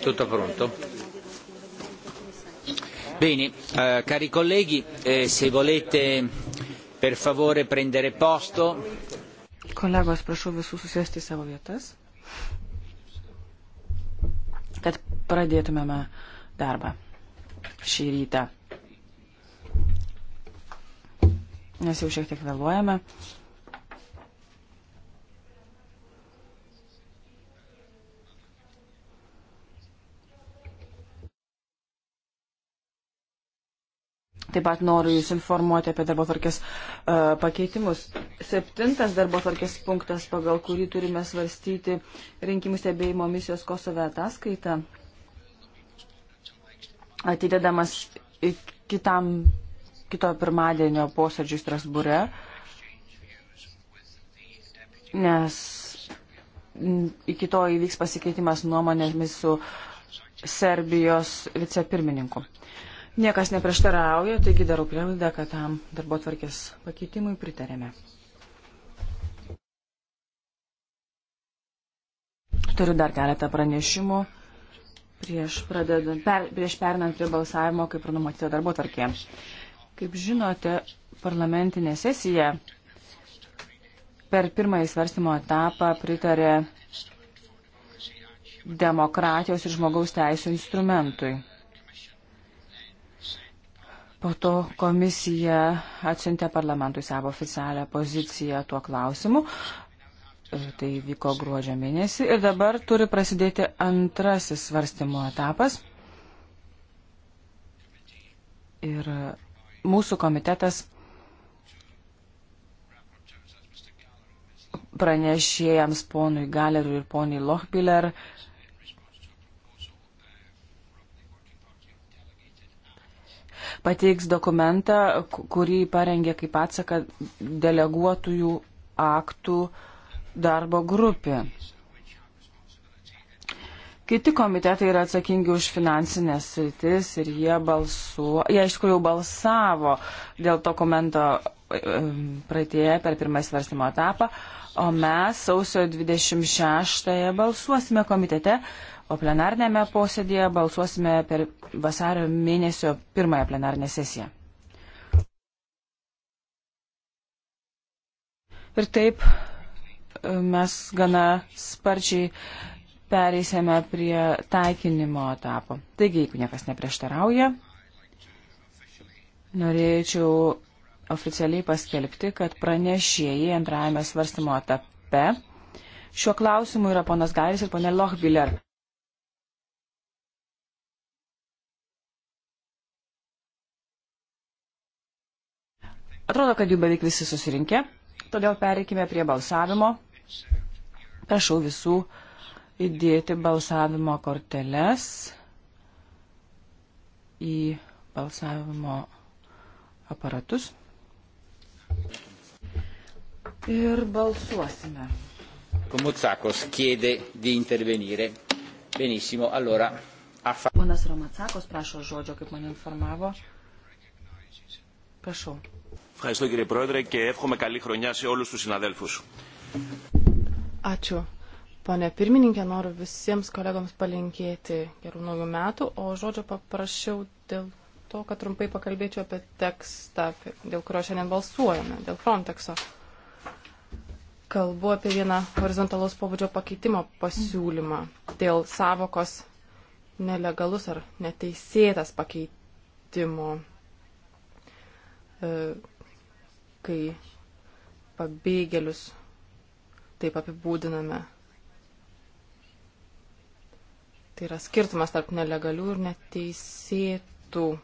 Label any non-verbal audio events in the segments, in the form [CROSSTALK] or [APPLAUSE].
Tutto pronto? Bene, eh, cari colleghi, eh, se volete per favore prendere posto. Kolegos, prašau visus susėsti savo vietas, kad pradėtumėme darbą šį rytą. Nes jau šiek tiek vėluojame. Taip pat noriu Jūs informuoti apie darbo tvarkės uh, e, pakeitimus. Septintas darbo tvarkės punktas, pagal kurį turime svarstyti rinkimų stebėjimo misijos Kosove ataskaitą, atidedamas kitam, kito pirmadienio posėdžiui Strasbūre, nes iki to įvyks pasikeitimas nuomonėmis su Serbijos vicepirmininku. Uh, Niekas neprieštarauja, taigi darau prielaidą, kad tam darbo tvarkės pakeitimui pritarėme. Turiu dar keletą pranešimų prieš, pradedant, per, prieš pernant prie balsavimo, kaip ir numatyta darbo tvarkė. Kaip žinote, parlamentinė sesija per pirmąjį svarstymo etapą pritarė demokratijos ir žmogaus teisų instrumentui. Po to komisija atsiuntė parlamentui savo oficialią poziciją tuo klausimu. Tai vyko gruodžio mėnesį ir dabar turi prasidėti antrasis svarstymo etapas. Ir mūsų komitetas pranešėjams ponui Galeriui ir poniai Lochbiller pateiks dokumentą, kurį parengė kaip atsaką deleguotųjų aktų darbo grupė. Kiti komitetai yra atsakingi už finansinės sritis ir jie balsuo, jie iš tikrųjų balsavo dėl dokumento praeitėje per pirmąjį svarstymo etapą, o mes sausio 26-ąją balsuosime komitete o plenarnėme posėdėje balsuosime per vasario mėnesio pirmąją plenarnę sesiją. Ir taip e, mes gana sparčiai pereisėme prie taikinimo etapo. Taigi, jeigu niekas neprieštarauja, norėčiau oficialiai paskelbti, kad pranešėjai antrajame svarstymo etape šiuo klausimu yra ponas Garis ir ponė Lochbiller. Atrodo, kad jau beveik visi susirinkę, todėl pereikime prie balsavimo. Prašau visų įdėti balsavimo korteles į balsavimo aparatus. Ir balsuosime. Komutsakos kėdė di intervenire. Benissimo, allora. Ponas Romatsakos prašo žodžio, kaip mane informavo. Prašau. Ευχαριστώ κύριε Πρόεδρε και εύχομαι καλή χρονιά σε όλους τους συναδέλφους. Ačiū. Pane pirmininkė, noriu visiems kolegoms palinkėti gerų naujų metų, o žodžio paprašiau dėl to, kad trumpai pakalbėčiau apie tekstą, dėl kurio šiandien balsuojame, dėl Frontexo. Kalbu apie vieną horizontalaus pobūdžio pakeitimo pasiūlymą dėl savokos nelegalus ar neteisėtas pakeitimo. E, kai pabėgėlius taip apibūdiname. Tai yra skirtumas tarp nelegalių ir neteisėtų e,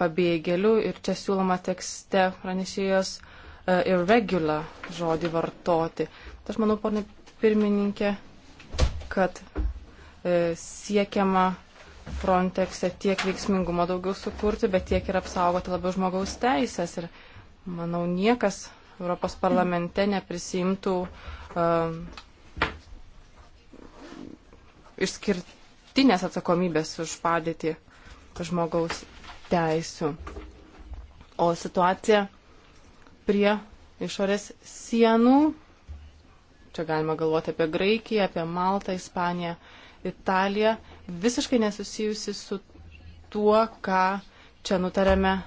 pabėgėlių. Ir čia siūloma tekste pranešėjos e, irregular žodį vartoti. Tai aš manau, ponė pirmininkė, kad e, siekiama Frontexe tiek veiksmingumo daugiau sukurti, bet tiek ir apsaugoti labiau žmogaus teisės ir Manau, niekas Europos parlamente neprisimtų uh, išskirtinės atsakomybės už padėtį žmogaus teisų. O situacija prie išorės sienų, čia galima galvoti apie Graikiją, apie Maltą, Ispaniją, Italiją, visiškai nesusijusi su tuo, ką čia nutarėme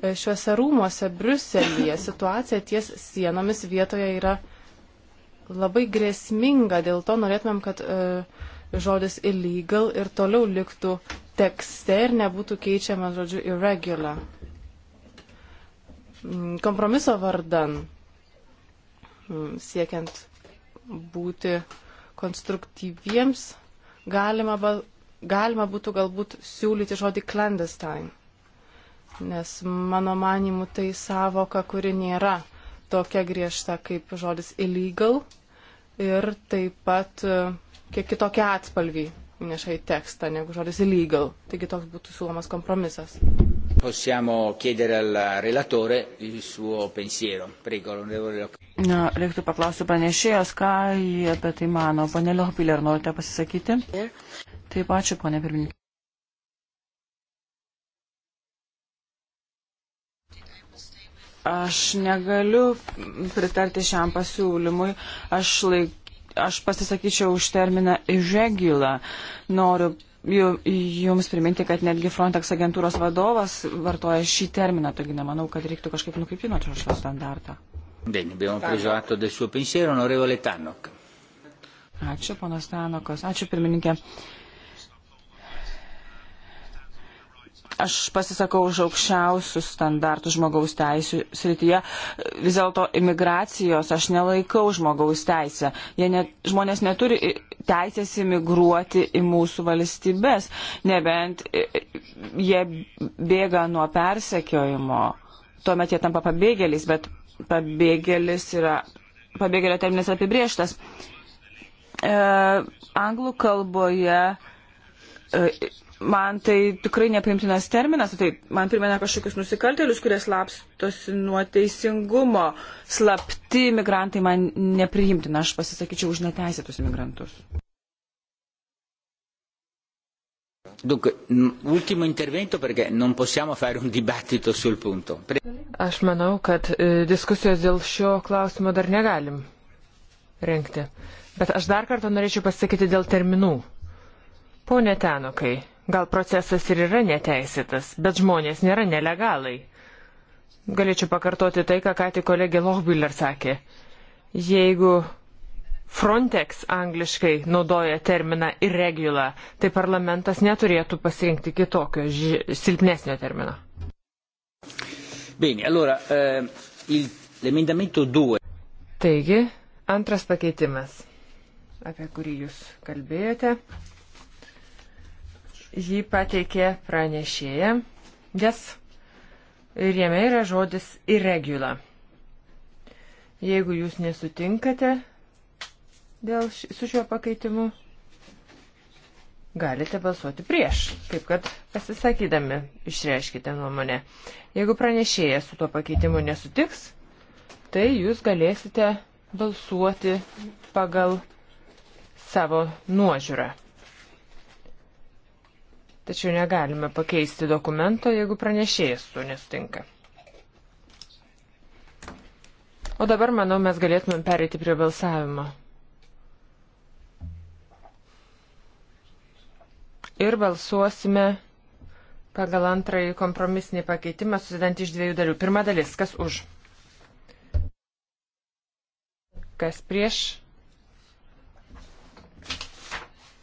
E, šiuose rūmuose Briuselėje situacija ties sienomis vietoje yra labai grėsminga, dėl to norėtumėm, kad uh, žodis illegal ir toliau liktų tekste ir nebūtų keičiamas žodžiu irregular. Mm, kompromiso vardan mm, siekiant būti konstruktyviems galima, galima būtų galbūt siūlyti žodį clandestine nes mano manimu tai savoka, kuri nėra tokia griežta kaip žodis illegal ir taip pat e, kiek kitokia atspalviai įneša į tekstą negu žodis illegal. Taigi toks būtų siūlomas kompromisas. Possiamo chiedere al relatore il suo pensiero. Prego, onorevole Na, reiktų paklausti pranešėjos, ką jie apie tai mano. Pane Lohpilė, ar norite pasisakyti? Taip, ačiū, ponė pirmininkė. Aš negaliu pritarti šiam pasiūlymui. Aš, laik, aš pasisakyčiau už terminą irregular. Noriu jums priminti, kad netgi Frontex agentūros vadovas vartoja šį terminą, taigi nemanau, kad reiktų kažkaip nukrypti nuo šio standarto. Bene, abbiamo preso atto del suo pensiero, onorevole Tannock. Ačiū, ponas Tanokas. Ačiū, pirmininkė. Uh, Aš pasisakau už aukščiausius standartus žmogaus teisų srityje. Vis dėlto imigracijos aš nelaikau žmogaus teisę. Ne, žmonės neturi teisės imigruoti į mūsų valstybės, nebent jie bėga nuo persekiojimo. Tuomet jie tampa pabėgėliais, bet pabėgėlis yra, pabėgėlio terminas apibrieštas. E, anglų kalboje e, man tai tikrai nepriimtinas terminas, tai man primena kažkokius nusikaltelius, kurie slapstosi nuo teisingumo. Slapti migrantai man nepriimtina, aš pasisakyčiau už neteisėtus migrantus. Dunque, ultimo intervento perché non possiamo fare un dibattito sul punto. Pre... Aš manau, kad e, diskusijos dėl šio klausimo dar negalim rengti. Bet aš dar kartą norėčiau pasakyti dėl terminų. Pone Tenokai, Gal procesas ir yra neteisėtas, bet žmonės nėra nelegalai. Galėčiau pakartoti tai, ką ką tik kolegė Lohbiller sakė. Jeigu Frontex angliškai naudoja terminą irregular, tai parlamentas neturėtų pasirinkti kitokio ži... silpnesnio termino. Bene, allora, eh, l'emendamento 2. Taigi, antras pakeitimas, apie kurį jūs kalbėjote. Jį pateikė pranešėja. Jas. Ir jame yra žodis irregula. Jeigu jūs nesutinkate dėl ši, su šiuo pakeitimu, galite balsuoti prieš, kaip kad pasisakydami išreiškite nuomonę. Jeigu pranešėjas su tuo pakeitimu nesutiks, tai jūs galėsite balsuoti pagal savo nuožiūrą. Tačiau negalime pakeisti dokumento, jeigu pranešėjas to nesutinka. O dabar, manau, mes galėtumėm pereiti prie balsavimo. Ir balsuosime pagal antrąjį kompromisinį pakeitimą susidant iš dviejų dalių. Pirma dalis, kas už? Kas prieš?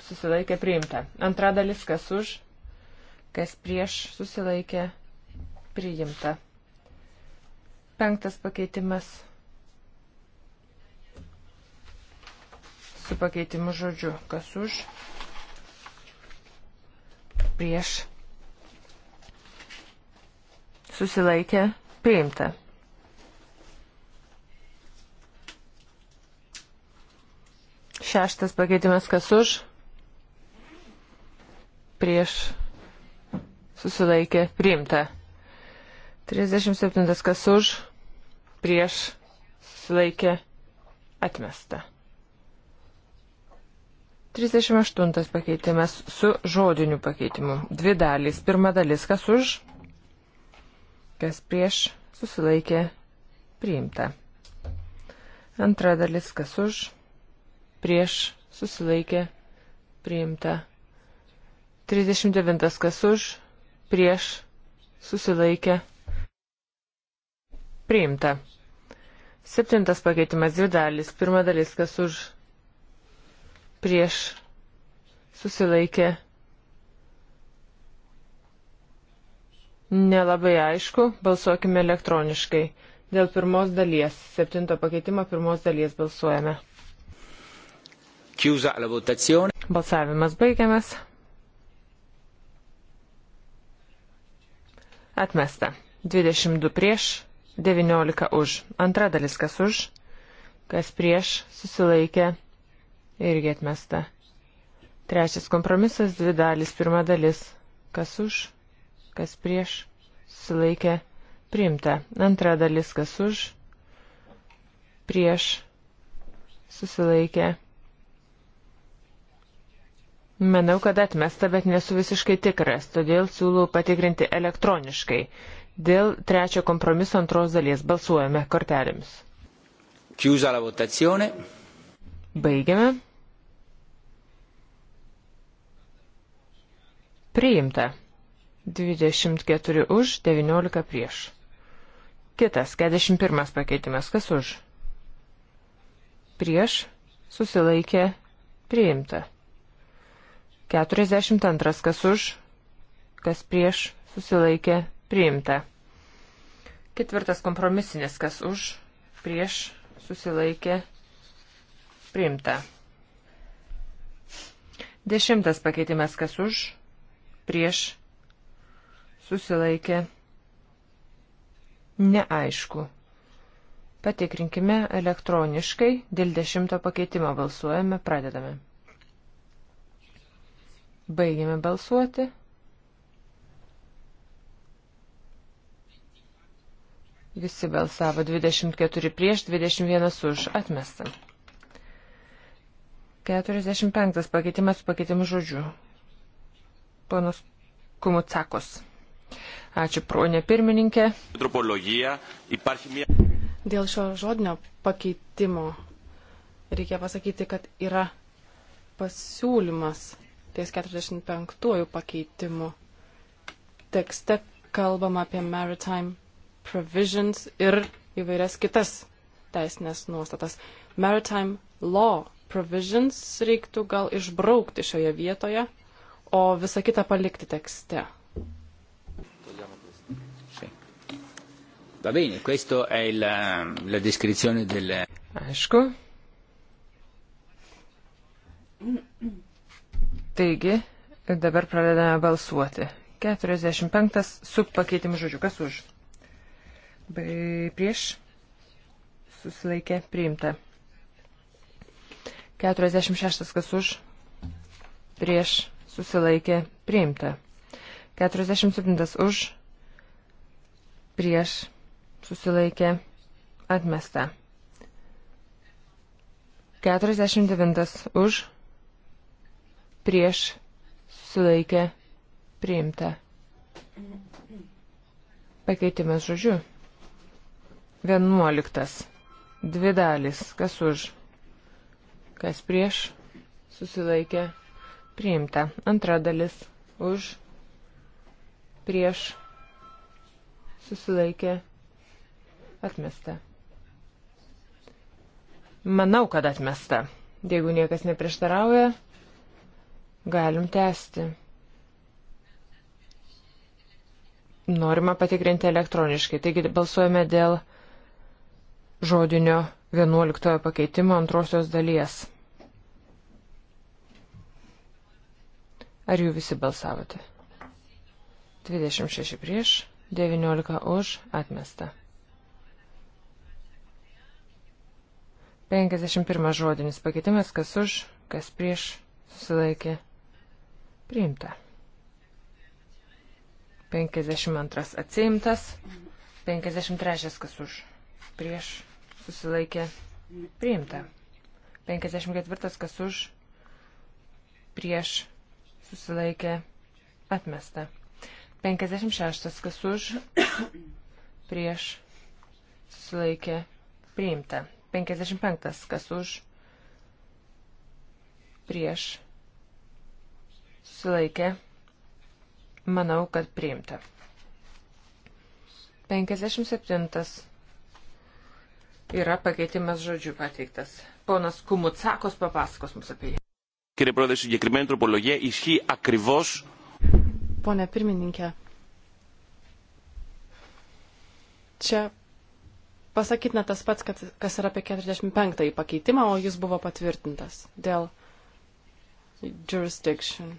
Susilaikė priimta. Antra dalis, kas už? kas prieš susilaikė priimta. Penktas pakeitimas su pakeitimu žodžiu, kas už, prieš susilaikė priimta. Šeštas pakeitimas kas už, prieš susilaikė priimta. 37 kas už, prieš susilaikė atmesta. 38 pakeitimas su žodiniu pakeitimu. Dvi dalys. Pirma dalis kas už, kas prieš susilaikė priimta. Antra dalis kas už, prieš susilaikė priimta. 39 kas už, prieš susilaikę priimta. Septintas pakeitimas dvi dalis. Pirma dalis, kas už prieš susilaikė. Nelabai aišku, balsuokime elektroniškai. Dėl pirmos dalies, septinto pakeitimo pirmos dalies balsuojame. Balsavimas baigiamas. Atmesta. 22 prieš, 19 už. Antra dalis kas už, kas prieš, susilaikė irgi atmesta. Trečias kompromisas, dvi dalis, pirma dalis. Kas už, kas prieš, susilaikė, priimta. Antra dalis kas už, prieš, susilaikė, Manau, kad atmesta, bet nesu visiškai tikras, todėl siūlau patikrinti elektroniškai. Dėl trečio kompromiso antros dalies balsuojame kortelėmis. Chiusa la votazione. Baigiame. Priimta. 24 už, 19 prieš. Kitas, 41 pakeitimas, kas už? Prieš, susilaikė, priimta. 42. Kas už, kas prieš, susilaikė, priimta. Ketvirtas kompromisinis. Kas už, prieš, susilaikė, priimta. Dešimtas pakeitimas. Kas už, prieš, susilaikė, neaišku. Patikrinkime elektroniškai, dėl dešimto pakeitimo balsuojame, pradedame. Baigėme balsuoti. Visi balsavo 24 prieš, 21 už. Atmesta. 45 pakeitimas su pakeitimu žodžiu. Ponas Kumutsakos. Ačiū, pronė pirmininkė. Dėl šio žodinio pakeitimo reikia pasakyti, kad yra pasiūlymas ties 45 pakeitimu. Tekste kalbama apie maritime provisions ir įvairias kitas teisinės nuostatas. Maritime law provisions reiktų gal išbraukti šioje vietoje, o visą kitą palikti tekste. Va bene, questa è la, ehm, la descrizione del... Aišku. Taigi, dabar pradedame balsuoti. 45 su pakeitimu žodžiu. Kas už? Prieš susilaikė priimta. 46 kas už, prieš susilaikė priimta. 47 už, prieš susilaikė atmesta. 49 už, prieš sulaikę priimta. Pakeitimas žodžiu. Vienuoliktas. Dvi dalis. Kas už? Kas prieš? Susilaikė. Priimta. Antra dalis. Už. Prieš. Susilaikė. Atmesta. Manau, kad atmesta. Jeigu niekas neprieštarauja, Galim tęsti. Norima patikrinti elektroniškai. Taigi balsuojame dėl žodinio 11 pakeitimo antrosios dalies. Ar jų visi balsavote? 26 prieš, 19 už, atmesta. 51 žodinis pakeitimas, kas už, kas prieš, susilaikė, Priimta. 52 atsiimtas. 53 kas už. Prieš susilaikė. Priimta. 54 kas už. Prieš susilaikė. Atmesta. 56 kas už. Prieš susilaikė. Priimta. 55 kas už. Prieš Sulaikė. Manau, kad priimta. 57. Yra pakeitimas žodžių pateiktas. Ponas Kumutsakos papasakos mums apie jį. Κύριε Πρόεδρε, συγκεκριμένη τροπολογία ισχύει ακριβώς... Pone pirmininkė, čia pasakytina tas pats, kad, kas yra apie 45-ąjį pakeitimą, o jis buvo patvirtintas dėl jurisdiction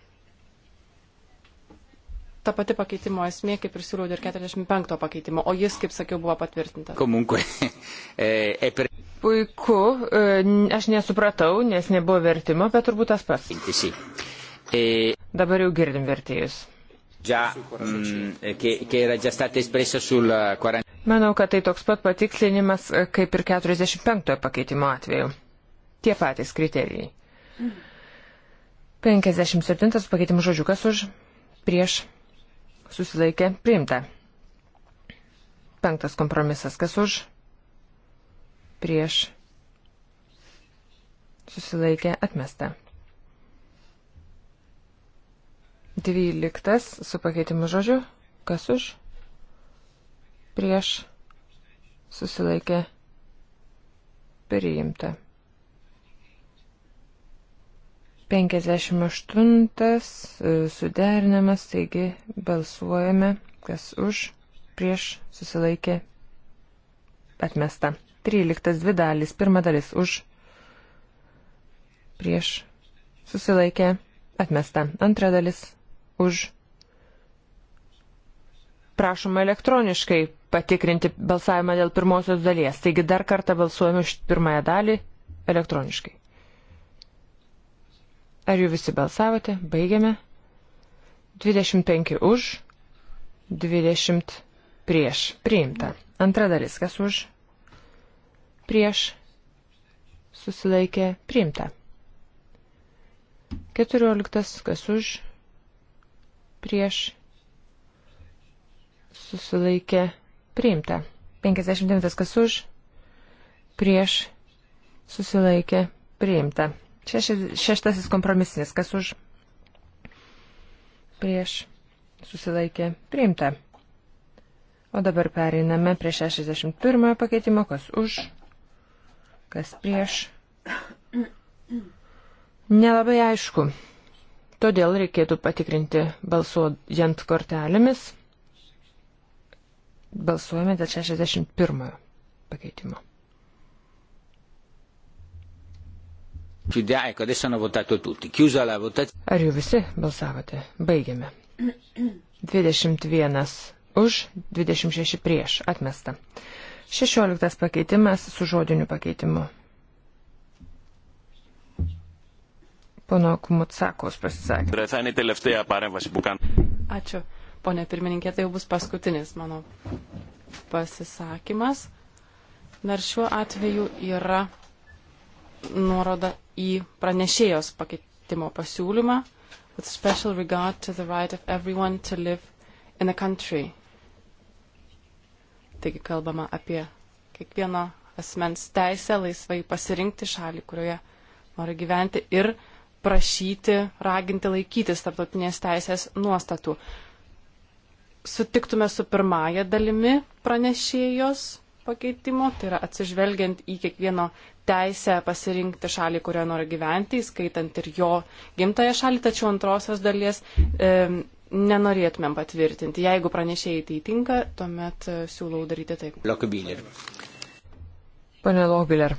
ta pati pakeitimo esmė, kaip ir siūliau ir 45 pakeitimo, o jis, kaip sakiau, buvo patvirtintas. Komunkui. [LAUGHS] E, e, Puiku, e, aš nesupratau, nes nebuvo vertimo, bet turbūt tas pats. Dabar jau girdim vertėjus. Mm, Manau, kad tai toks pat patikslinimas kaip ir 45 pakeitimo atveju. Tie patys kriterijai. 57 mhm. pakeitimų žodžiukas už prieš susilaikė priimta. Penktas kompromisas, kas už, prieš, susilaikė atmesta. Dvyliktas su pakeitimu žodžiu, kas už, prieš, susilaikė priimta. 58 e, suderinamas, taigi balsuojame, kas už, prieš susilaikė atmesta. 13 dvi dalys, pirma dalis už, prieš susilaikė atmesta. Antra dalis už. Prašoma elektroniškai patikrinti balsavimą dėl pirmosios dalies. Taigi dar kartą balsuojame už pirmąją dalį elektroniškai. Ar jau visi balsavote? Baigiame. 25 už, 20 prieš. Priimta. Antra dalis, kas už? Prieš. Susilaikė. Priimta. 14, kas už? Prieš. Susilaikė. Priimta. 59, kas už? Prieš. Susilaikė. Priimta. Šešis, šeštasis kompromisinis, kas už prieš susilaikė priimta. O dabar pereiname prie 61 pakeitimo, kas už, kas prieš. Nelabai aišku. Todėl reikėtų patikrinti balsuojant kortelėmis. Balsuojame dėl 61 pakeitimo. Chiudiamo, ecco, adesso hanno votato tutti. Chiusa la votazione. Ar jau visi balsavote? Baigėme. 21 [CLEARS THROAT] už, 26 prieš. Atmesta. 16 pakeitimas su žodiniu pakeitimu. Pono Kumutsakos pasisakė. Ačiū. Pone pirmininkė, tai jau bus paskutinis mano pasisakymas. Dar šiuo atveju yra nuoroda į pranešėjos pakeitimo pasiūlymą with special regard to the right of everyone to live in the country. Taigi kalbama apie kiekvieno asmens teisę laisvai pasirinkti šalį, kurioje nori gyventi ir prašyti, raginti laikytis tarptautinės teisės nuostatų. Sutiktume su pirmąja dalimi pranešėjos pakeitimo, tai yra atsižvelgiant į kiekvieno teisę pasirinkti šalį, kurioje nori gyventi, skaitant ir jo gimtają šalį, tačiau antrosios dalies e, nenorėtumėm patvirtinti. Jeigu pranešėjai tai tinka, tuomet e, siūlau daryti taip. Lokbiler. Pane Lokbiler.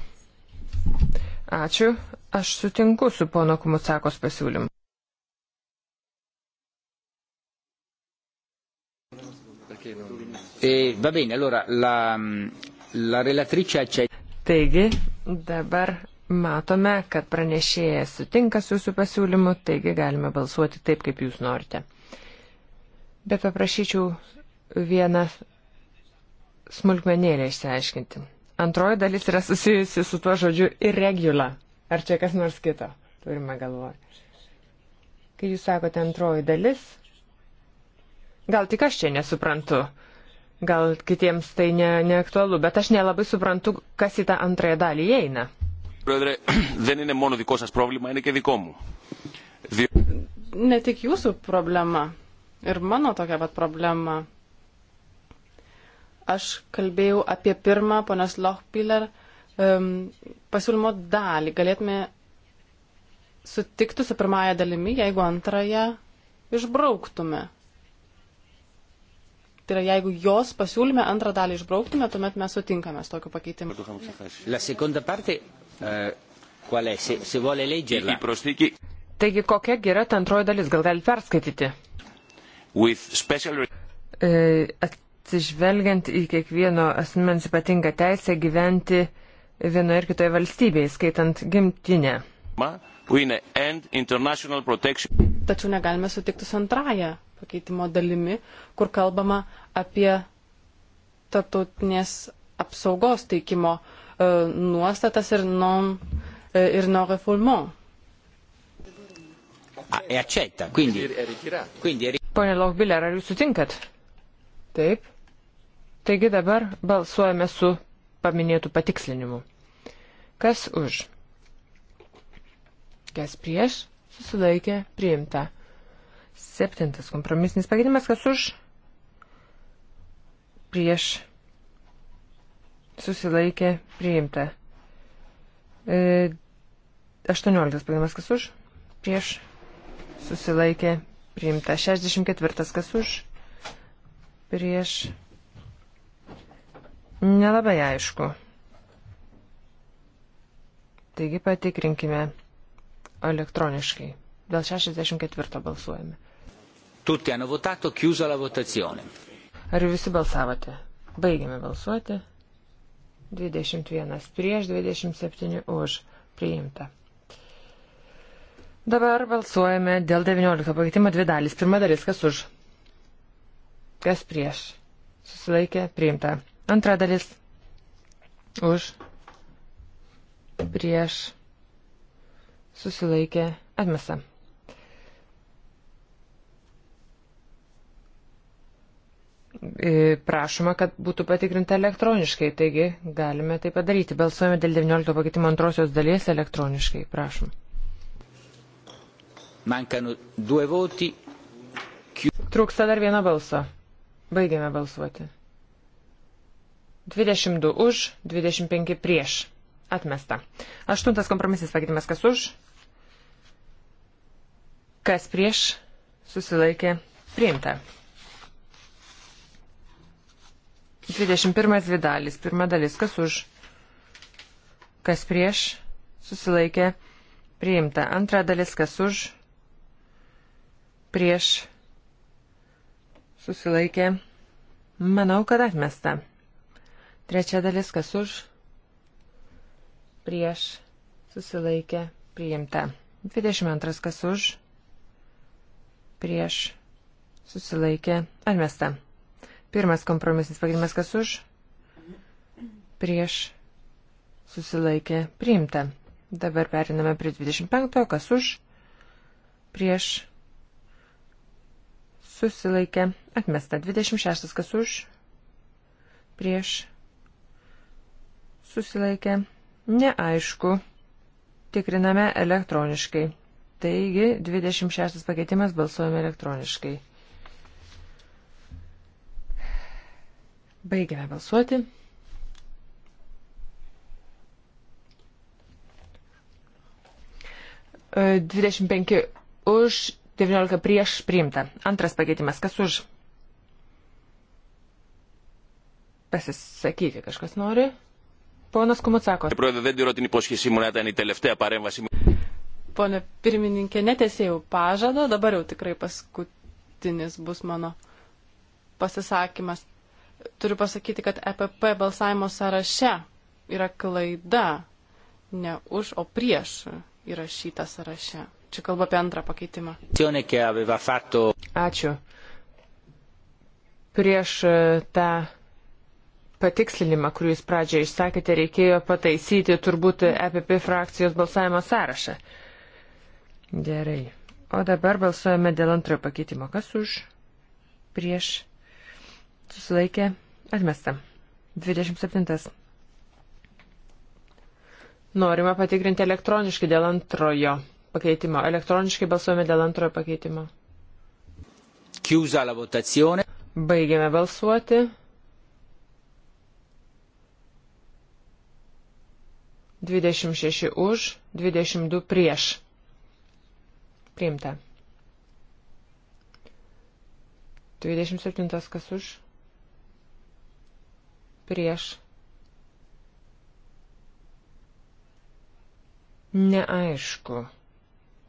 Ačiū. Aš sutinku su pono Kumusakos pasiūlymu. E, va bene, allora la, la relatrice accetta. Taigi, dabar matome, kad pranešėjas sutinka su jūsų pasiūlymu, taigi galime balsuoti taip, kaip jūs norite. Bet paprašyčiau vieną smulkmenėlę išsiaiškinti. Antroji dalis yra susijusi su tuo žodžiu irregula. Ar čia kas nors kito turime galvoje? Kai jūs sakote antroji dalis, gal tik aš čia nesuprantu. Uh, Gal kitiems tai ne, neaktualu, bet aš nelabai suprantu, kas į tą antrąją dalį įeina. [CLEARS THROAT] Ne tik jūsų problema ir mano tokia pat problema. Aš kalbėjau apie pirmą ponios Lochpiller um, pasiūlymo dalį. Galėtume sutikti su pirmąją dalimi, jeigu antrąją išbrauktume. Tai yra, jeigu jos pasiūlyme antrą dalį išbrauktume, tuomet mes sutinkame su tokiu pakeitimu. Eh, Taigi kokia yra ta antroji dalis, gal galite perskaityti? Special... E, atsižvelgiant į kiekvieno asmens ypatingą teisę gyventi vienoje ir kitoje valstybėje, skaitant gimtinę. Tačiau negalime sutikti su antraja pakeitimo dalimi, kur kalbama apie tarptautinės apsaugos teikimo e, nuostatas ir non, e, ir non refoulement. Ah, e accetta, quindi, quindi è... Pone Lochbiller, ar jūs sutinkat? Taip. Taigi dabar balsuojame su paminėtų patikslinimu. Kas už? Kas prieš? Susilaikė priimta. Septintas kompromisinis pakeitimas, kas už prieš susilaikė priimta. E, 18 pakeitimas, kas už prieš susilaikė priimta. 64 kas už prieš nelabai aišku. Taigi patikrinkime elektroniškai. Dėl 64 balsuojame. Tutti hanno votato, chiusa la votazione. Ar visi balsavote? Baigiame balsuoti. 21 prieš, 27 už. Priimta. Dabar balsuojame dėl 19 pakeitimo dvi dalys. Pirma dalis, kas už? Kas prieš? Susilaikė, priimta. Antra dalis. Už. Prieš. Susilaikė, atmesa. E, prašoma, kad būtų patikrinta elektroniškai, taigi galime tai padaryti. Balsuojame dėl 19 pakeitimo antrosios dalies elektroniškai, prašom. Mankano due voti. Trūksta dar vieno balso. Baigiame balsuoti. 22 už, 25 prieš. Atmesta. Aštuntas kompromisas pakeitimas kas už, kas prieš, susilaikė, priimta. 21 dvi dalis. Pirma dalis, kas už, kas prieš, susilaikė, priimta. Antra dalis, kas už, prieš, susilaikė, manau, kad atmesta. Trečia dalis, kas už, prieš, susilaikė, priimta. 22 kas už, prieš, susilaikė, atmesta. Pirmas kompromisinis pakeitimas kas už, prieš susilaikė priimta. Dabar periname prie 25, kas už, prieš susilaikė atmesta. 26, kas už, prieš susilaikė neaišku. Tikriname elektroniškai. Taigi 26 pakeitimas balsuojame elektroniškai. Baigiame balsuoti. E, dvidešimt penki už, devyniolika prieš priimta. Antras pakeitimas. Kas už? Pasisakyti kažkas nori. Ponas Kumutsako. Pone pirmininkė, netesėjau pažado, dabar jau tikrai paskutinis bus mano pasisakymas turiu pasakyti, kad EPP balsavimo sąraše yra klaida, ne už, o prieš įrašyta sąraše. Čia kalba apie antrą pakeitimą. Ačiū. Prieš e, tą patikslinimą, kurį jūs pradžiai išsakėte, reikėjo pataisyti turbūt EPP frakcijos balsavimo sąrašą. Gerai. O dabar balsuojame dėl antrojo pakeitimo. Kas už? Prieš Susilaikė. Atmesta. 27. Norime patikrinti elektroniškai dėl antrojo pakeitimo. Elektroniškai balsuojame dėl antrojo pakeitimo. Chiusa la votazione. Baigiame balsuoti. Dvidešimt šeši už, dvidešimt du prieš. Priimta. Dvidešimt septintas kas už? prieš neaišku.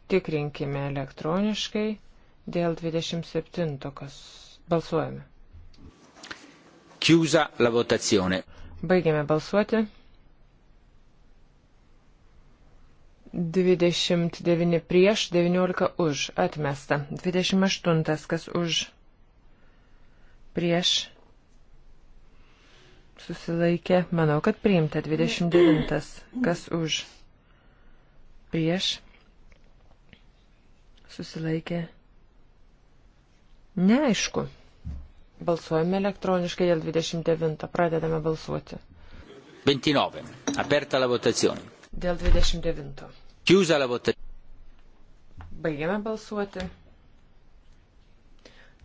Tikrinkime elektroniškai dėl 27 kas balsuojame. Chiusa la votazione. Baigiame balsuoti. 29 prieš, 19 už, atmesta. 28 kas už, prieš, susilaikė, manau, kad priimta 29. Kas už? Prieš susilaikė. Neaišku. Balsuojame elektroniškai dėl 29. Pradedame balsuoti. 29. Aperta la votazione. Dėl 29. Chiusa la votazione. Baigiame balsuoti.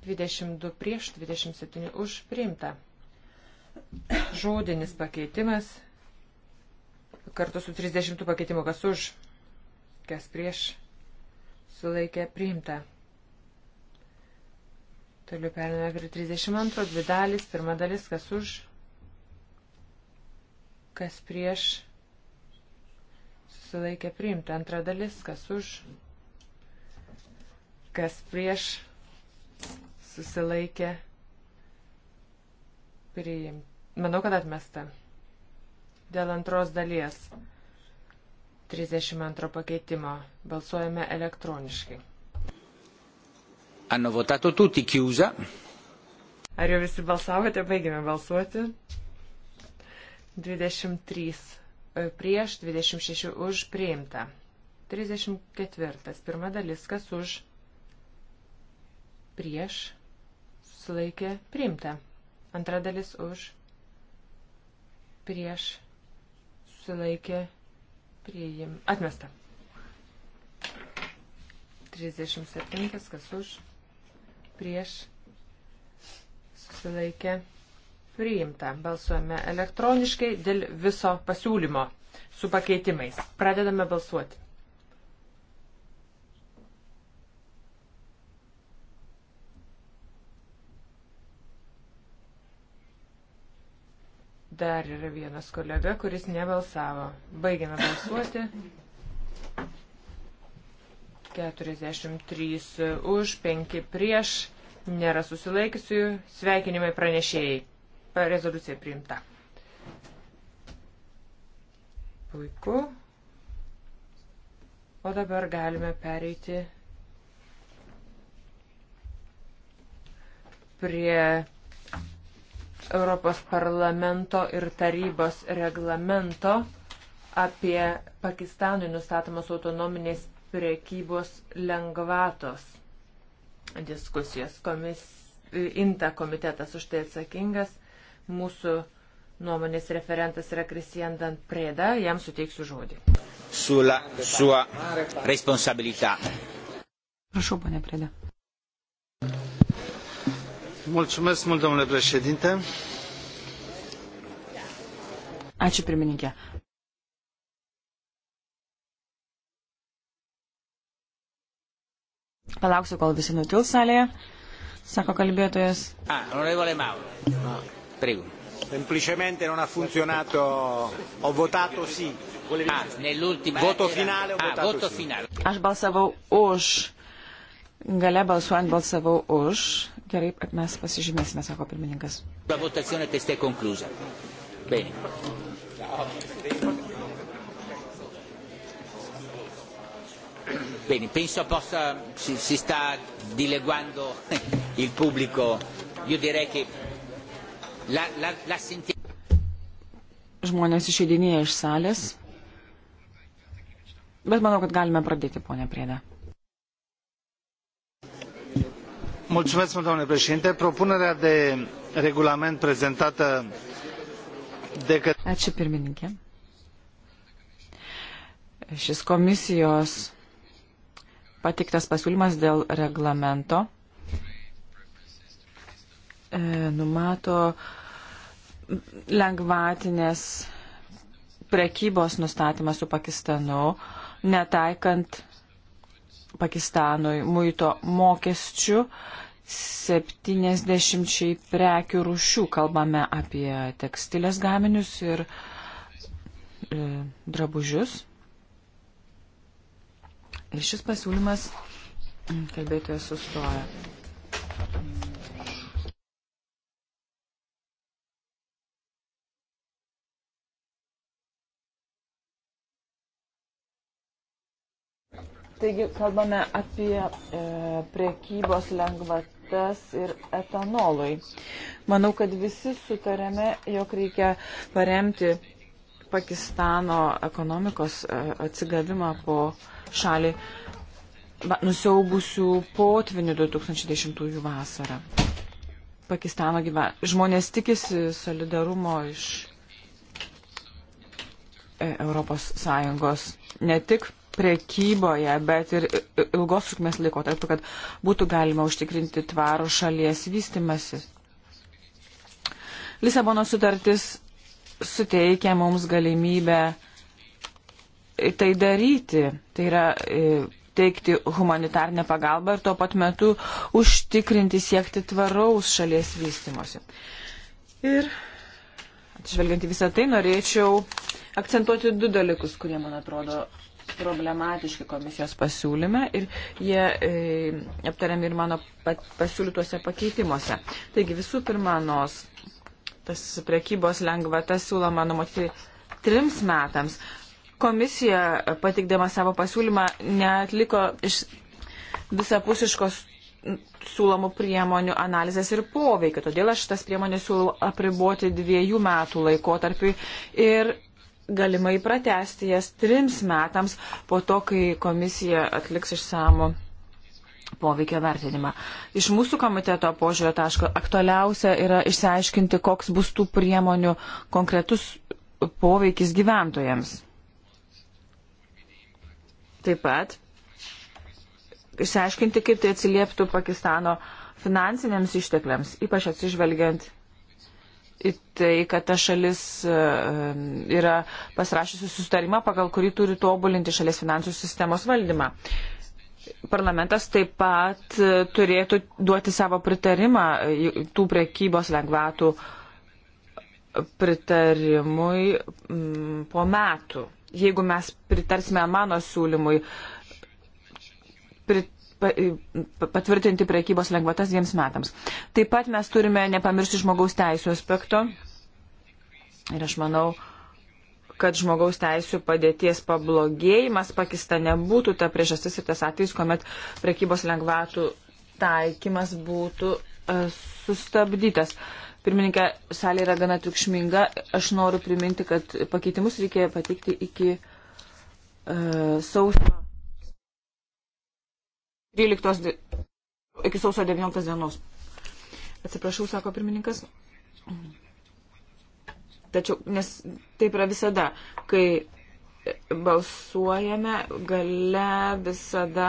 22 prieš, 27 už priimta. Žodinis pakeitimas kartu su 30 pakeitimu, kas už, kas prieš, sulaikė priimta. Toliau perėmė prie 32, dvi dalis, pirma dalis, kas už, kas prieš, susilaikė priimta. Antra dalis, kas už, kas prieš, susilaikė priimta Priim. Manau, kad atmesta. Dėl antros dalies 32 pakeitimo balsuojame elektroniškai. Hanno votato tutti chiusa. Ar jau visi balsavote, baigėme balsuoti? 23 e, prieš, 26 už priimta. 34. Pirma dalis, kas už prieš, susilaikė priimta. Antra dalis už prieš susilaikė prieim. Atmesta. 37, kas už prieš susilaikė priimta. Balsuojame elektroniškai dėl viso pasiūlymo su pakeitimais. Pradedame balsuoti. Dar yra vienas kolega, kuris nebalsavo. Baigiame balsuoti. 43 už, 5 prieš, nėra susilaikysiu. Sveikinimai pranešėjai. Rezoliucija priimta. Puiku. O dabar galime pereiti prie Europos parlamento ir tarybos reglamento apie Pakistanui nustatomos autonominės priekybos lengvatos diskusijos. Komis, Inta komitetas už tai atsakingas. Mūsų nuomonės referentas yra Kristijan Dan Preda. Jam suteiksiu žodį. Sula, sua responsabilità. Prašau, ponė Preda. Mulțumesc mult, domnule președinte. Ačiū pirmininkė. Palauksiu, kol visi nutils salėje, sako kalbėtojas. Ah, onorevole Mauro. Ah, prego. Semplicemente non ha funzionato, ho votato sì. Ah, nell'ultima... Voto finale, ho ah, votato voto sì. Finale. Aš balsavau už, gale balsuojant balsavau už, Gerai, mes pasižymėsime, sako pirmininkas. La votazione testė conclusa. Bene. Bene, penso possa, si, si sta dileguando il pubblico. Io direi che la, la, la sentiamo. Žmonės išeidinėja iš salės. Bet manau, kad galime pradėti, ponė Prėda. domnule președinte propunerea de regulament prezentată de către šis komisijos pateiktas pasiūlymas dėl reglamento e, numato lengvatinės prekybos nustatymą su Pakistanu, netaikant Pakistanui muito mokesčių, uh, 70 prekių rušių. Kalbame apie tekstilės gaminius ir e, drabužius. Ir šis pasiūlymas mm, kalbėtojas sustoja. Taigi kalbame apie e, priekybos lengvatas ir etanolui. Manau, kad visi sutarėme, jog reikia paremti Pakistano ekonomikos e, atsigavimą po šalį nusiaubusių potvinių 2010 vasarą. Pakistano gyven... žmonės tikisi solidarumo iš e, Europos Sąjungos ne tik prekyboje, bet ir ilgos trukmės laikotarpiu, kad būtų galima užtikrinti tvarų šalies vystimasis. Lisabono sutartis suteikia mums galimybę tai daryti, tai yra teikti humanitarnę pagalbą ir tuo pat metu užtikrinti siekti tvaraus šalies vystimosi. Ir atžvelgiant į visą tai, norėčiau akcentuoti du dalykus, kurie, man atrodo, problematiški komisijos pasiūlyme ir jie e, aptariami ir mano pasiūlytuose pakeitimuose. Taigi visų pirma, nos, tas prekybos lengvata siūloma numatyti trims metams. Komisija, patikdama savo pasiūlymą, neatliko iš visapusiškos siūlomų priemonių analizės ir poveikį. Todėl aš tas priemonės siūlau apriboti dviejų metų laikotarpiui ir galimai pratesti jas trims metams po to, kai komisija atliks išsamų poveikio vertinimą. Iš mūsų komiteto požiūrio taško aktualiausia yra išsiaiškinti, koks bus tų priemonių konkretus poveikis gyventojams. Taip pat išsiaiškinti, kaip tai atsilieptų Pakistano finansiniams ištekliams, ypač atsižvelgiant į tai, kad ta šalis e, yra pasirašysi sustarimą, pagal kurį turi tobulinti šalies finansų sistemos valdymą. Parlamentas taip pat e, turėtų duoti savo pritarimą e, tų prekybos lengvatų pritarimui po metų. Jeigu mes pritarsime mano siūlymui patvirtinti priekybos lengvatas dviems metams. Taip pat mes turime nepamiršti žmogaus teisų aspekto. Ir aš manau, kad žmogaus teisų padėties pablogėjimas Pakistane būtų ta priežastis ir tas atvejs, kuomet priekybos lengvatų taikymas būtų e, sustabdytas. Pirmininkė, salė yra gana triukšminga. Aš noriu priminti, kad pakeitimus reikėjo pateikti iki uh, sausio 13 iki sausio 19 dienos. Atsiprašau, sako pirmininkas. Tačiau, nes taip yra visada, kai balsuojame, gale visada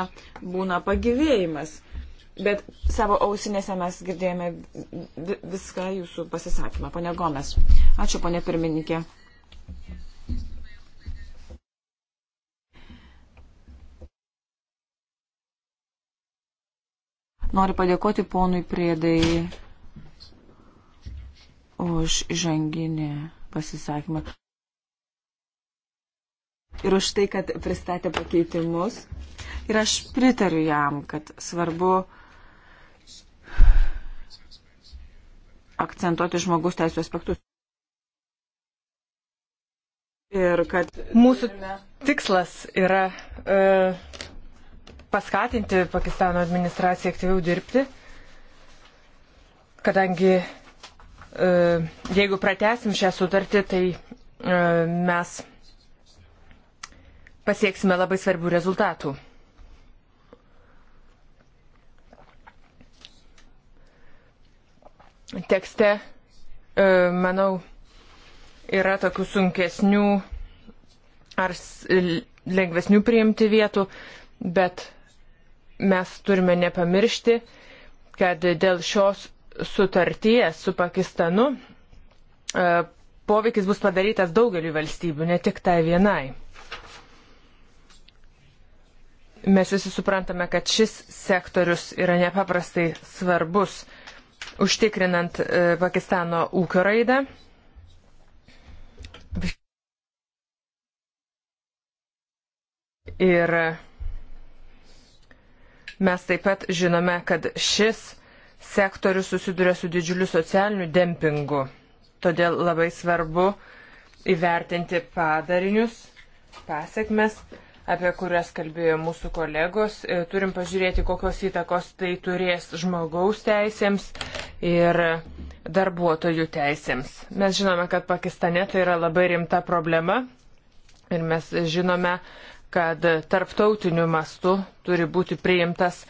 būna pagyvėjimas. Bet savo ausinėse mes girdėjome viską jūsų pasisakymą. Pone Gomes. Ačiū, pone pirmininkė. Noriu padėkoti ponui Priedai už žanginį pasisakymą. Ir už tai, kad pristatė pakeitimus. Ir aš pritariu jam, kad svarbu akcentuoti žmogus teisų aspektus. Ir kad mūsų tikslas yra e, paskatinti Pakistano administraciją aktyviau dirbti, kadangi e, jeigu pratesim šią sutartį, tai e, mes pasieksime labai svarbių rezultatų. Tekste, e, manau, yra tokių sunkesnių ar lengvesnių priimti vietų, bet mes turime nepamiršti, kad dėl šios sutarties su Pakistanu e, poveikis bus padarytas daugeliu valstybių, ne tik tai vienai. Mes visi suprantame, kad šis sektorius yra nepaprastai svarbus užtikrinant e, Pakistano ūkio raidą. Ir Mes taip pat žinome, kad šis sektorius susiduria su didžiuliu socialiniu dempingu. Todėl labai svarbu įvertinti padarinius, pasiekmes, apie kurias kalbėjo mūsų kolegos. E, turim pažiūrėti, kokios įtakos tai turės žmogaus teisėms ir darbuotojų teisėms. Mes žinome, kad Pakistane tai yra labai rimta problema ir mes žinome, kad tarptautiniu mastu turi būti priimtas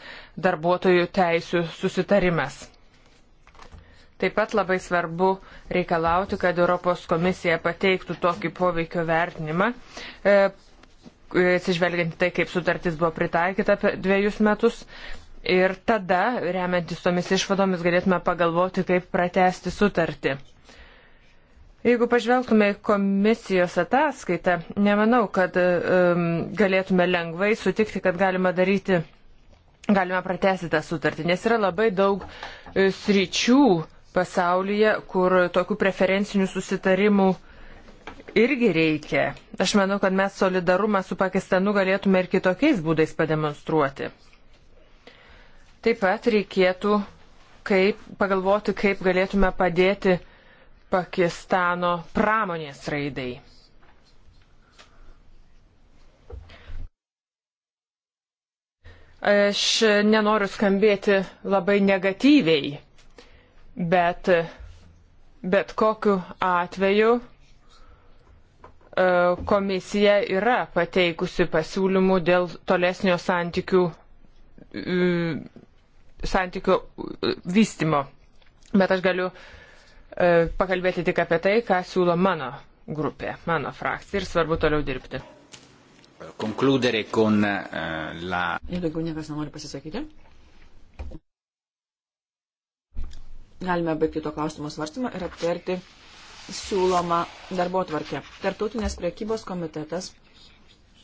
darbuotojų teisių susitarimas. Taip pat labai svarbu reikalauti, kad Europos komisija pateiktų tokį poveikio vertinimą, e, atsižvelgiant tai, kaip sutartis buvo pritaikyta dviejus metus. Ir tada, remiantis tomis išvadomis, galėtume pagalvoti, kaip pratesti sutartį. Jeigu pažvelgtume į komisijos ataskaitą, nemanau, kad um, galėtume lengvai sutikti, kad galima daryti, galima pratesti tą sutartį, nes yra labai daug e, sričių pasaulyje, kur tokių preferencinių susitarimų irgi reikia. Aš manau, kad mes solidarumą su Pakistanu galėtume ir kitokiais būdais pademonstruoti. Taip pat reikėtų kaip, pagalvoti, kaip galėtume padėti Pakistano pramonės raidai. Aš nenoriu skambėti labai negatyviai, bet bet kokiu atveju e, komisija yra pateikusi pasiūlymų dėl tolesnio santykių, e, santykių e, vystimo. Bet aš galiu E, pakalbėti tik apie tai, ką siūlo mano grupė, mano frakcija ir svarbu toliau dirbti. Konkludere con uh, la. Ir daugiau niekas nenori pasisakyti. Galime baigti to klausimo svarstymą ir aptarti siūlomą darbo tvarkę. Tartautinės priekybos komitetas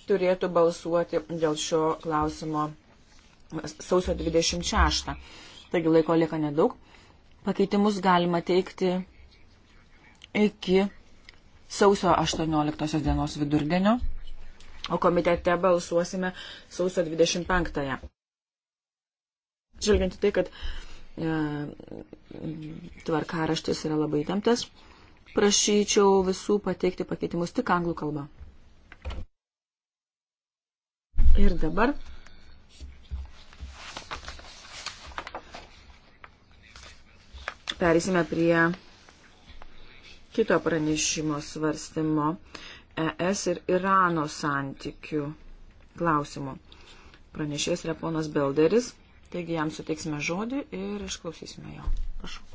turėtų balsuoti dėl šio klausimo sausio 26. Taigi laiko lieka nedaug. Pakeitimus galima teikti iki sausio 18 dienos vidurdienio, o komitete balsuosime sausio 25-ąją. Žvelgiant į tai, kad e, tvarkaraštis yra labai įtemptas, prašyčiau visų pateikti pakeitimus tik anglų kalbą. Ir dabar Perėsime prie kito pranešimo svarstymo ES ir Irano santykių klausimų. Pranešės yra ponas Belderis, taigi jam suteiksime žodį ir išklausysime jo. Prašau.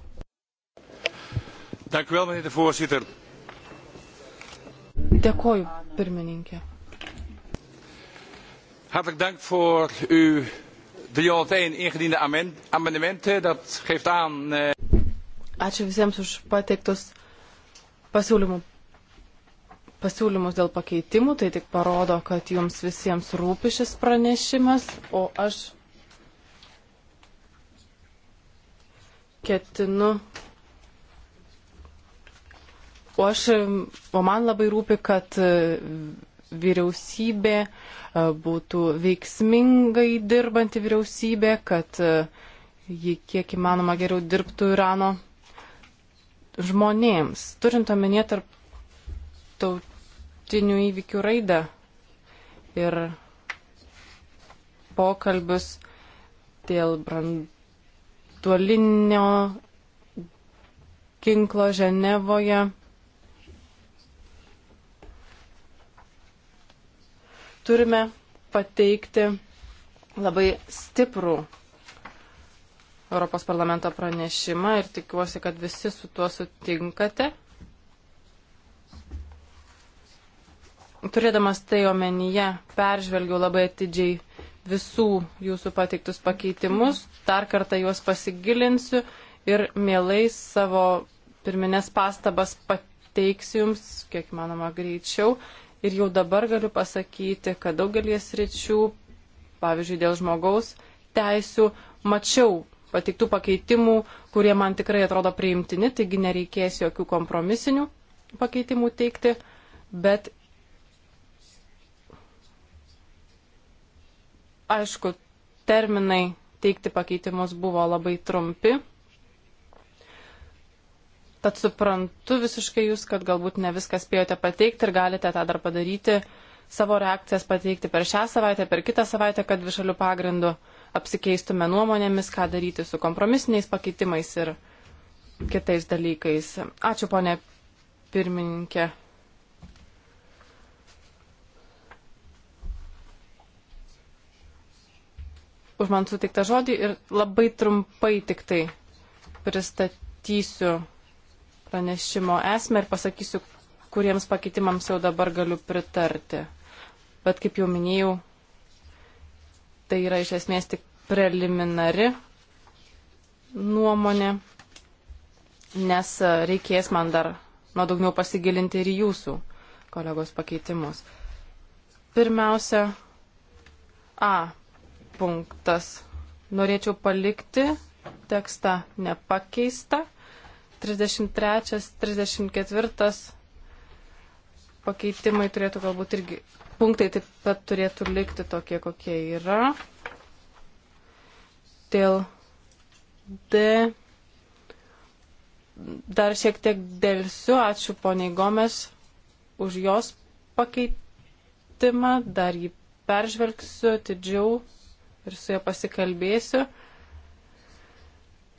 Dank u wel, meneer de voorzitter. Dėkoju, pirmininkė. Hartelijk dank voor uw 301 ingediende amendementen. Dat geeft aan. Uh... Ačiū visiems už pateiktus pasiūlymų. pasiūlymus dėl pakeitimų. Tai tik parodo, kad jums visiems rūpi šis pranešimas, o aš ketinu. O, aš, o man labai rūpi, kad e, vyriausybė e, būtų veiksmingai dirbanti vyriausybė, kad e, ji kiek įmanoma geriau dirbtų Irano žmonėms, turint omenyje tarp tautinių įvykių raidą ir pokalbius dėl branduolinio ginklo Ženevoje. Turime pateikti labai stiprų Europos parlamento pranešimą ir tikiuosi, kad visi su tuo sutinkate. Turėdamas tai omenyje, peržvelgiau labai atidžiai visų jūsų pateiktus pakeitimus, dar kartą juos pasigilinsiu ir mielai savo pirminės pastabas pateiksiu jums, kiek manoma, greičiau. Ir jau dabar galiu pasakyti, kad daugelies ryčių, pavyzdžiui, dėl žmogaus teisų, mačiau pateiktų pakeitimų, kurie man tikrai atrodo priimtini, taigi nereikės jokių kompromisinių pakeitimų teikti, bet aišku, terminai teikti pakeitimus buvo labai trumpi. Tad suprantu visiškai jūs, kad galbūt ne viską spėjote pateikti ir galite tą dar padaryti, savo reakcijas pateikti per šią savaitę, per kitą savaitę, kad višalių pagrindų uh, apsikeistume nuomonėmis, ką daryti su kompromisiniais pakeitimais ir kitais dalykais. Ačiū, ponė pirmininkė. Už man suteiktą žodį ir labai trumpai tik tai pristatysiu pranešimo esmę ir pasakysiu, kuriems pakeitimams jau dabar galiu pritarti. Bet kaip jau minėjau, tai yra iš esmės tik preliminari nuomonė, nes e, reikės man dar nuodugniau pasigilinti ir jūsų kolegos pakeitimus. Pirmiausia, A punktas. Norėčiau palikti tekstą nepakeistą. 33, 34 pakeitimai turėtų galbūt irgi punktai taip pat turėtų likti tokie, kokie yra. Dėl D. Dar šiek tiek dėlsiu, ačiū poniai Gomes už jos pakeitimą, dar jį peržvelgsiu atidžiau ir su ja pasikalbėsiu.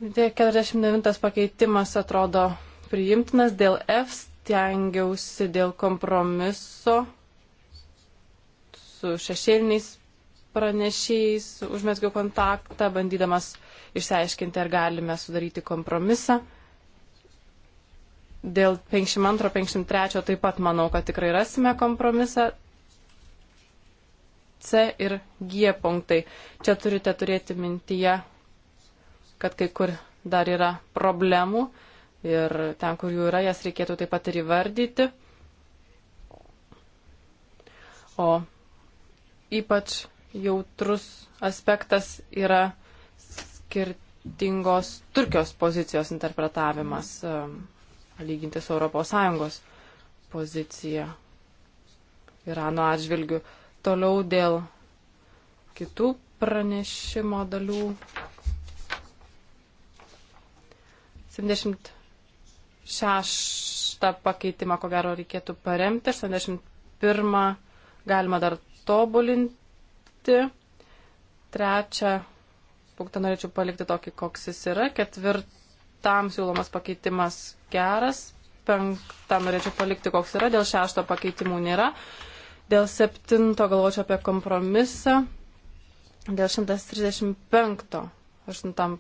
49 pakeitimas atrodo priimtinas dėl F, stengiausi dėl kompromiso su šešėliniais pranešėjais, užmesgiau kontaktą, bandydamas išsiaiškinti, ar galime sudaryti kompromisą. Dėl 52-53 taip pat manau, kad tikrai rasime kompromisą. C ir G punktai. Čia turite turėti mintyje, kad kai kur dar yra problemų ir ten, kur jų yra, jas reikėtų taip pat ir įvardyti. O ypač jautrus aspektas yra skirtingos Turkijos pozicijos interpretavimas, lyginti su ES pozicija Irano atžvilgiu. Toliau dėl kitų pranešimo dalių. 76 pakeitimą, ko gero, reikėtų paremti. 81 galima dar tobulinti. Trečią punktą norėčiau palikti tokį, koks jis yra. Ketvirtam siūlomas pakeitimas geras. Penktą norėčiau palikti, koks yra. Dėl šešto pakeitimų nėra. Dėl septinto galvočiau apie kompromisą. Dėl 135. Aštuntam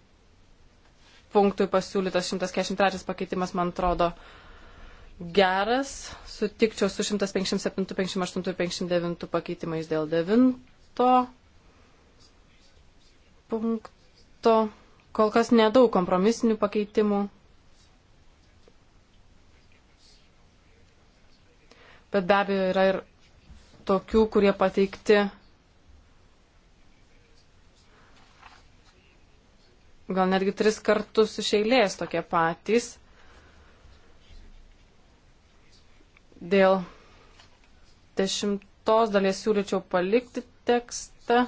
punktui pasiūlytas 143 pakeitimas, man atrodo, uh, geras, sutikčiau su 157, 58 ir 59 pakeitimais dėl 9 punkto. Kol kas nedaug kompromisinių pakeitimų. Bet be abejo yra ir tokių, kurie pateikti gal netgi tris kartus iš eilės tokie patys. Dėl dešimtos dalies siūlyčiau palikti tekstą.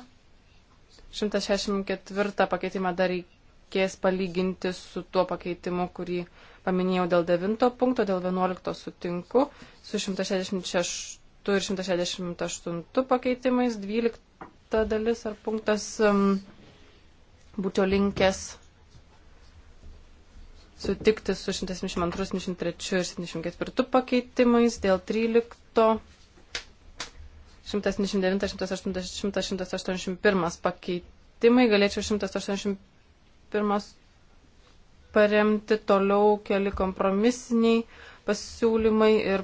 164 pakeitimą dar reikės palyginti su tuo pakeitimu, kurį paminėjau dėl 9 punkto, dėl 11 sutinku, su 166 ir 168 pakeitimais, 12 dalis ar punktas um, būčiau linkęs sutikti su 172, 173 ir 74 pakeitimais, dėl 13, 179, 180, 181 pakeitimai, galėčiau 181 paremti toliau keli kompromisiniai pasiūlymai ir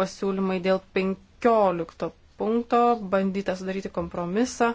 pasiūlymai dėl 15 punkto, bandyta sudaryti kompromisą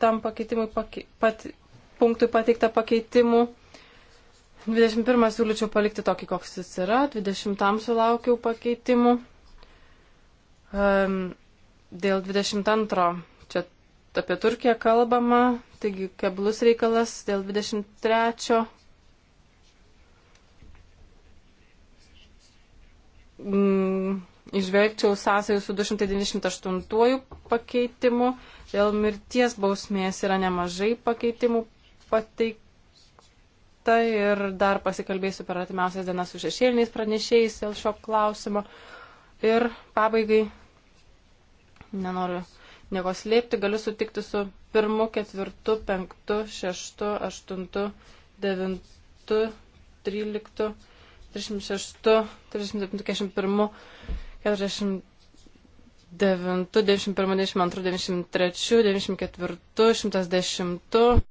tam pakeitimui pake, pat, punktui pateikta pakeitimų. 21 siūlyčiau palikti tokį, koks jis yra, 20 sulaukiau pakeitimų. Um, dėl 22 čia apie Turkiją kalbama, taigi keblus reikalas dėl 23. Mm, išvelgčiau sąsajų su 298 pakeitimu. Dėl mirties bausmės yra nemažai pakeitimų pateikta ir dar pasikalbėsiu per atimiausias dienas su šešėliniais pranešėjais dėl šio klausimo. Ir pabaigai, nenoriu nieko slėpti, galiu sutikti su pirmu, ketvirtu, penktu, šeštu, aštuntu, devintu, tryliktu, 36, 37, 41 49, 91, 92, 93, 94, 110.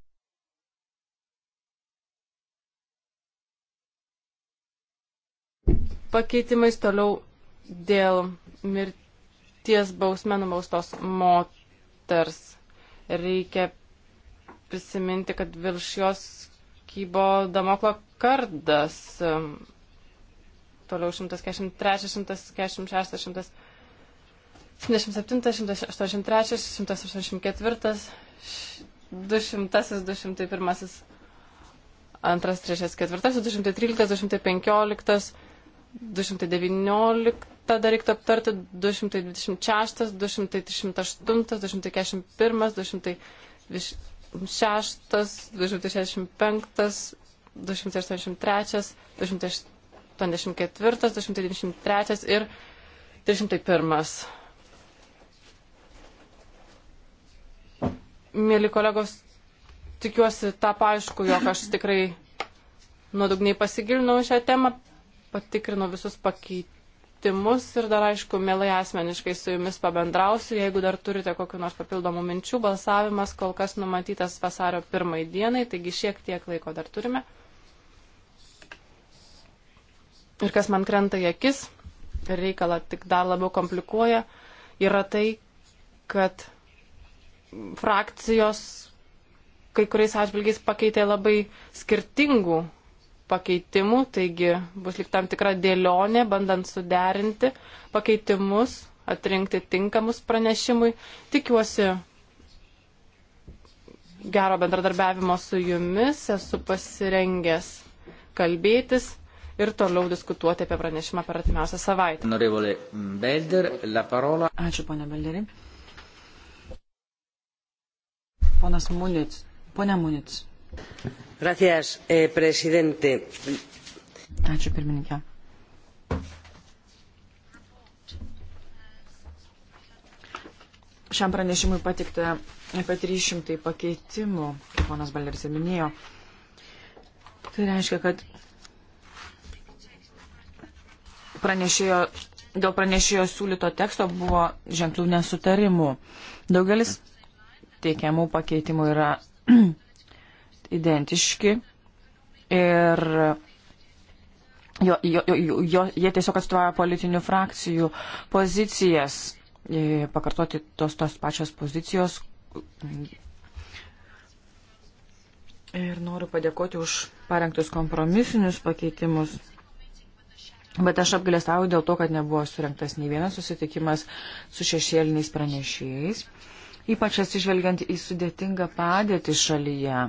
Pakeitimais toliau dėl mirties bausmė nubaustos moters. Reikia prisiminti, kad virš jos kybo Damoklo kardas toliau 143, 146, 177, 183, 184, 200, 201, antras, trečias, ketvirtas, 213, 215, 219, dar reiktų aptarti 226, 238, 241, 226, 265, 283, 286, 294, 293 ir 301. Mėly kolegos, tikiuosi tą paaišku, jog aš tikrai nuodugniai pasigilinau šią temą, patikrinau visus pakeitimus ir dar aišku, mielai asmeniškai su jumis pabendrausiu. Jeigu dar turite kokiu nors papildomų minčių, balsavimas kol kas numatytas vasario pirmai dienai, taigi šiek tiek laiko dar turime ir kas man krenta į akis ir reikalą tik dar labiau komplikuoja, yra tai, kad frakcijos kai kuriais atžvilgiais pakeitė labai skirtingų pakeitimų, taigi bus lik tam tikra dėlionė, bandant suderinti pakeitimus, atrinkti tinkamus pranešimui. Tikiuosi gero bendradarbiavimo su jumis, esu pasirengęs kalbėtis ir toliau diskutuoti apie pranešimą per artimiausią savaitę. Ačiū, ponė Belderi. Ponas Munic. Pone Munic. Gracias, eh, presidente. Ačiū, pirmininkė. Šiam pranešimui patikta apie 300 pakeitimų, kaip ponas Balderis ir minėjo. Tai reiškia, kad pranešėjo, dėl pranešėjo siūlyto teksto buvo ženklių nesutarimų. Daugelis teikiamų pakeitimų yra [CLEARS THROAT] identiški ir jo, jo, jo, jo, jie tiesiog atstovauja politinių frakcijų pozicijas, pakartoti tos tos pačios pozicijos. Ir noriu padėkoti už parengtus kompromisinius pakeitimus. Bet aš apgalėstauju dėl to, kad nebuvo surinktas nei vienas susitikimas su šešėliniais pranešėjais, ypač atsižvelgiant į sudėtingą padėtį šalyje.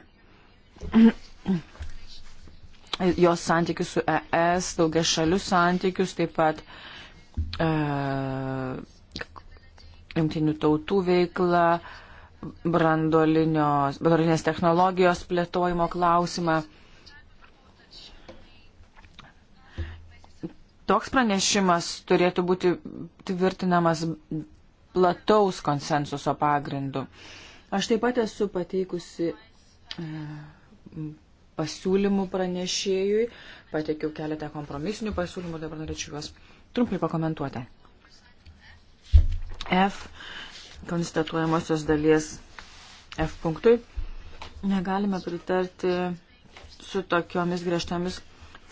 [CLEARS THROAT] Jos santykius su ES, daugia šalių santykius, taip pat e, jungtinių tautų veikla, brandolinės technologijos plėtojimo klausimą. toks pranešimas turėtų būti tvirtinamas plataus konsensuso pagrindu. Aš taip pat esu pateikusi e, pasiūlymų pranešėjui, pateikiau keletą kompromisinių pasiūlymų, dabar norėčiau juos trumpai pakomentuoti. F konstatuojamosios dalies F punktui negalime pritarti su tokiomis griežtomis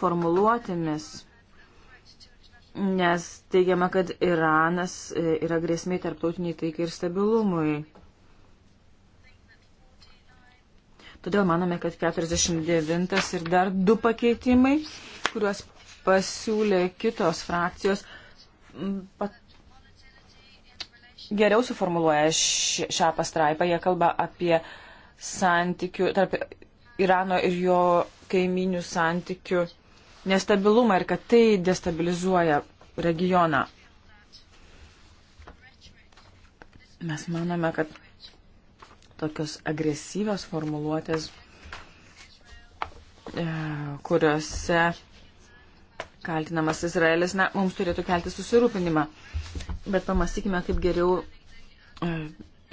formuluotėmis nes teigiama, kad Iranas e, yra grėsmė tarptautiniai taikai ir stabilumui. Todėl manome, kad 49 ir dar du pakeitimai, kuriuos pasiūlė kitos frakcijos, pat geriau suformuluoja šią pastraipą. Jie kalba apie santykių tarp Irano ir jo kaiminių santykių nestabilumą ir kad tai destabilizuoja regioną. Mes manome, kad tokios agresyvios formuluotės, e, kuriuose kaltinamas Izraelis, na, mums turėtų kelti susirūpinimą. Bet pamastykime, kaip geriau e,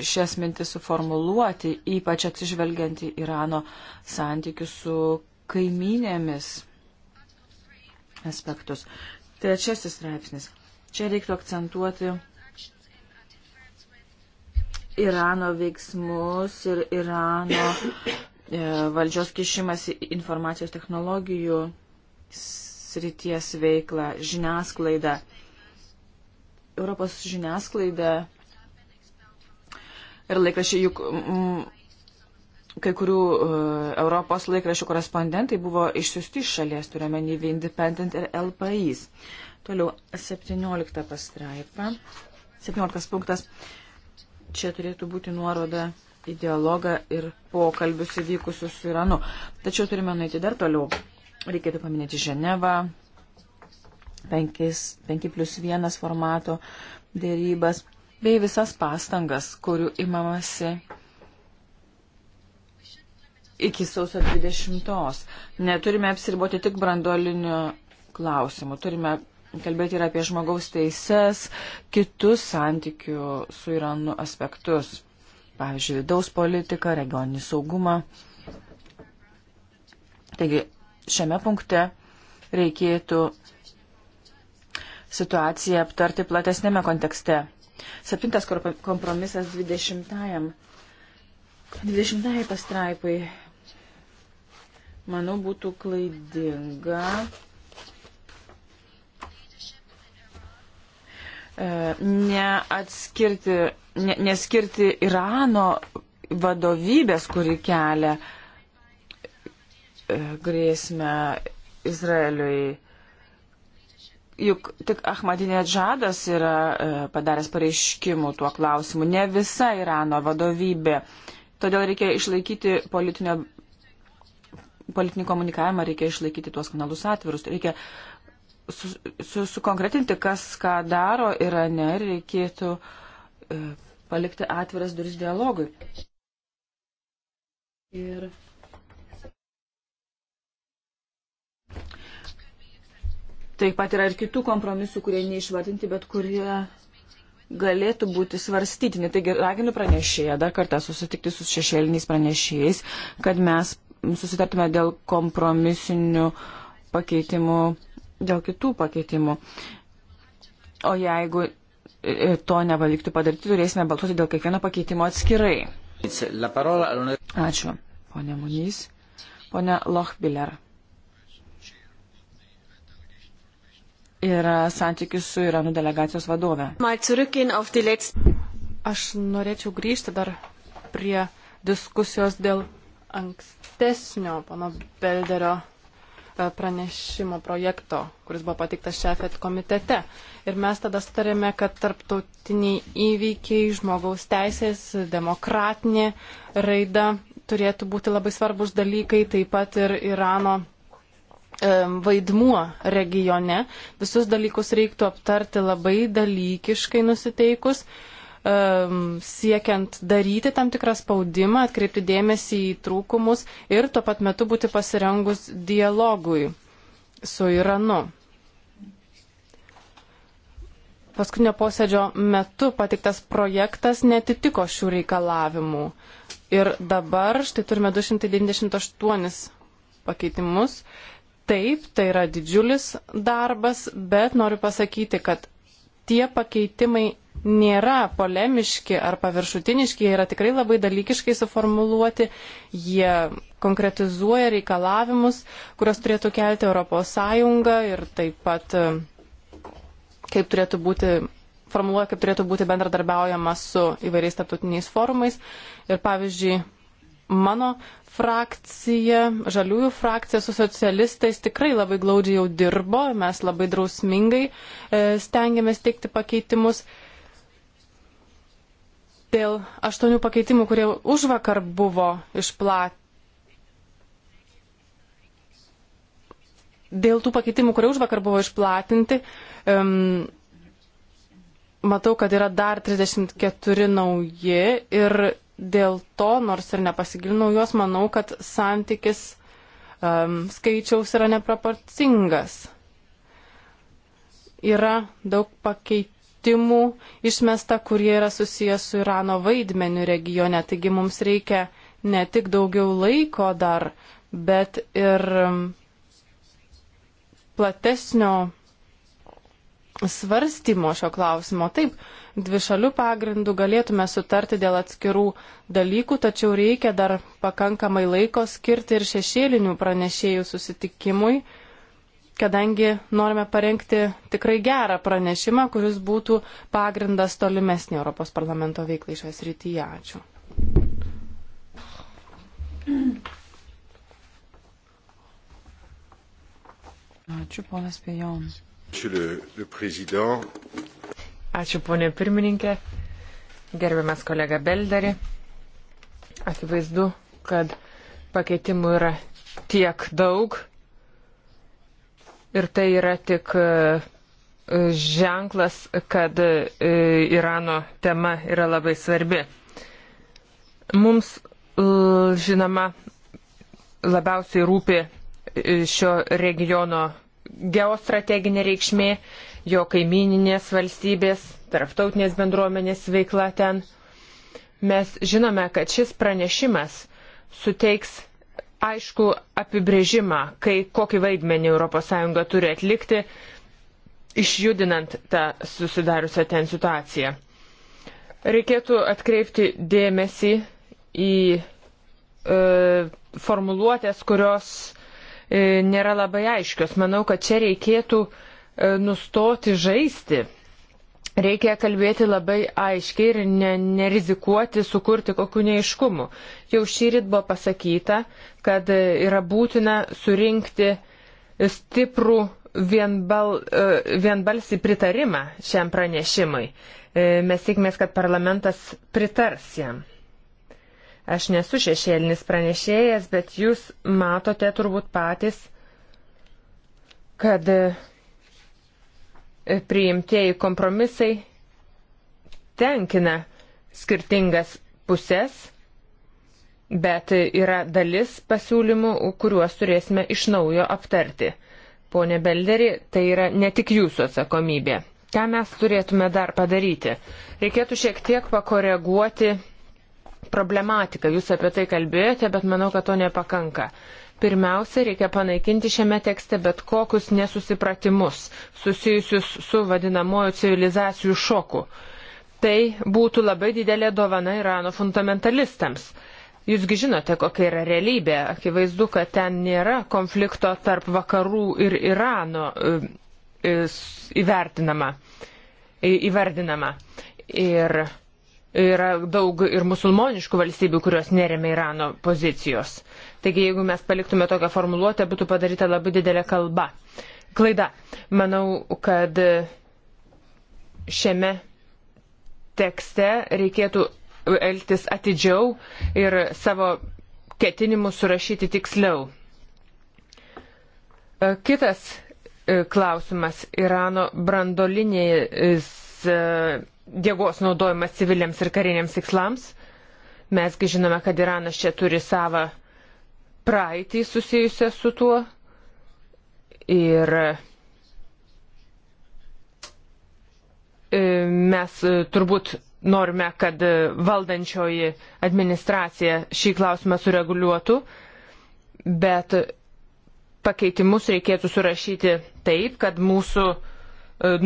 šias mintis suformuluoti, ypač atsižvelgiant į Irano santykius su kaiminėmis aspektus. Trečiasis straipsnis. Čia reiktų akcentuoti Irano veiksmus ir Irano e, valdžios kišimas į informacijos technologijų srities veiklą, žiniasklaidą. Europos žiniasklaida ir laikrašiai juk kai kurių uh, Europos laikrašių korespondentai buvo išsiusti iš šalies, turiuomenį The Independent ir LPIs. Toliau 17 pastraipa, 17 punktas. Čia turėtų būti nuoroda į dialogą ir pokalbius įvykusius su Iranu. Tačiau turime nueiti dar toliau. Reikėtų paminėti Ženevą, 5, 5 plus 1 formato dėrybas bei visas pastangas, kurių imamasi iki sausio 20. Neturime apsiriboti tik brandoliniu klausimu. Turime kalbėti ir apie žmogaus teises, kitus santykių su Iranu aspektus. Pavyzdžiui, vidaus politiką, regioninį saugumą. Taigi, šiame punkte reikėtų situaciją aptarti platesnėme kontekste. Septintas kompromisas 20. 20 pastraipai manau, būtų klaidinga e, neatskirti, ne, neskirti Irano vadovybės, kuri kelia e, grėsmę Izraeliui. Juk tik Ahmadinėdžadas yra e, padaręs pareiškimų tuo klausimu, ne visa Irano vadovybė. Todėl reikia išlaikyti politinio politinį komunikavimą reikia išlaikyti tuos kanalus atvirus, reikia sukonkretinti, su, su kas ką daro Irane ir reikėtų e, palikti atviras duris dialogui. Ir Taip pat yra ir kitų kompromisų, kurie neišvardinti, bet kurie galėtų būti svarstytini. Taigi raginu pranešėją dar kartą susitikti su šešėliniais pranešėjais, kad mes susitartume dėl kompromisinių pakeitimų, dėl kitų pakeitimų. O jeigu e, to nepavyktų padaryti, turėsime balsuoti dėl kiekvieno pakeitimo atskirai. Ačiū, ponė Munys. Pone Lochbiller. Yra santykis su Iranų delegacijos vadove. Aš norėčiau grįžti dar prie diskusijos dėl ankstesnio pono Belderio e, pranešimo projekto, kuris buvo patiktas šefet komitete. Ir mes tada starėme, kad tarptautiniai įvykiai, žmogaus teisės, demokratinė raida turėtų būti labai svarbus dalykai, taip pat ir Irano e, vaidmuo regione. Visus dalykus reiktų aptarti labai dalykiškai nusiteikus. Uh, um, siekiant daryti tam tikrą spaudimą, atkreipti dėmesį į trūkumus ir tuo pat metu būti pasirengus dialogui su Iranu. Paskutinio posėdžio metu patiktas projektas netitiko šių reikalavimų. Ir dabar štai turime 298 pakeitimus. Taip, tai yra didžiulis darbas, bet noriu pasakyti, kad tie pakeitimai nėra polemiški ar paviršutiniški, jie yra tikrai labai dalykiškai suformuluoti, jie konkretizuoja reikalavimus, kurios turėtų kelti ES ir taip pat e, kaip turėtų būti formuluoja, kaip turėtų būti bendradarbiaujama su įvairiais tarptautiniais forumais. Ir pavyzdžiui, mano frakcija, žaliųjų frakcija su socialistais tikrai labai glaudžiai jau dirbo, mes labai drausmingai e, stengiamės teikti pakeitimus. Dėl aštuonių pakeitimų, kurie už vakar buvo išplatinti. Dėl tų pakeitimų, kurie už vakar buvo išplatinti, um, matau, kad yra dar 34 nauji ir dėl to, nors ir nepasigilinau juos, manau, kad santykis um, skaičiaus yra neproporcingas. Yra daug pakeitimų išmesta, kurie yra susijęs su Irano vaidmeniu regione, taigi mums reikia ne tik daugiau laiko dar, bet ir um, platesnio svarstymo šio klausimo. Taip, dvi šalių pagrindų galėtume sutarti dėl atskirų dalykų, tačiau reikia dar pakankamai laiko skirti ir šešėlinių pranešėjų susitikimui, kadangi norime parengti tikrai gerą pranešimą, kuris būtų pagrindas tolimesnė Europos parlamento veiklai šioje srityje. Ačiū. Ačiū, ponas Pejonas. Ačiū, ponė pirmininkė, gerbiamas kolega Belderi. Akivaizdu, kad pakeitimų yra tiek daug ir tai yra tik e, e, ženklas, kad e, Irano tema yra labai svarbi. Mums, žinoma, labiausiai rūpi šio regiono geostrateginė reikšmė, jo kaimininės valstybės, tarptautinės bendruomenės veikla ten. Mes žinome, kad šis pranešimas suteiks aišku apibrėžimą, kai kokį vaidmenį ES turi atlikti, išjudinant tą susidariusią ten situaciją. Reikėtų atkreipti dėmesį į e, formuluotės, kurios E, nėra labai aiškios. Manau, kad čia reikėtų e, nustoti žaisti. Reikia kalbėti labai aiškiai ir ne, nerizikuoti sukurti kokių neiškumų. Jau šyrit buvo pasakyta, kad e, yra būtina surinkti stiprų vienbal, vienbalsį pritarimą šiam pranešimui. Mes tikimės, kad parlamentas pritars jam. Aš nesu šešėlinis pranešėjas, bet jūs matote turbūt patys, kad e, priimtieji kompromisai tenkina skirtingas pusės, bet yra dalis pasiūlymų, kuriuos turėsime iš naujo aptarti. Pone Belderi, tai yra ne tik jūsų atsakomybė. Ką mes turėtume dar padaryti? Reikėtų šiek tiek pakoreguoti problematiką. Jūs apie tai kalbėjote, bet manau, kad to nepakanka. Pirmiausia, reikia panaikinti šiame tekste bet kokius nesusipratimus susijusius su vadinamojo civilizacijų šoku. Tai būtų labai didelė dovana Irano fundamentalistams. Jūsgi žinote, kokia yra realybė. Akivaizdu, kad ten nėra konflikto tarp vakarų ir Irano e, e, įvertinama, įvardinama. Ir Yra daug ir musulmoniškų valstybių, kurios neremia Irano pozicijos. Taigi, jeigu mes paliktume tokią formuluotę, būtų padaryta labai didelė kalba. Klaida. Manau, kad šiame tekste reikėtų elgtis atidžiau ir savo ketinimus surašyti tiksliau. E, kitas e, klausimas - Irano brandolinės e, jėgos naudojimas civiliams ir kariniams tikslams. Mesgi žinome, kad Iranas čia turi savo praeitį susijusią su tuo. Ir e, mes e, turbūt norime, kad valdančioji administracija šį klausimą sureguliuotų, bet pakeitimus reikėtų surašyti taip, kad mūsų e,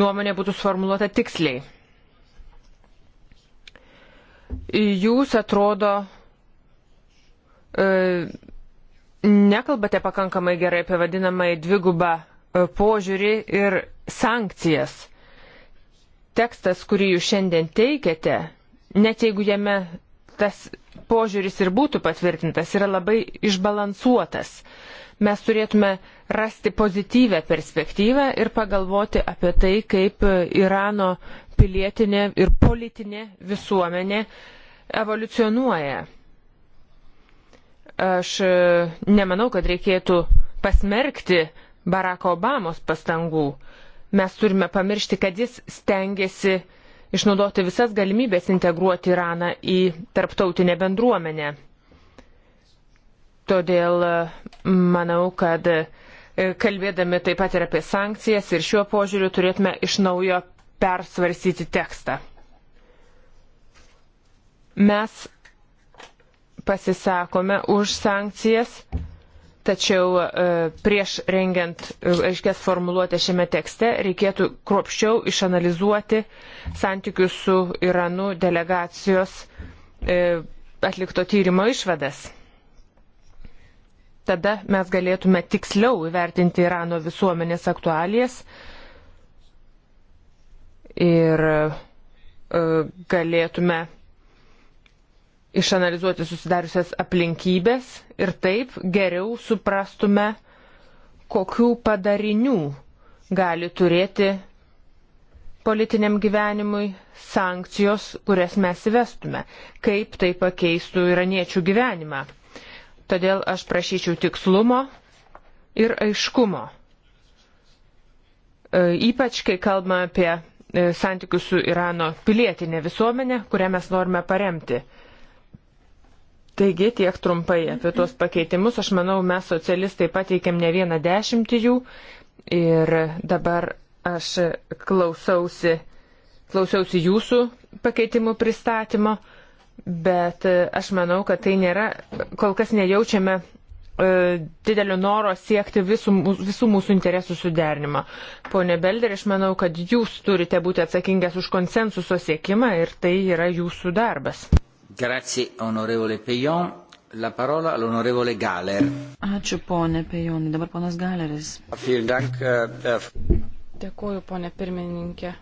nuomonė būtų sformuluota tiksliai jūs atrodo e, nekalbate pakankamai gerai apie vadinamąjį dvigubą e, požiūrį ir sankcijas. Tekstas, kurį jūs šiandien teikiate, net jeigu jame tas požiūris ir būtų patvirtintas, yra labai išbalansuotas. Mes turėtume rasti pozityvę perspektyvą ir pagalvoti apie tai, kaip Irano pilietinė ir politinė visuomenė evoliucionuoja. Aš e, nemanau, kad reikėtų pasmerkti Barako Obamos pastangų. Mes turime pamiršti, kad jis stengiasi išnaudoti visas galimybės integruoti Iraną į tarptautinę bendruomenę. Todėl e, manau, kad e, kalbėdami taip pat ir apie sankcijas ir šiuo požiūriu turėtume iš naujo persvarsyti tekstą. Mes pasisakome už sankcijas, tačiau e, prieš rengiant e, aiškės formuluotę šiame tekste reikėtų kropščiau išanalizuoti santykius su Iranu delegacijos e, atlikto tyrimo išvadas. Tada mes galėtume tiksliau įvertinti Irano visuomenės aktualijas ir e, galėtume išanalizuoti susidariusias aplinkybės ir taip geriau suprastume, kokių padarinių gali turėti politiniam gyvenimui sankcijos, kurias mes įvestume, kaip tai pakeistų iraniečių gyvenimą. Todėl aš prašyčiau tikslumo ir aiškumo. E, ypač, kai kalbame apie E, santykių su Irano pilietinė visuomenė, kurią mes norime paremti. Taigi tiek trumpai apie tuos pakeitimus. Aš manau, mes socialistai pateikėm ne vieną dešimtį jų ir dabar aš klausausi, klausiausi jūsų pakeitimų pristatymo, bet aš manau, kad tai nėra, kol kas nejaučiame E, didelio noro siekti visų, visų mūsų interesų suderinimą. Pone Belder, aš manau, kad jūs turite būti atsakingas už konsensuso siekimą ir tai yra jūsų darbas. Grazie, onorevole Pejon. La parola all'onorevole Galer. Ačiū, ponė Pejonai. Dabar ponas Galeris. Äh, äh, Dėkuoju, ponė pirmininkė.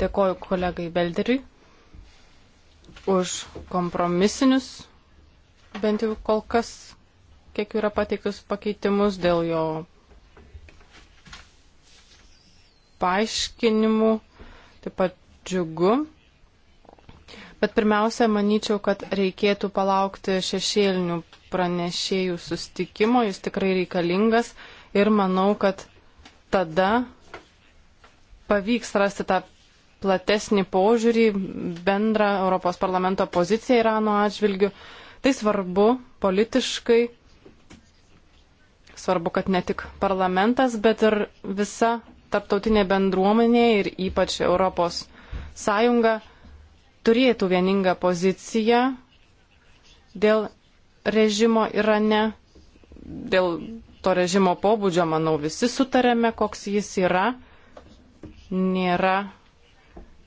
Dėkuoju kolegai Belderiui už kompromisinius bent jau kol kas kiek yra pateiktus pakeitimus dėl jo paaiškinimų, taip pat džiugu. Bet pirmiausia, manyčiau, kad reikėtų palaukti šešėlinių pranešėjų sustikimo, jis tikrai reikalingas ir manau, kad tada pavyks rasti tą platesnį požiūrį, bendrą Europos parlamento poziciją Irano atžvilgiu. Tai svarbu politiškai svarbu, kad ne tik parlamentas, bet ir visa tarptautinė bendruomenė ir ypač Europos Sąjunga turėtų vieningą poziciją dėl režimo Irane, dėl to režimo pobūdžio, manau, visi sutarėme, koks jis yra. Nėra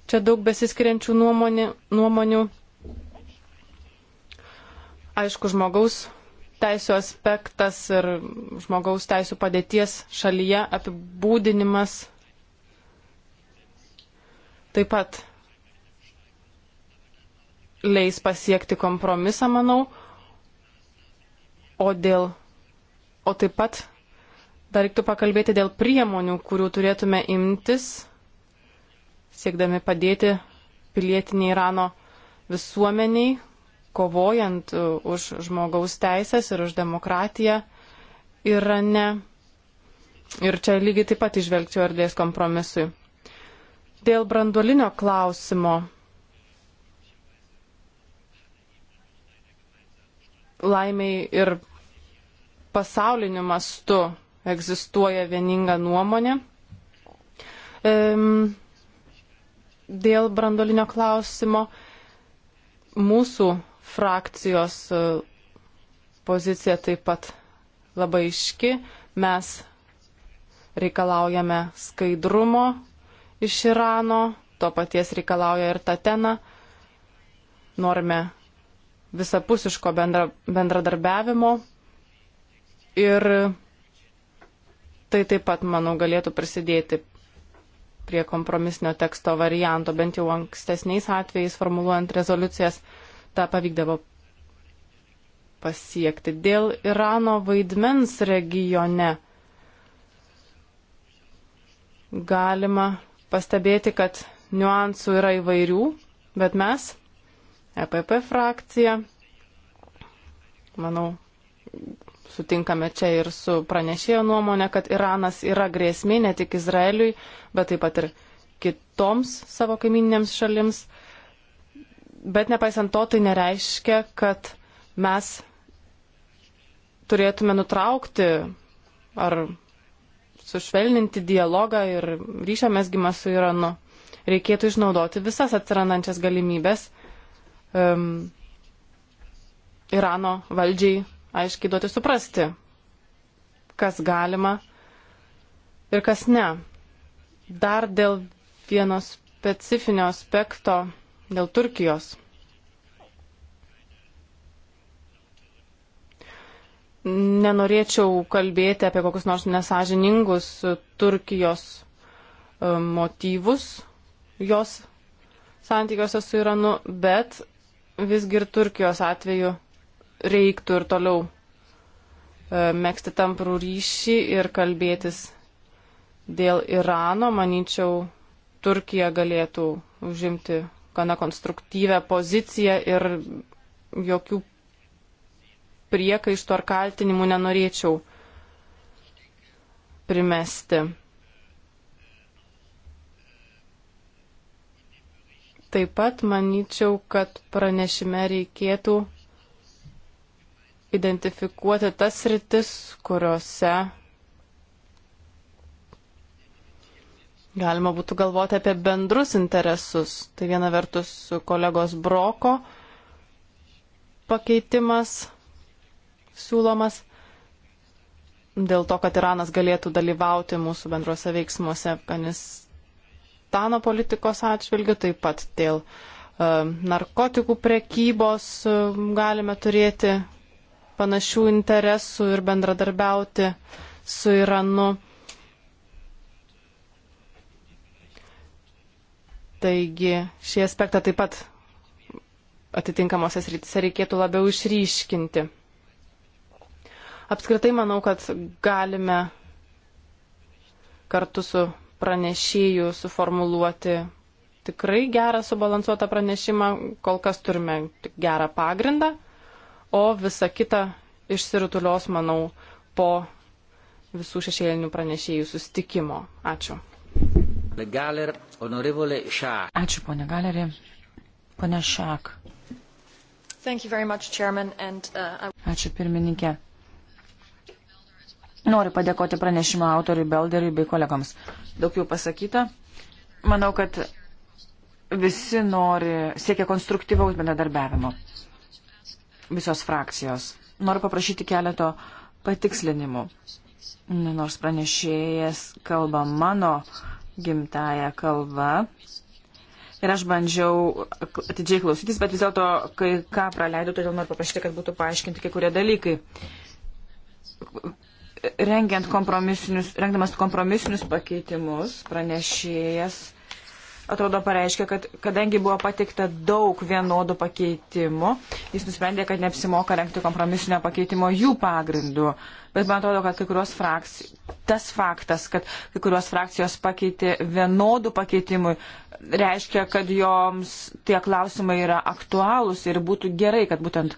čia daug besiskiriančių nuomonių. nuomonių. Aišku, žmogaus teisų aspektas ir žmogaus teisų padėties šalyje apibūdinimas taip pat leis pasiekti kompromisą, manau. O dėl. O taip pat dar reiktų pakalbėti dėl priemonių, kurių turėtume imtis, siekdami padėti pilietiniai Irano visuomeniai, kovojant e, už žmogaus teisės ir už demokratiją Irane. Ir čia lygiai taip pat išvelgčiau erdvės kompromisui. Dėl brandolinio klausimo. Laimiai ir pasauliniu mastu egzistuoja vieninga nuomonė. Dėl brandolinio klausimo mūsų frakcijos e, pozicija taip pat labai iški. Mes reikalaujame skaidrumo iš Irano, to paties reikalauja ir Tatena. Norime visapusiško bendra, bendradarbiavimo ir tai taip pat, manau, galėtų prisidėti prie kompromisinio teksto varianto, bent jau ankstesniais atvejais formuluojant rezoliucijas tą pavykdavo pasiekti. Dėl Irano vaidmens regione galima pastebėti, kad niuansų yra įvairių, bet mes, EPP frakcija, manau, sutinkame čia ir su pranešėjo nuomonė, kad Iranas yra grėsmė ne tik Izraeliui, bet taip pat ir kitoms savo kaiminėms šalims. Bet nepaisant to, tai nereiškia, kad mes turėtume nutraukti ar sušvelninti dialogą ir ryšio mesgymą su Iranu. Reikėtų išnaudoti visas atsirandančias galimybės um, Irano valdžiai aiškiai duoti suprasti, kas galima ir kas ne. Dar dėl vieno specifinio aspekto dėl Turkijos. Nenorėčiau kalbėti apie kokius nors nesažiningus Turkijos um, motyvus jos santykiuose su Iranu, bet visgi ir Turkijos atveju reiktų ir toliau e, mėgsti tamprų ryšį ir kalbėtis dėl Irano, manyčiau, Turkija galėtų užimti gana konstruktyvę poziciją ir jokių priekaištų ar kaltinimų nenorėčiau primesti. Taip pat manyčiau, kad pranešime reikėtų identifikuoti tas rytis, kuriuose Galima būtų galvoti apie bendrus interesus. Tai viena vertus kolegos Broko pakeitimas siūlomas dėl to, kad Iranas galėtų dalyvauti mūsų bendruose veiksmuose Afganistano politikos atžvilgiu, taip pat dėl uh, narkotikų prekybos uh, galime turėti panašių interesų ir bendradarbiauti su Iranu. Taigi šį aspektą taip pat atitinkamosios rytise reikėtų labiau išryškinti. Apskritai manau, kad galime kartu su pranešėjų suformuluoti tikrai gerą subalansuotą pranešimą, kol kas turime gerą pagrindą, o visa kita išsirutulios, manau, po visų šešėlinių pranešėjų sustikimo. Ačiū. Galer, Ačiū, ponė Galerį. Pone Šak. Much, chairman, and, uh, I... Ačiū pirmininkė. Noriu padėkoti pranešimo autoriui Belderiui bei kolegams. Daug jau pasakyta. Manau, kad visi nori, siekia konstruktyvaus bendradarbiavimo. Visos frakcijos. Noriu paprašyti keleto patikslinimų. Nors pranešėjas kalba mano gimtają kalbą. Ir aš bandžiau atidžiai klausytis, bet vis dėlto kai ką praleidau, todėl noriu paprašyti, kad būtų paaiškinti kai kurie dalykai. Rengiant kompromisinius, rengdamas kompromisinius pakeitimus, pranešėjas atrodo pareiškė, kad kadangi buvo patikta daug vienodų pakeitimų, jis nusprendė, kad neapsimoka renkti kompromisinio pakeitimo jų pagrindu. Bet man atrodo, kad kai kurios frakcijos, tas faktas, kad kai kurios frakcijos pakeitė vienodų pakeitimui, reiškia, kad joms tie klausimai yra aktualūs ir būtų gerai, kad būtent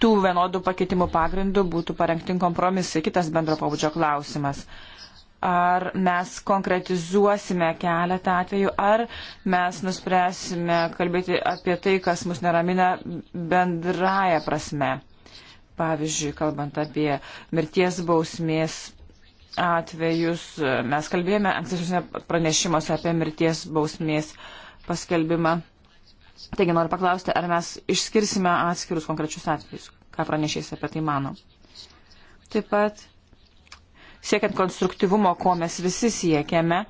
tų vienodų pakeitimų pagrindų būtų parengti kompromisai. Kitas bendro pabudžio klausimas ar mes konkretizuosime keletą atvejų, ar mes nuspręsime kalbėti apie tai, kas mus neramina bendraja prasme. Pavyzdžiui, kalbant apie mirties bausmės atvejus, mes kalbėjome ankstesniuose pranešimuose apie mirties bausmės paskelbimą. Taigi noriu paklausti, ar mes išskirsime atskirus konkrečius atvejus, ką pranešėjai apie tai mano. Taip pat siekiant konstruktyvumo, ko mes visi siekiame,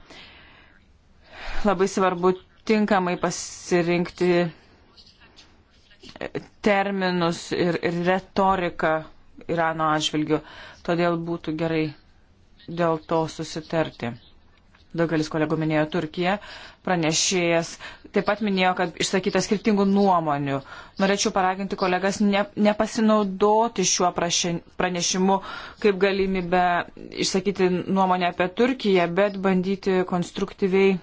labai svarbu tinkamai pasirinkti e, terminus ir, ir retoriką Irano atžvilgiu. Todėl būtų gerai dėl to susitarti daugelis kolegų minėjo Turkiją, pranešėjas taip pat minėjo, kad išsakyta skirtingų nuomonių. Norėčiau paraginti kolegas ne, nepasinaudoti šiuo pranešimu kaip galimybę išsakyti nuomonę apie Turkiją, bet bandyti konstruktyviai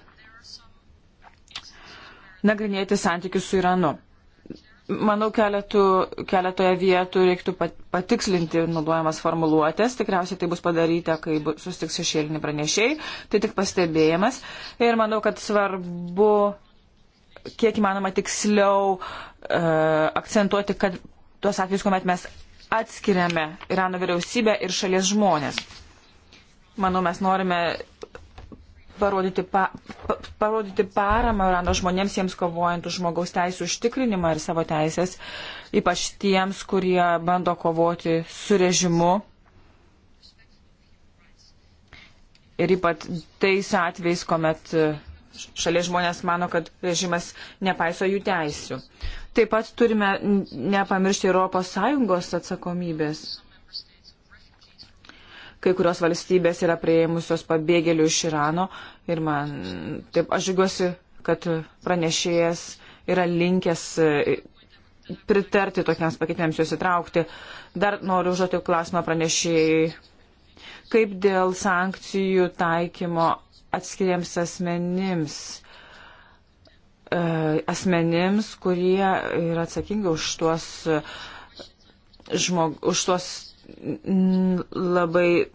nagrinėti santykius su Iranu. Manau, keletų, keletoje vietų reiktų patikslinti naudojamas formuluotės. Tikriausiai tai bus padaryta, kai sustiks šešėlinį pranešiai. Tai tik pastebėjimas. Ir manau, kad svarbu, kiek įmanoma tiksliau uh, akcentuoti, kad tuos atvejus, kuomet mes atskiriame Irano vyriausybę ir šalies žmonės. Manau, mes norime parodyti, pa, pa, parodyti paramą Irano žmonėms, jiems kovojant už žmogaus teisų užtikrinimą ir savo teisės, ypač tiems, kurie bando kovoti su režimu. Ir ypač tais atvejais, kuomet šalia žmonės mano, kad režimas nepaiso jų teisių. Taip pat turime nepamiršti ES atsakomybės kai kurios valstybės yra prieimusios pabėgėlių iš Irano ir man taip aš žiūriuosi, kad pranešėjas yra linkęs e, pritarti tokiems pakeitimams juos įtraukti. Dar noriu užduoti klausimą pranešėjai. Kaip dėl sankcijų taikymo atskiriems asmenims? E, asmenims, kurie yra atsakingi už tuos, e, žmog, už tuos labai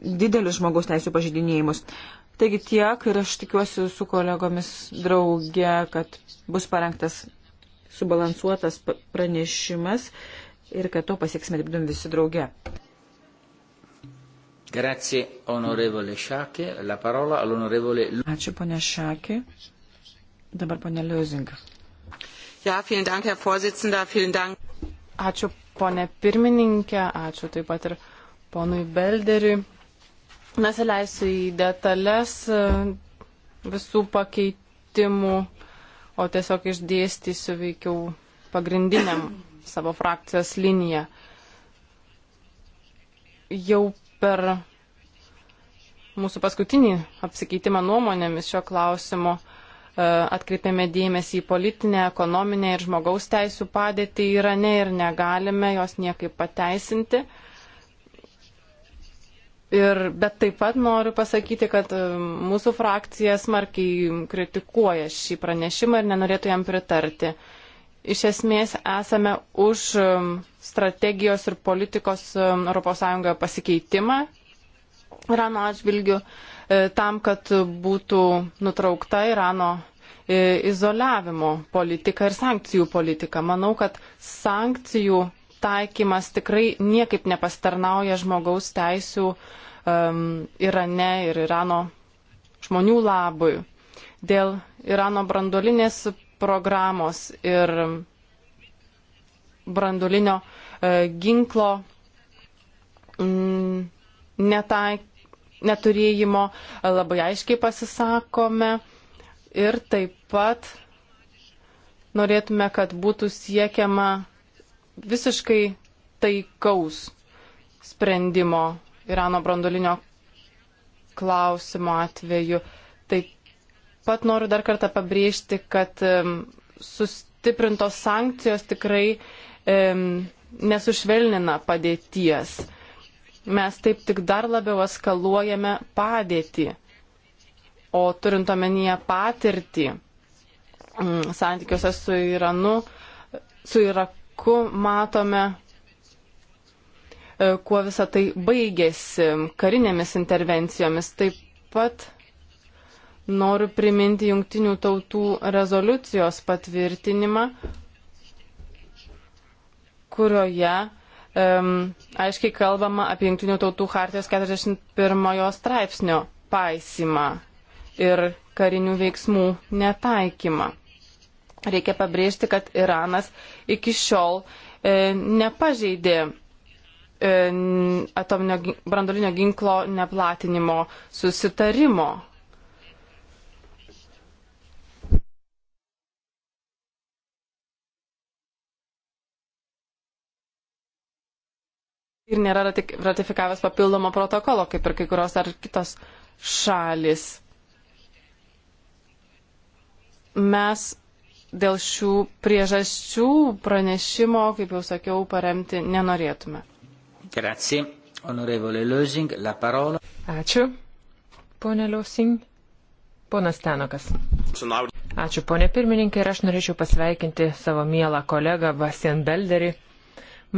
didelius žmogaus teisų pažydinėjimus. Taigi tiek ir aš tikiuosi su kolegomis drauge, kad bus parengtas subalansuotas pranešimas ir kad to pasieksime dirbdami visi drauge. Grazie, onorevole Šakė. La parola all'onorevole Ačiū, ponė Šakė. Dabar ponė Liuzing. Ja, vielen Dank, Herr Vorsitzender, vielen Dank. Ačiū, ponė pirmininkė, ačiū taip pat ir ponui Belderiui. Nesileisiu į detalės e, visų pakeitimų, o tiesiog išdėstysiu veikiau pagrindiniam savo frakcijos liniją. Jau per mūsų paskutinį apsikeitimą nuomonėmis šio klausimo E, atkreipėme dėmesį į politinę, ekonominę ir žmogaus teisų padėtį Irane ir negalime jos niekaip pateisinti. Ir, bet taip pat noriu pasakyti, kad e, mūsų frakcija smarkiai kritikuoja šį pranešimą ir nenorėtų jam pritarti. Iš esmės esame už e, strategijos ir politikos ES pasikeitimą Irano atžvilgių E, tam, kad būtų nutraukta Irano e, izoliavimo politika ir sankcijų politika. Manau, kad sankcijų taikymas tikrai niekaip nepastarnauja žmogaus teisų um, Irane ir Irano žmonių labui. Dėl Irano brandolinės programos ir brandolinio e, ginklo m, mm, netaik, neturėjimo labai aiškiai pasisakome ir taip pat norėtume, kad būtų siekiama visiškai taikaus sprendimo Irano brandolinio klausimo atveju. Taip pat noriu dar kartą pabrėžti, kad sustiprintos sankcijos tikrai um, nesušvelnina padėties mes taip tik dar labiau eskaluojame padėtį. O turint omenyje patirtį mm, santykiuose su Iranu, su Iraku matome, e, kuo visa tai baigėsi karinėmis intervencijomis. Taip pat noriu priminti jungtinių tautų rezoliucijos patvirtinimą, kurioje um, aiškiai kalbama apie Junktinių tautų hartijos 41 straipsnio paisimą ir karinių veiksmų netaikymą. Reikia pabrėžti, kad Iranas iki šiol e, nepažeidė e, atominio brandolinio ginklo neplatinimo susitarimo ir nėra ratifikavęs papildomo protokolo, kaip ir kai kurios ar kitos šalis. Mes dėl šių priežasčių pranešimo, kaip jau sakiau, paremti nenorėtume. Grazie. Honorevole Lösing, la parola. Ačiū, ponė Lösing. Ponas Tenokas. Ačiū, ponė pirmininkė, ir aš norėčiau pasveikinti savo mielą kolegą Vasien Belderį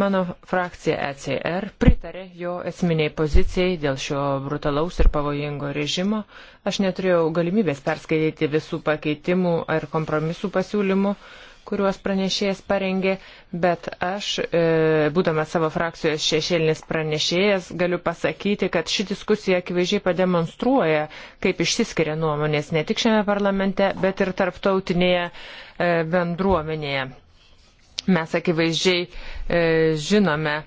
Mano frakcija ECR pritarė jo esminiai pozicijai dėl šio brutalaus ir pavojingo režimo. Aš neturėjau galimybės perskaityti visų pakeitimų ar kompromisų pasiūlymų, kuriuos pranešėjas parengė, bet aš, e, būdamas savo frakcijos šešėlinis pranešėjas, galiu pasakyti, kad ši diskusija akivaizdžiai pademonstruoja, kaip išsiskiria nuomonės ne tik šiame parlamente, bet ir tarptautinėje e, bendruomenėje. Mes akivaizdžiai e, žinome,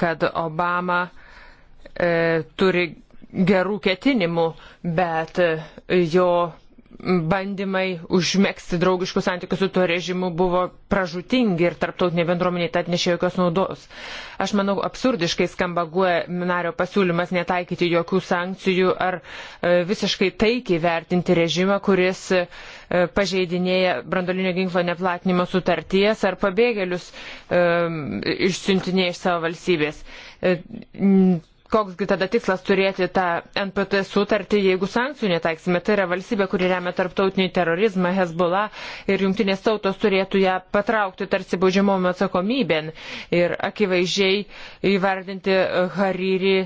kad Obama e, turi gerų ketinimų, bet e, jo bandymai užmėgsti draugiškus santykius su tuo režimu buvo pražutingi ir tarptautinė bendruomenė tai atnešė jokios naudos. Aš manau, absurdiškai skamba guoja nario pasiūlymas netaikyti jokių sankcijų ar e, visiškai taikiai vertinti režimą, kuris e, pažeidinėja brandolinio ginklo neplatinimo sutarties ar pabėgėlius išsiuntinėja iš savo valstybės. E, koksgi tada tikslas turėti tą NPT sutartį, jeigu sankcijų netaiksime? Tai yra valstybė, kuri remia tarptautinį terorizmą, Hezbollah ir jungtinės tautos turėtų ją patraukti tarsi baudžiamom atsakomybėn ir akivaizdžiai įvardinti Hariri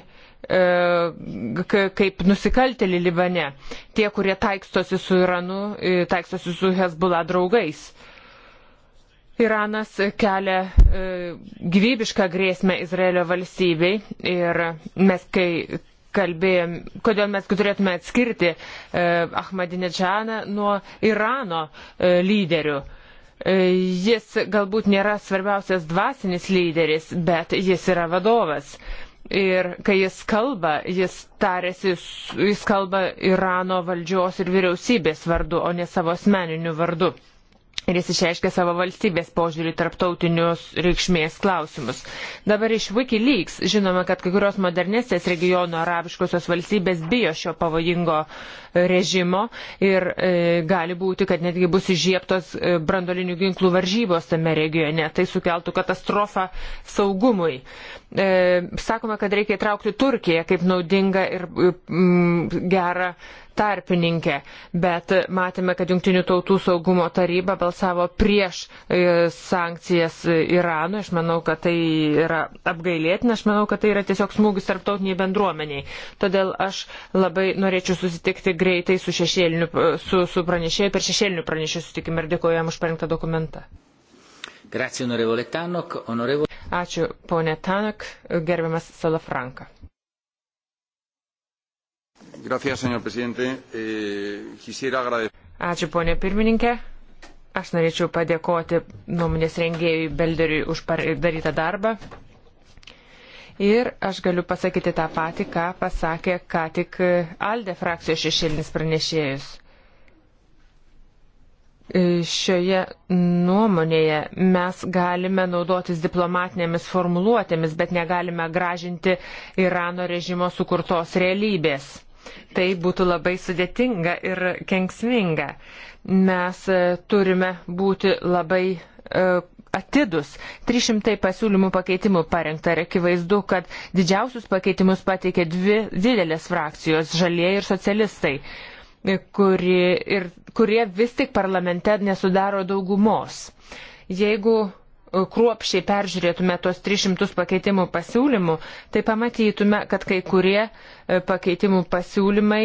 E, kaip nusikaltėlį Libane, tie, kurie taikstosi su Iranu, e, taikstosi su Hezbollah draugais. Iranas kelia e, gyvybišką grėsmę Izraelio valstybei ir mes, kai kalbėjom, kodėl mes turėtume atskirti Ahmadinečaną nuo Irano lyderių. Jis galbūt nėra svarbiausias dvasinis lyderis, bet jis yra vadovas. Ir kai jis kalba, jis tarėsi, jis kalba Irano valdžios ir vyriausybės vardu, o ne savo asmeniniu vardu. Ir jis išreiškė savo valstybės požiūrį tarptautinius reikšmės klausimus. Dabar iš Wikileaks žinome, kad kai kurios modernesnės regiono arabiškosios valstybės bijo šio pavojingo uh, režimo ir e, gali būti, kad netgi bus išžieptos e, brandolinių ginklų varžybos tame regione. Tai sukeltų katastrofą saugumui. E, sakome, kad reikia įtraukti Turkiją kaip naudingą ir mm, gerą tarpininkė, bet matėme, kad Junktinių tautų saugumo taryba balsavo prieš e, sankcijas Iranui. Aš manau, kad tai yra apgailėtina, aš manau, kad tai yra tiesiog smūgis tarptautiniai bendruomeniai. Todėl aš labai norėčiau susitikti greitai su, su, su pranešėjai per šešėlinių pranešėjų sutikimą ir dėkoju jam už parengtą dokumentą. Grazie, onorevole Tanok. Onorevole... Ačiū, ponė Tanok, gerbiamas Salafranka. Gracias, señor presidente. Eh, quisiera agradecer. Ačiū, ponė pirmininkė. Aš norėčiau padėkoti nuomonės rengėjui Belderiui už darytą darbą. Ir aš galiu pasakyti tą patį, ką pasakė ką tik Alde frakcijos šešėlinis pranešėjus. E, šioje nuomonėje mes galime naudotis diplomatinėmis formuluotėmis, bet negalime gražinti Irano režimo sukurtos realybės. Tai būtų labai sudėtinga ir kenksminga. Mes e, turime būti labai e, atidus. 300 pasiūlymų pakeitimų parengta ir akivaizdu, kad didžiausius pakeitimus pateikė dvi didelės frakcijos - žalieji ir socialistai, kuri, ir, kurie vis tik parlamente nesudaro daugumos. Jeigu e, kruopšiai peržiūrėtume tos 300 pakeitimų pasiūlymų, tai pamatytume, kad kai kurie e, pakeitimų pasiūlymai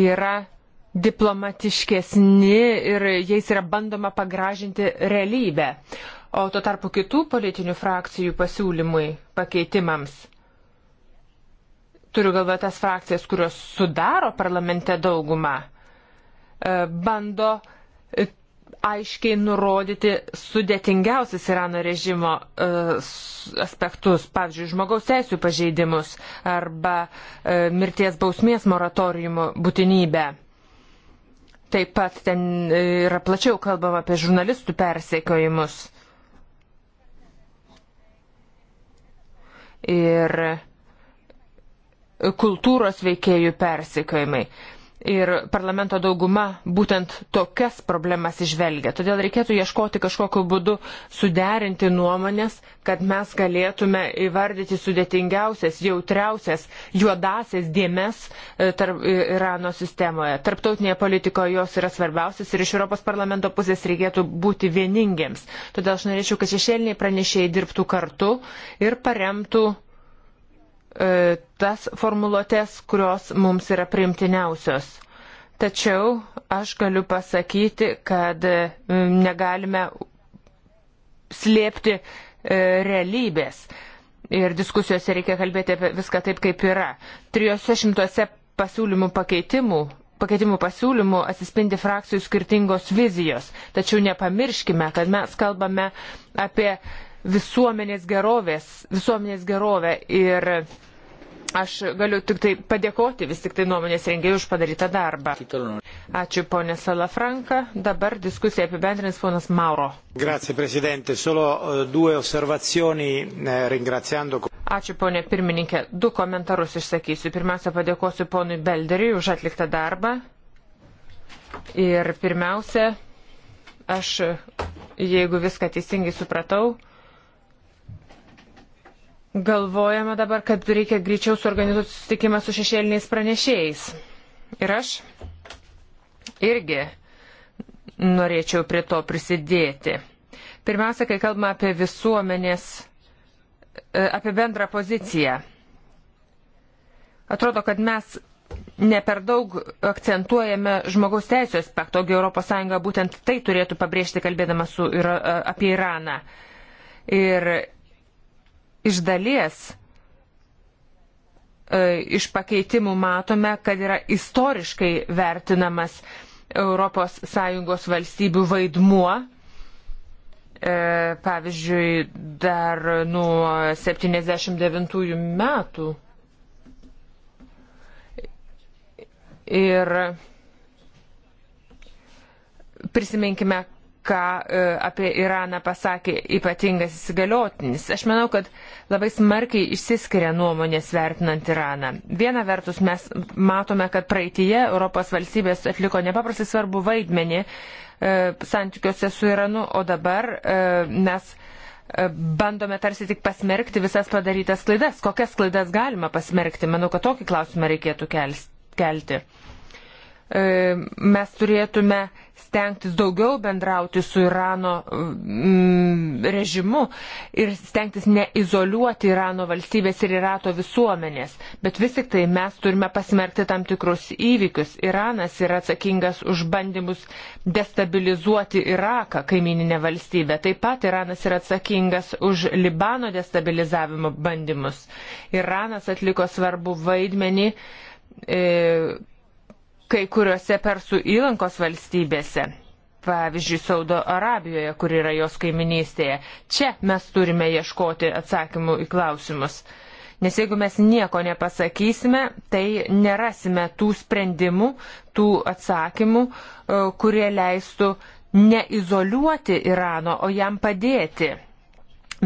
yra diplomatiškesni ir jais yra bandoma pagražinti realybę. O tuo tarpu kitų politinių frakcijų pasiūlymui pakeitimams turiu galvoje tas frakcijas, kurios sudaro parlamente daugumą, e, bando e, aiškiai nurodyti sudėtingiausias Irano režimo e, aspektus, pavyzdžiui, žmogaus teisų pažeidimus arba mirties bausmės moratoriumo būtinybę. Taip pat ten e, yra plačiau kalbama apie žurnalistų persekiojimus. Ir kultūros veikėjų persekiojimai ir parlamento dauguma būtent tokias problemas išvelgia. Todėl reikėtų ieškoti kažkokiu būdu suderinti nuomonės, kad mes galėtume įvardyti sudėtingiausias, jautriausias, juodasias dėmes e, tarp e, Irano sistemoje. Tarptautinėje politikoje jos yra svarbiausias ir iš Europos parlamento pusės reikėtų būti vieningiems. Todėl aš norėčiau, kad šešėliniai pranešėjai dirbtų kartu ir paremtų E, tas formuluotės, kurios mums yra primtiniausios. Tačiau aš galiu pasakyti, kad e, negalime slėpti e, realybės. Ir diskusijose reikia kalbėti apie viską taip, kaip yra. Trijose šimtuose pasiūlymų pakeitimų pakeitimų pasiūlymų atsispindi frakcijų skirtingos vizijos. Tačiau nepamirškime, kad mes kalbame apie visuomenės gerovės, visuomenės gerovę ir aš galiu tik tai padėkoti vis tik tai nuomonės rengėjų už padarytą darbą. Ačiū ponė Salafranka. Dabar diskusiją apibendrins ponas Mauro. Grazie, prezidente. Solo eh, due osservazioni eh, ringraziando. Ačiū ponė pirmininkė. Du komentarus išsakysiu. Pirmiausia, padėkosiu ponui Belderiui už atliktą darbą. Ir pirmiausia, aš, jeigu viską teisingai supratau, Galvojame dabar, kad reikia greičiau suorganizuoti susitikimą su šešėliniais pranešėjais. Ir aš irgi norėčiau prie to prisidėti. Pirmiausia, kai kalbame apie visuomenės, e, apie bendrą poziciją. Atrodo, kad mes ne per daug akcentuojame žmogaus teisų aspektą, ogi ES būtent tai turėtų pabrėžti, kalbėdama su, e, apie Iraną. Ir iš dalies e, iš pakeitimų matome, kad yra istoriškai vertinamas ES valstybių vaidmuo. E, pavyzdžiui, dar nuo 79 metų. Ir prisiminkime, ką e, apie Iraną pasakė ypatingas įsigaliotinis. Aš manau, kad labai smarkiai išsiskiria nuomonės vertinant Iraną. Viena vertus mes matome, kad praeitie Europos valstybės atliko nepaprastai svarbu vaidmenį e, santykiuose su Iranu, o dabar e, mes e, bandome tarsi tik pasmerkti visas padarytas klaidas. Kokias klaidas galima pasmerkti? Manau, kad tokį klausimą reikėtų kelti. E, mes turėtume stengtis daugiau bendrauti su Irano mm, režimu ir stengtis neizoliuoti Irano valstybės ir Irato visuomenės. Bet vis tik tai mes turime pasmerkti tam tikrus įvykius. Iranas yra atsakingas už bandymus destabilizuoti Iraką, kaimininę valstybę. Taip pat Iranas yra atsakingas už Libano destabilizavimo bandymus. Iranas atliko svarbu vaidmenį e, kai kuriuose Persų įlankos valstybėse, pavyzdžiui, Saudo Arabijoje, kur yra jos kaiminystėje. Čia mes turime ieškoti atsakymų į klausimus. Nes jeigu mes nieko nepasakysime, tai nerasime tų sprendimų, tų atsakymų, e, kurie leistų neizoliuoti Irano, o jam padėti.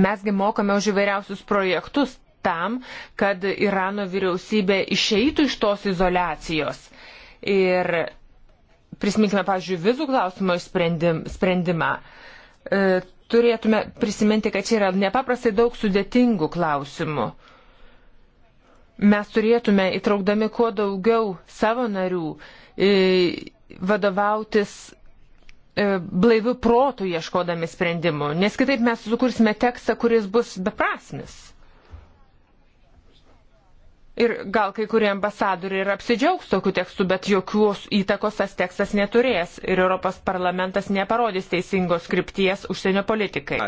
Mesgi mokame už įvairiausius projektus tam, kad Irano vyriausybė išeitų iš tos izolacijos Ir prisiminkime, pavyzdžiui, vizų klausimo sprendim, sprendimą. E, turėtume prisiminti, kad čia yra nepaprastai daug sudėtingų klausimų. Mes turėtume, įtraukdami kuo daugiau savo narių, e, vadovautis e, blaivių protų ieškodami sprendimų, nes kitaip mes sukursime tekstą, kuris bus beprasmis. Ir gal kai kurie ambasadoriai ir apsidžiaugs tokiu tekstu, bet jokios įtakos tas tekstas neturės ir Europos parlamentas neparodys teisingos krypties užsienio politikai.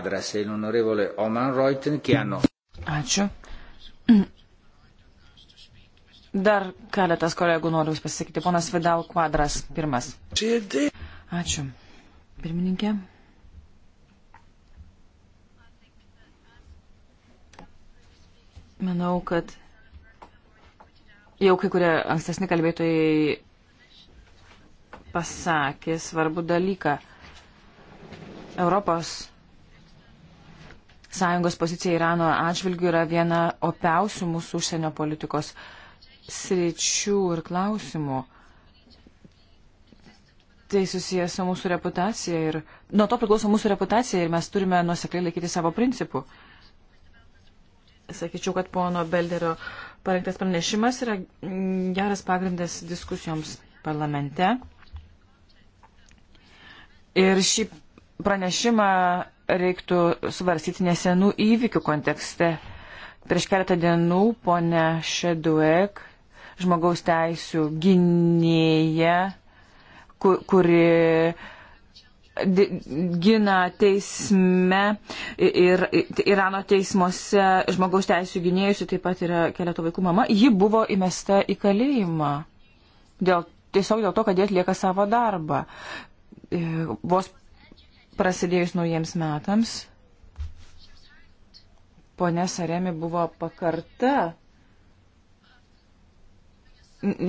Ačiū. Dar keletas kolegų noriu Jūs pasakyti. Ponas Vidal Kvadras, pirmas. Ačiū. Pirmininkė. Manau, kad Jau kai kurie ankstesni kalbėtojai pasakė svarbų dalyką. Europos Sąjungos pozicija Irano atžvilgių yra viena opiausių mūsų užsienio politikos sričių ir klausimų. Tai susijęs su mūsų reputacija ir nuo to priklauso mūsų reputacija ir mes turime nuosekliai laikyti savo principų. Sakyčiau, kad pono Belderio uh, parengtas pranešimas yra geras pagrindas diskusijoms parlamente. Ir šį pranešimą reiktų svarstyti nesenų įvykių kontekste. Prieš keletą dienų ponė Šeduek, žmogaus teisų gynėja, kuri gina teisme ir Irano teismuose žmogaus teisų gynėjusi, taip pat yra keletų vaikų mama, ji buvo įmesta į kalėjimą. Dėl, tiesiog dėl to, kad jie atlieka savo darbą. E, vos prasidėjus naujiems metams, ponė Saremi buvo pakarta.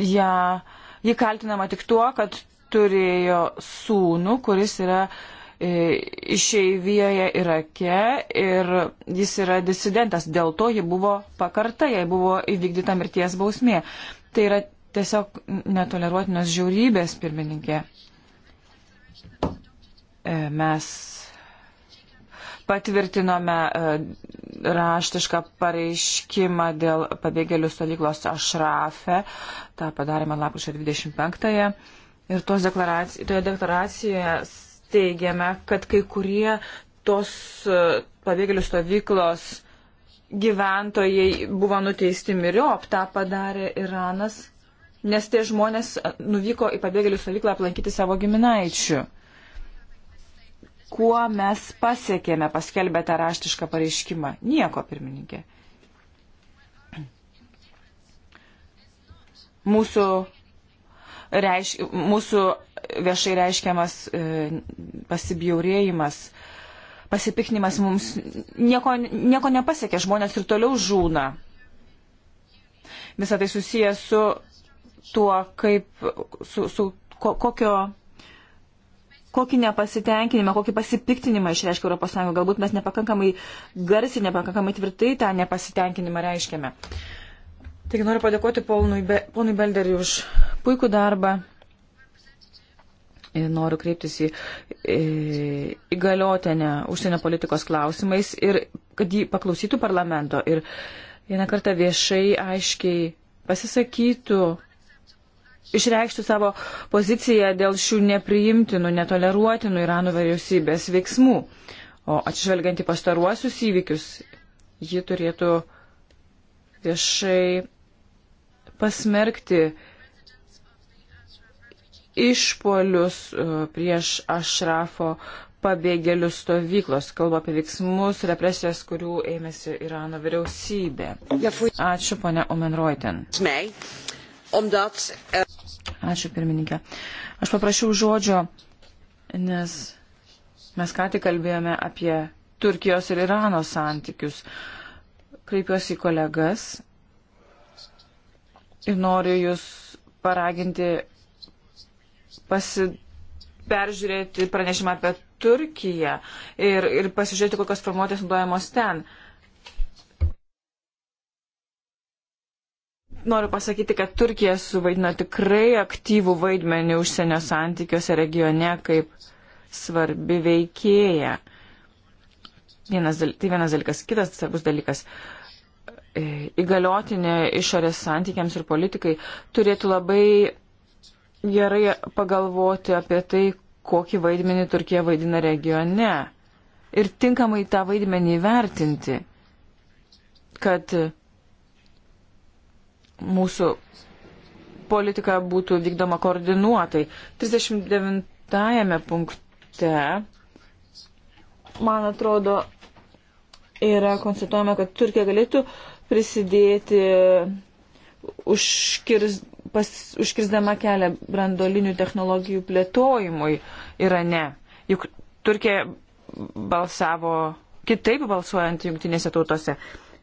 Ja, ji kaltinama tik tuo, kad turėjo sūnų, kuris yra e, išeivijoje Irake ir jis yra disidentas. Dėl to ji buvo pakarta, jai buvo įvykdyta mirties bausmė. Tai yra tiesiog netoleruotinos žiaurybės, pirmininkė. E, mes patvirtinome e, raštišką pareiškimą dėl pabėgėlių stovyklos Ašrafe. Ta padarėme lapkričio 25-ąją. Ir deklaraci toje deklaracijoje teigiame, kad kai kurie tos e, pabėgėlių stovyklos gyventojai buvo nuteisti miriop, tą padarė Iranas, nes tie žmonės e, nuvyko į pabėgėlių stovyklą aplankyti savo giminaičių. Kuo mes pasiekėme, paskelbė tą raštišką pareiškimą? Nieko, pirmininkė. Mūsų reiš, mūsų viešai reiškiamas e, pasibjaurėjimas, pasipiknimas mums nieko, nieko nepasiekia, žmonės ir toliau žūna. Visą tai susijęs su tuo, kaip, su, su ko, kokio, kokį nepasitenkinimą, kokį pasipiktinimą išreiškia ES. Galbūt mes nepakankamai garsiai, nepakankamai tvirtai tą nepasitenkinimą reiškiame. Uh, Taigi noriu padėkoti ponui, Be, ponui Belderiui už puikų darbą. Ir noriu kreiptis į įgaliotinę užsienio politikos klausimais ir kad jį paklausytų parlamento ir vieną kartą viešai aiškiai pasisakytų, išreikštų savo poziciją dėl šių nepriimtinų, netoleruotinų Irano vyriausybės veiksmų. O atžvelgiant į pastaruosius įvykius, ji turėtų viešai pasmerkti išpolius e, prieš Ašrafo pabėgėlių stovyklos. Kalba apie veiksmus, represijas, kurių ėmėsi Irano vyriausybė. Ačiū, ponia Omenroiten. Eh, Ačiū, pirmininkė. Aš paprašiau žodžio, nes mes ką tik kalbėjome apie Turkijos ir Irano santykius. Kreipiuosi į kolegas Ir noriu Jūs paraginti pasi... peržiūrėti pranešimą apie Turkiją ir, ir pasižiūrėti, kokios formuotės naudojamos ten. Noriu pasakyti, kad Turkija suvaidino tikrai aktyvų vaidmenį užsienio santykiuose regione kaip svarbi veikėja. Vienas, tai vienas dalykas, kitas svarbus dalykas. Uh, E, įgaliotinė išorės santykiams ir politikai turėtų labai gerai pagalvoti apie tai, kokį vaidmenį Turkija vaidina regione ir tinkamai tą vaidmenį vertinti, kad mūsų politika būtų vykdoma koordinuotai. 39 punkte, man atrodo, yra konstatuojama, kad Turkija galėtų prisidėti užkirs, pas, užkirsdama kelią brandolinių technologijų plėtojimui Irane. Juk Turkija balsavo kitaip balsuojant jungtinėse tautose.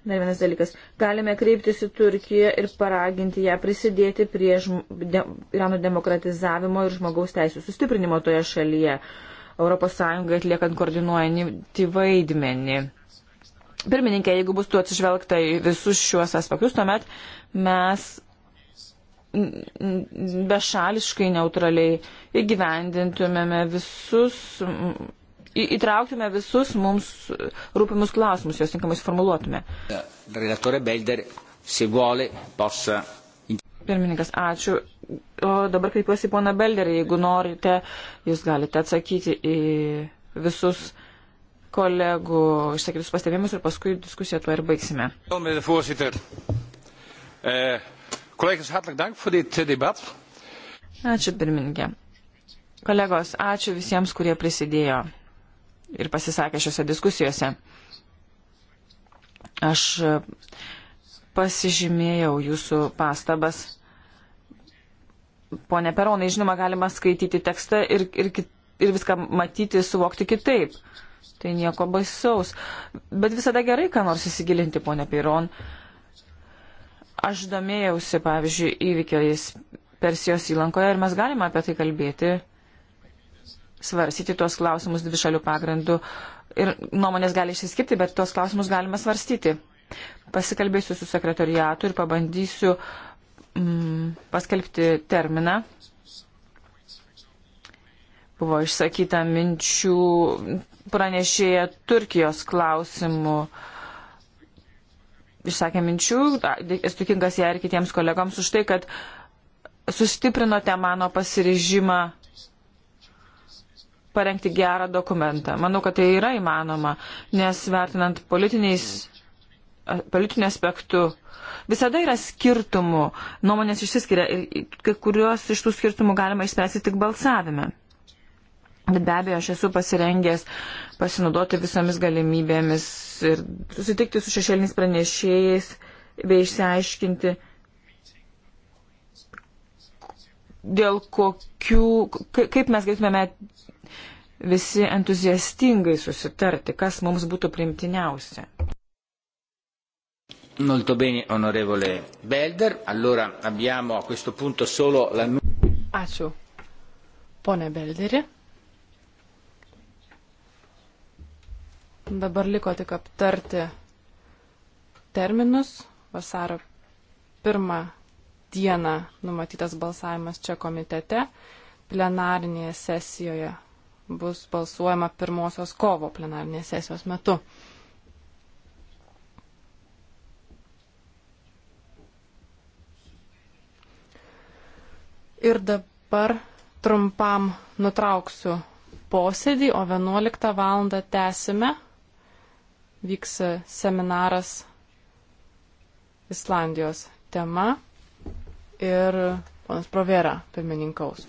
Dar vienas dalykas. Galime kreiptis į Turkiją ir paraginti ją prisidėti prie žm... de... Irano demokratizavimo ir žmogaus teisų sustiprinimo toje šalyje. ES atliekant koordinuojantį vaidmenį. Pirmininkė, jeigu bus tu atsižvelgta į visus šiuos aspektus, tuomet mes bešališkai neutraliai įgyvendintumėme visus, į, įtrauktume visus mums rūpimus klausimus, juos tinkamai suformuluotume. Redaktorė Belder, se vuole, possa Pirmininkas, ačiū. O dabar kreipiuosi į poną Belderį. Jeigu norite, jūs galite atsakyti į visus kolegų išsakytus pastebėjimus ir paskui diskusiją tuo ir baigsime. Ačiū pirmininkė. Kolegos, ačiū visiems, kurie prisidėjo ir pasisakė šiuose diskusijose. Aš pasižymėjau jūsų pastabas. Pone Peronai, žinoma, galima skaityti tekstą ir, ir, ir viską matyti, suvokti kitaip. Uh, Tai nieko baisaus. Bet visada gerai, ką nors įsigilinti, ponia Piron. Aš domėjausi, pavyzdžiui, įvykiais Persijos įlankoje ir mes galime apie tai kalbėti, svarstyti tuos klausimus dvi šalių pagrindų. Ir nuomonės gali išsiskirti, bet tuos klausimus galime svarstyti. Pasikalbėsiu su sekretoriatu ir pabandysiu mm, paskelbti terminą. Buvo išsakyta minčių pranešėja Turkijos klausimų išsakė minčių, esu tikingas ją ir kitiems kolegoms už tai, kad sustiprinote mano pasiryžimą parengti gerą dokumentą. Manau, kad tai yra įmanoma, nes vertinant politiniu aspektu visada yra skirtumų, nuomonės išsiskiria ir kai kuriuos iš tų skirtumų galima išspręsti tik balsavime. Bet be abejo, aš esu pasirengęs pasinaudoti visomis galimybėmis ir susitikti su šešėliniais pranešėjais bei išsiaiškinti, dėl kokių, kaip mes galėtume visi entuziastingai susitarti, kas mums būtų primtiniausia. Molto bene, onorevole Belder. Allora abbiamo a questo punto solo la... Nu- Ačiū. Pone Belderi. Dabar liko tik aptarti terminus. Vasaro pirmą dieną numatytas balsavimas čia komitete. Plenarinėje sesijoje bus balsuojama pirmosios kovo plenarinės sesijos metu. Ir dabar trumpam nutrauksiu posėdį, o 11 val. tęsime vyks seminaras Islandijos tema ir ponas Provera pirmininkaus.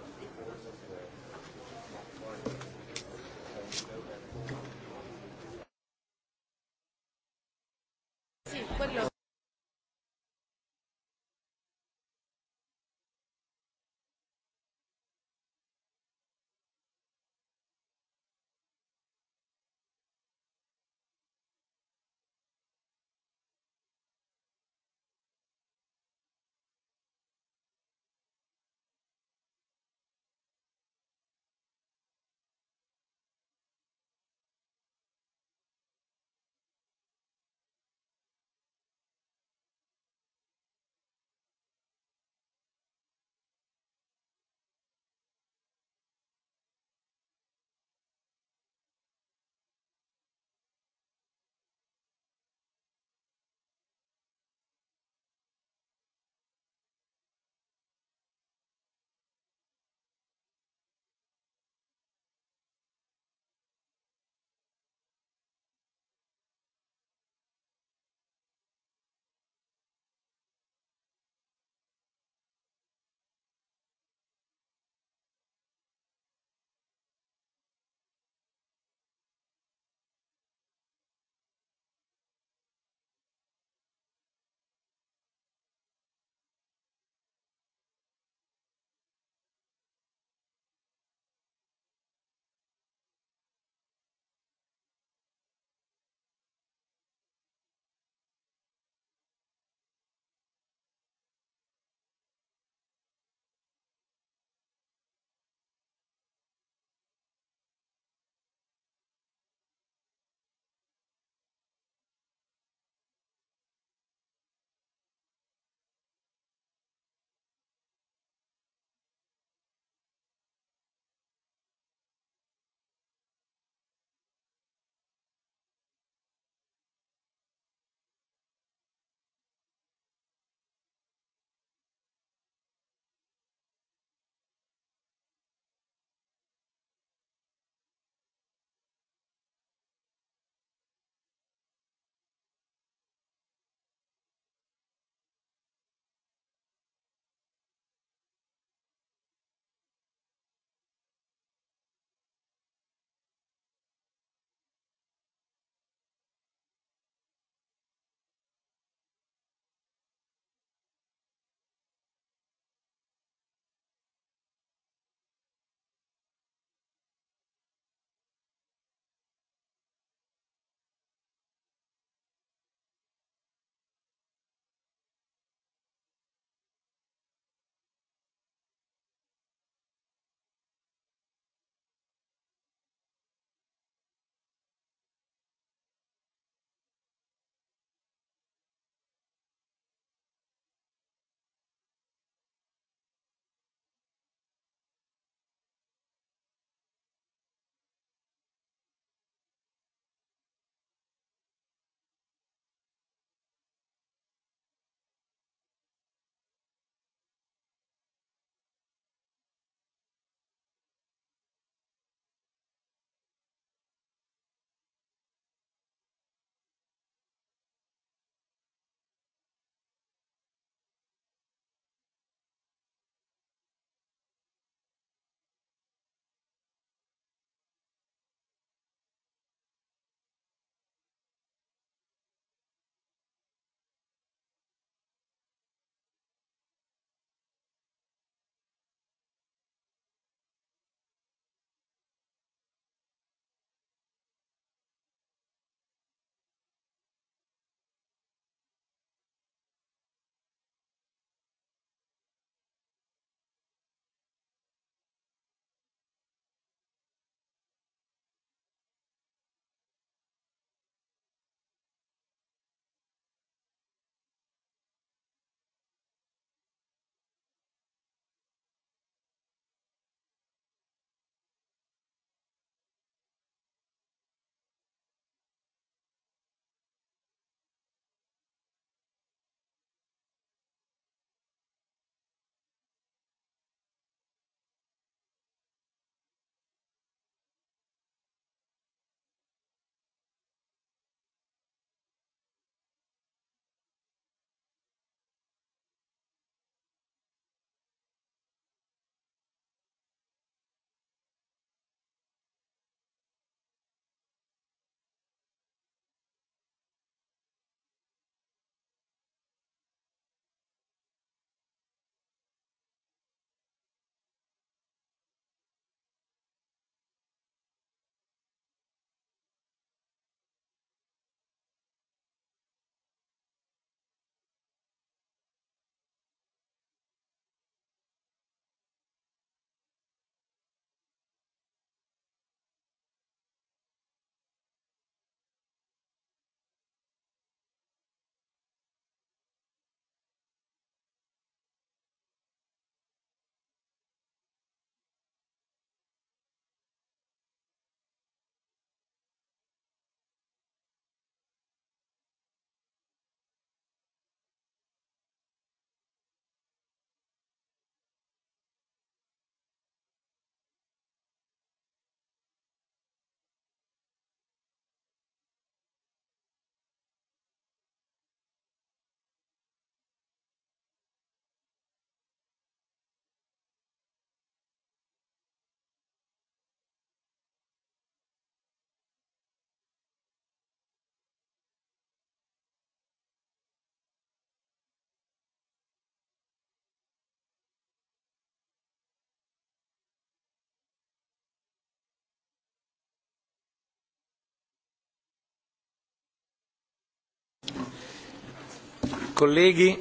colleghi,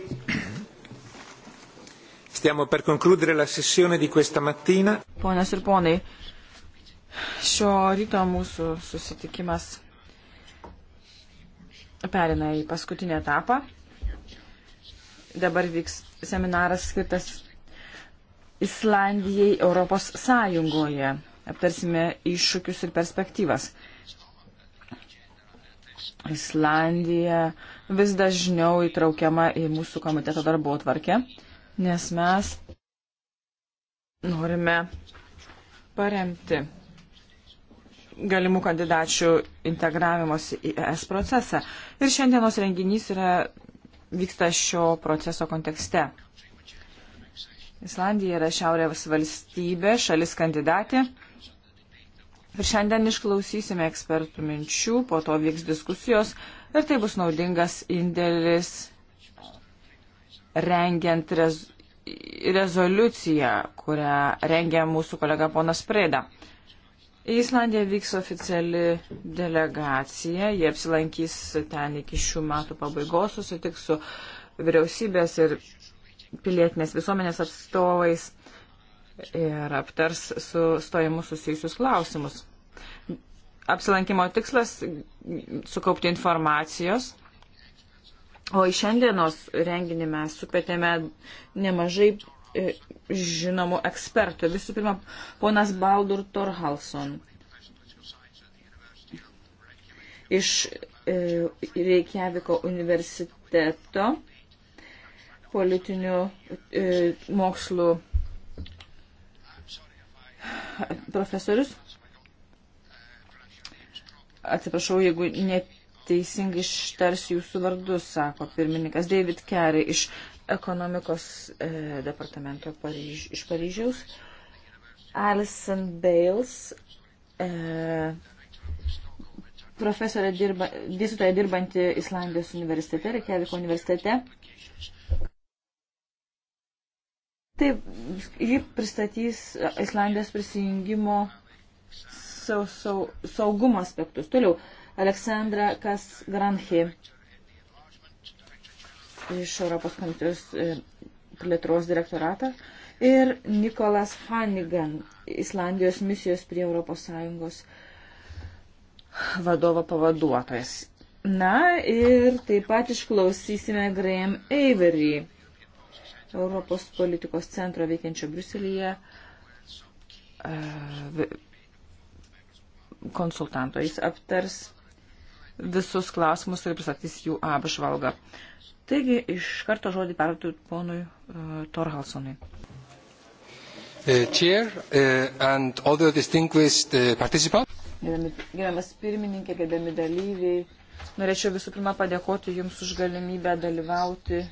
stiamo per concludere la sessione di questa mattina. Ponios ir ponai, šio ryto mūsų susitikimas perina į paskutinį etapą. Dabar vyks seminaras skirtas Islandijai Europos Sąjungoje. Aptarsime iššūkius ir perspektyvas. Islandija vis dažniau įtraukiama į mūsų komiteto darbo atvarkę, nes mes norime paremti galimų kandidačių integravimosi į ES procesą. Ir šiandienos renginys yra, vyksta šio proceso kontekste. Islandija yra šiaurės valstybė, šalis kandidatė. Ir šiandien išklausysime ekspertų minčių, po to vyks diskusijos ir tai bus naudingas indėlis rengiant rez rezoliuciją, kurią rengia mūsų kolega ponas Preda. Į Islandiją vyks oficiali delegacija, jie apsilankys ten iki šių metų pabaigos, susitiks su vyriausybės ir pilietinės visuomenės atstovais ir aptars su stojimu susijusius klausimus apsilankimo tikslas sukaupti informacijos. O iš šiandienos renginį mes supėtėme nemažai e, žinomų ekspertų. Visų pirma, ponas Baldur Torhalson iš e, Reikjaviko universiteto politinių e, mokslų profesorius. Atsiprašau, jeigu neteisingai ištarsiu jūsų vardus, sako pirmininkas David Kerry iš ekonomikos e, departamento Paryž, iš Paryžiaus. Alison Bales, e, profesorė dirba, dėstytoja dirbanti Islandijos universitete, Reikjaviko universitete. Taip, ji pristatys Islandijos prisijungimo sau, sau, saugumo aspektus. Toliau, Aleksandra Kasgranhi iš Europos komisijos e, plėtros direktoratą ir Nikolas Hanigan, Islandijos misijos prie ES vadovo pavaduotojas. Na ir taip pat išklausysime Graham Avery, Europos politikos centro veikiančio Bruselėje e, konsultanto. Jis aptars visus klausimus ir pristatys jų apžvalgą. Taigi iš karto žodį perduotų ponui uh, Torhalsonui. Uh, chair uh, and other distinguished uh, participants. Gerbiamas pirmininkė, gerbiami dalyviai, norėčiau visų pirma padėkoti Jums už galimybę dalyvauti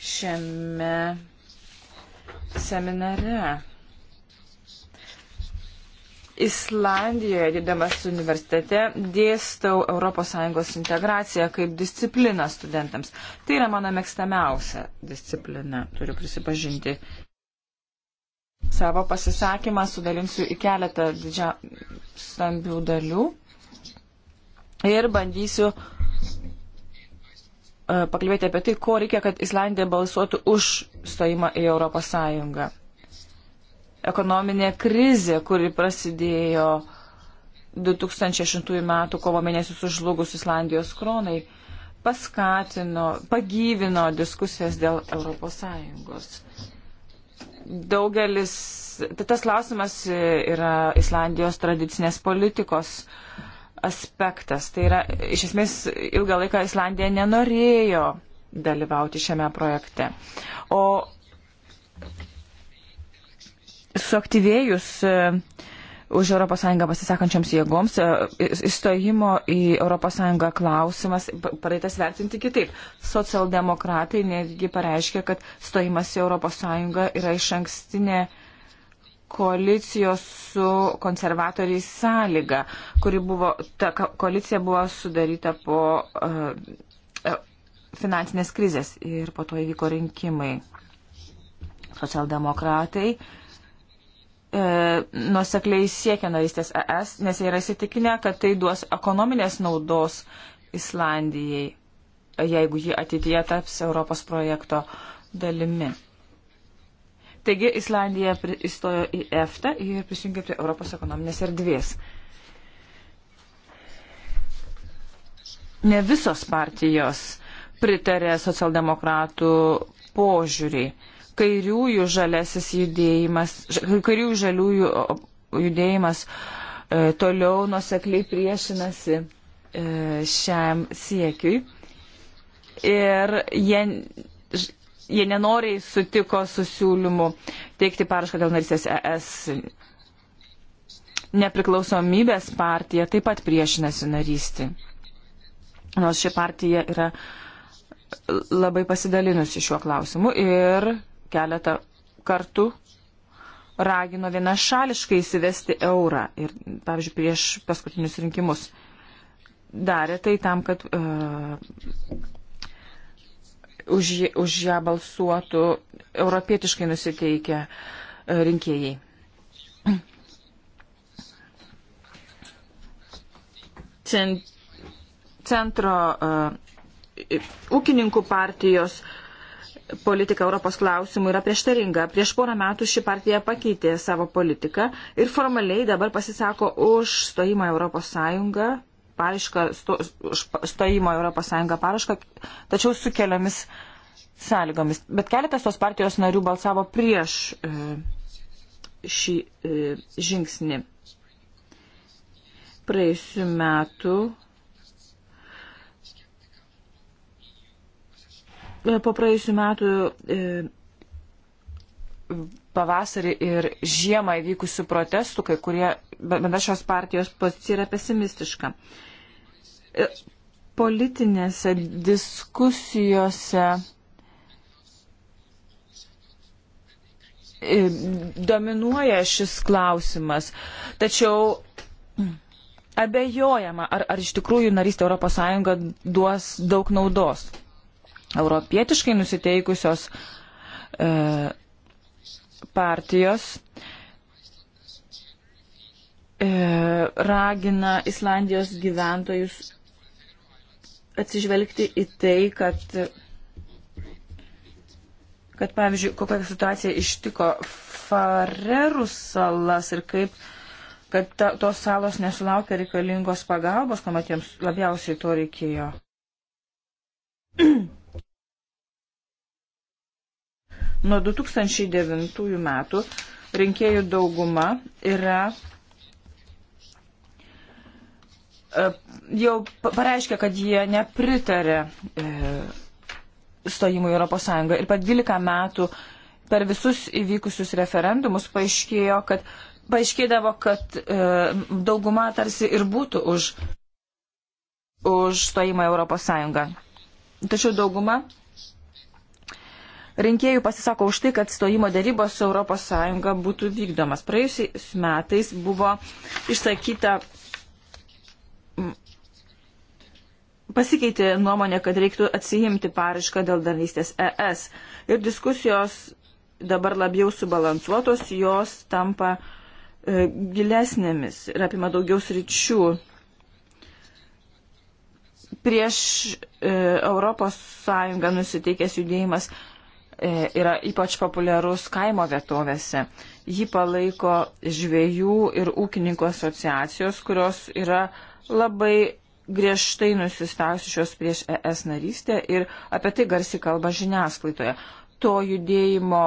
šiame seminare Islandijoje, didamas universitete, dėstau ES integraciją kaip discipliną studentams. Tai yra mano mėgstamiausia disciplina, turiu prisipažinti. Savo pasisakymą sudalinsiu į keletą didžia stambių dalių ir bandysiu e, pakalbėti apie tai, ko reikia, kad Islandija balsuotų už stojimą į ES ekonominė krizė, kuri prasidėjo 2008 m. kovo mėnesį sužlugus Islandijos kronai, paskatino, pagyvino diskusijas dėl ES. Daugelis, tai tas klausimas yra Islandijos tradicinės politikos aspektas. Tai yra, iš esmės, ilgą laiką Islandija nenorėjo dalyvauti šiame projekte. O suaktyvėjus e, už ES pasisakančioms jėgoms, e, įstojimo į ES klausimas pareitas vertinti kitaip. Socialdemokratai netgi pareiškia, kad stojimas į ES yra iš ankstinė koalicijos su konservatoriais sąlyga, kuri buvo, ta koalicija buvo sudaryta po uh, finansinės krizės ir po to įvyko rinkimai. Socialdemokratai uh, E, nusekliai siekia narystės ES, nes jie yra įsitikinę, kad tai duos ekonominės naudos Islandijai, jeigu ji ateityje taps Europos projekto dalimi. Taigi Islandija įstojo į EFTA e ir prisijungė prie Europos ekonominės erdvės. Ne visos partijos pritarė socialdemokratų požiūriai kairiųjų žalesis judėjimas, kairiųjų žaliųjų judėjimas e, toliau nusekliai priešinasi e, šiam siekiui. Ir jie, jie nenoriai sutiko su siūlymu teikti parašką dėl narysės ES. Nepriklausomybės partija taip pat priešinasi narysti. Nors ši partija yra e, labai pasidalinusi šiuo klausimu ir keletą kartų ragino vienašališkai įsivesti eurą ir, pavyzdžiui, prieš paskutinius rinkimus darė tai tam, kad uh, už, jį, už ją balsuotų europietiškai nusiteikę uh, rinkėjai. Cent, centro uh, ūkininkų partijos uh, politika Europos klausimų yra prieštaringa. Prieš porą metų ši partija pakeitė savo politiką ir formaliai dabar pasisako už stojimą Europos Sąjungą, parašką, sto, stojimo Europos Sąjungą parašką, tačiau su keliomis sąlygomis. Bet keletas tos partijos narių balsavo prieš e, šį e, žingsnį. Praėjusiu metu po praėjusiu metu e, pavasarį ir žiemą įvykusių protestų, kai kurie bendra šios partijos pozicija yra pesimistiška. E, politinėse diskusijose e, dominuoja šis klausimas, tačiau [CLEARS THROAT] abejojama, ar, ar iš tikrųjų narystė ES duos daug naudos europietiškai nusiteikusios e, partijos e, ragina Islandijos gyventojus atsižvelgti į tai, kad, kad pavyzdžiui, kokia situacija ištiko Farerų salas ir kaip kad ta, tos salos nesulaukia reikalingos pagalbos, kuomet jiems labiausiai to reikėjo. Nuo 2009 metų rinkėjų dauguma yra e, jau pareiškia, kad jie nepritarė e, stojimui į Europos Sąjungą. Ir per 12 metų per visus įvykusius referendumus paaiškėjo, kad paaiškėdavo, kad e, dauguma tarsi ir būtų už, už stojimą į Europos Sąjungą. Tačiau dauguma rinkėjų pasisako už tai, kad stojimo darybos su ES būtų vykdomas. Praėjusiais metais buvo išsakyta. Pasikeitė nuomonė, kad reiktų atsijimti parašką dėl darnystės ES. Ir diskusijos dabar labiau subalansuotos, jos tampa e, gilesnėmis ir apima daugiau sričių. Prieš e, Europos Sąjungą nusiteikęs judėjimas e, E, yra ypač populiarus kaimo vietovėse. Jį palaiko žviejų ir ūkininkų asociacijos, kurios yra labai griežtai nusistausiusios prieš ES narystę ir apie tai garsiai kalba žiniasklaidoje. To judėjimo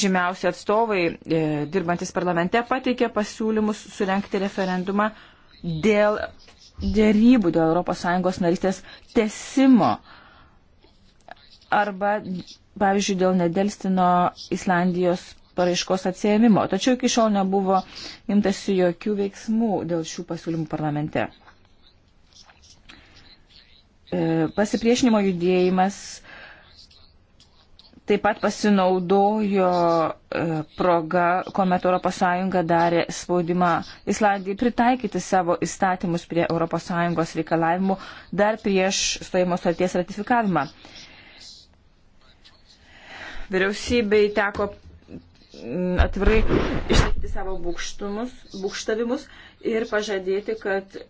žymiausi atstovai, e, dirbantis parlamente, pateikė pasiūlymus surenkti referendumą dėl dėrybų dėl ES narystės tesimo arba pavyzdžiui, dėl nedelstino Islandijos paraiškos atsėmimo. Tačiau iki šiol nebuvo imtasi jokių veiksmų dėl šių pasiūlymų parlamente. E, pasipriešinimo judėjimas taip pat pasinaudojo e, proga, kuomet ES darė spaudimą Islandijai pritaikyti savo įstatymus prie ES reikalavimų dar prieš stojimo starties ratifikavimą. Vyriausybei teko mm, atvirai išsakyti savo būkštavimus ir pažadėti, kad e,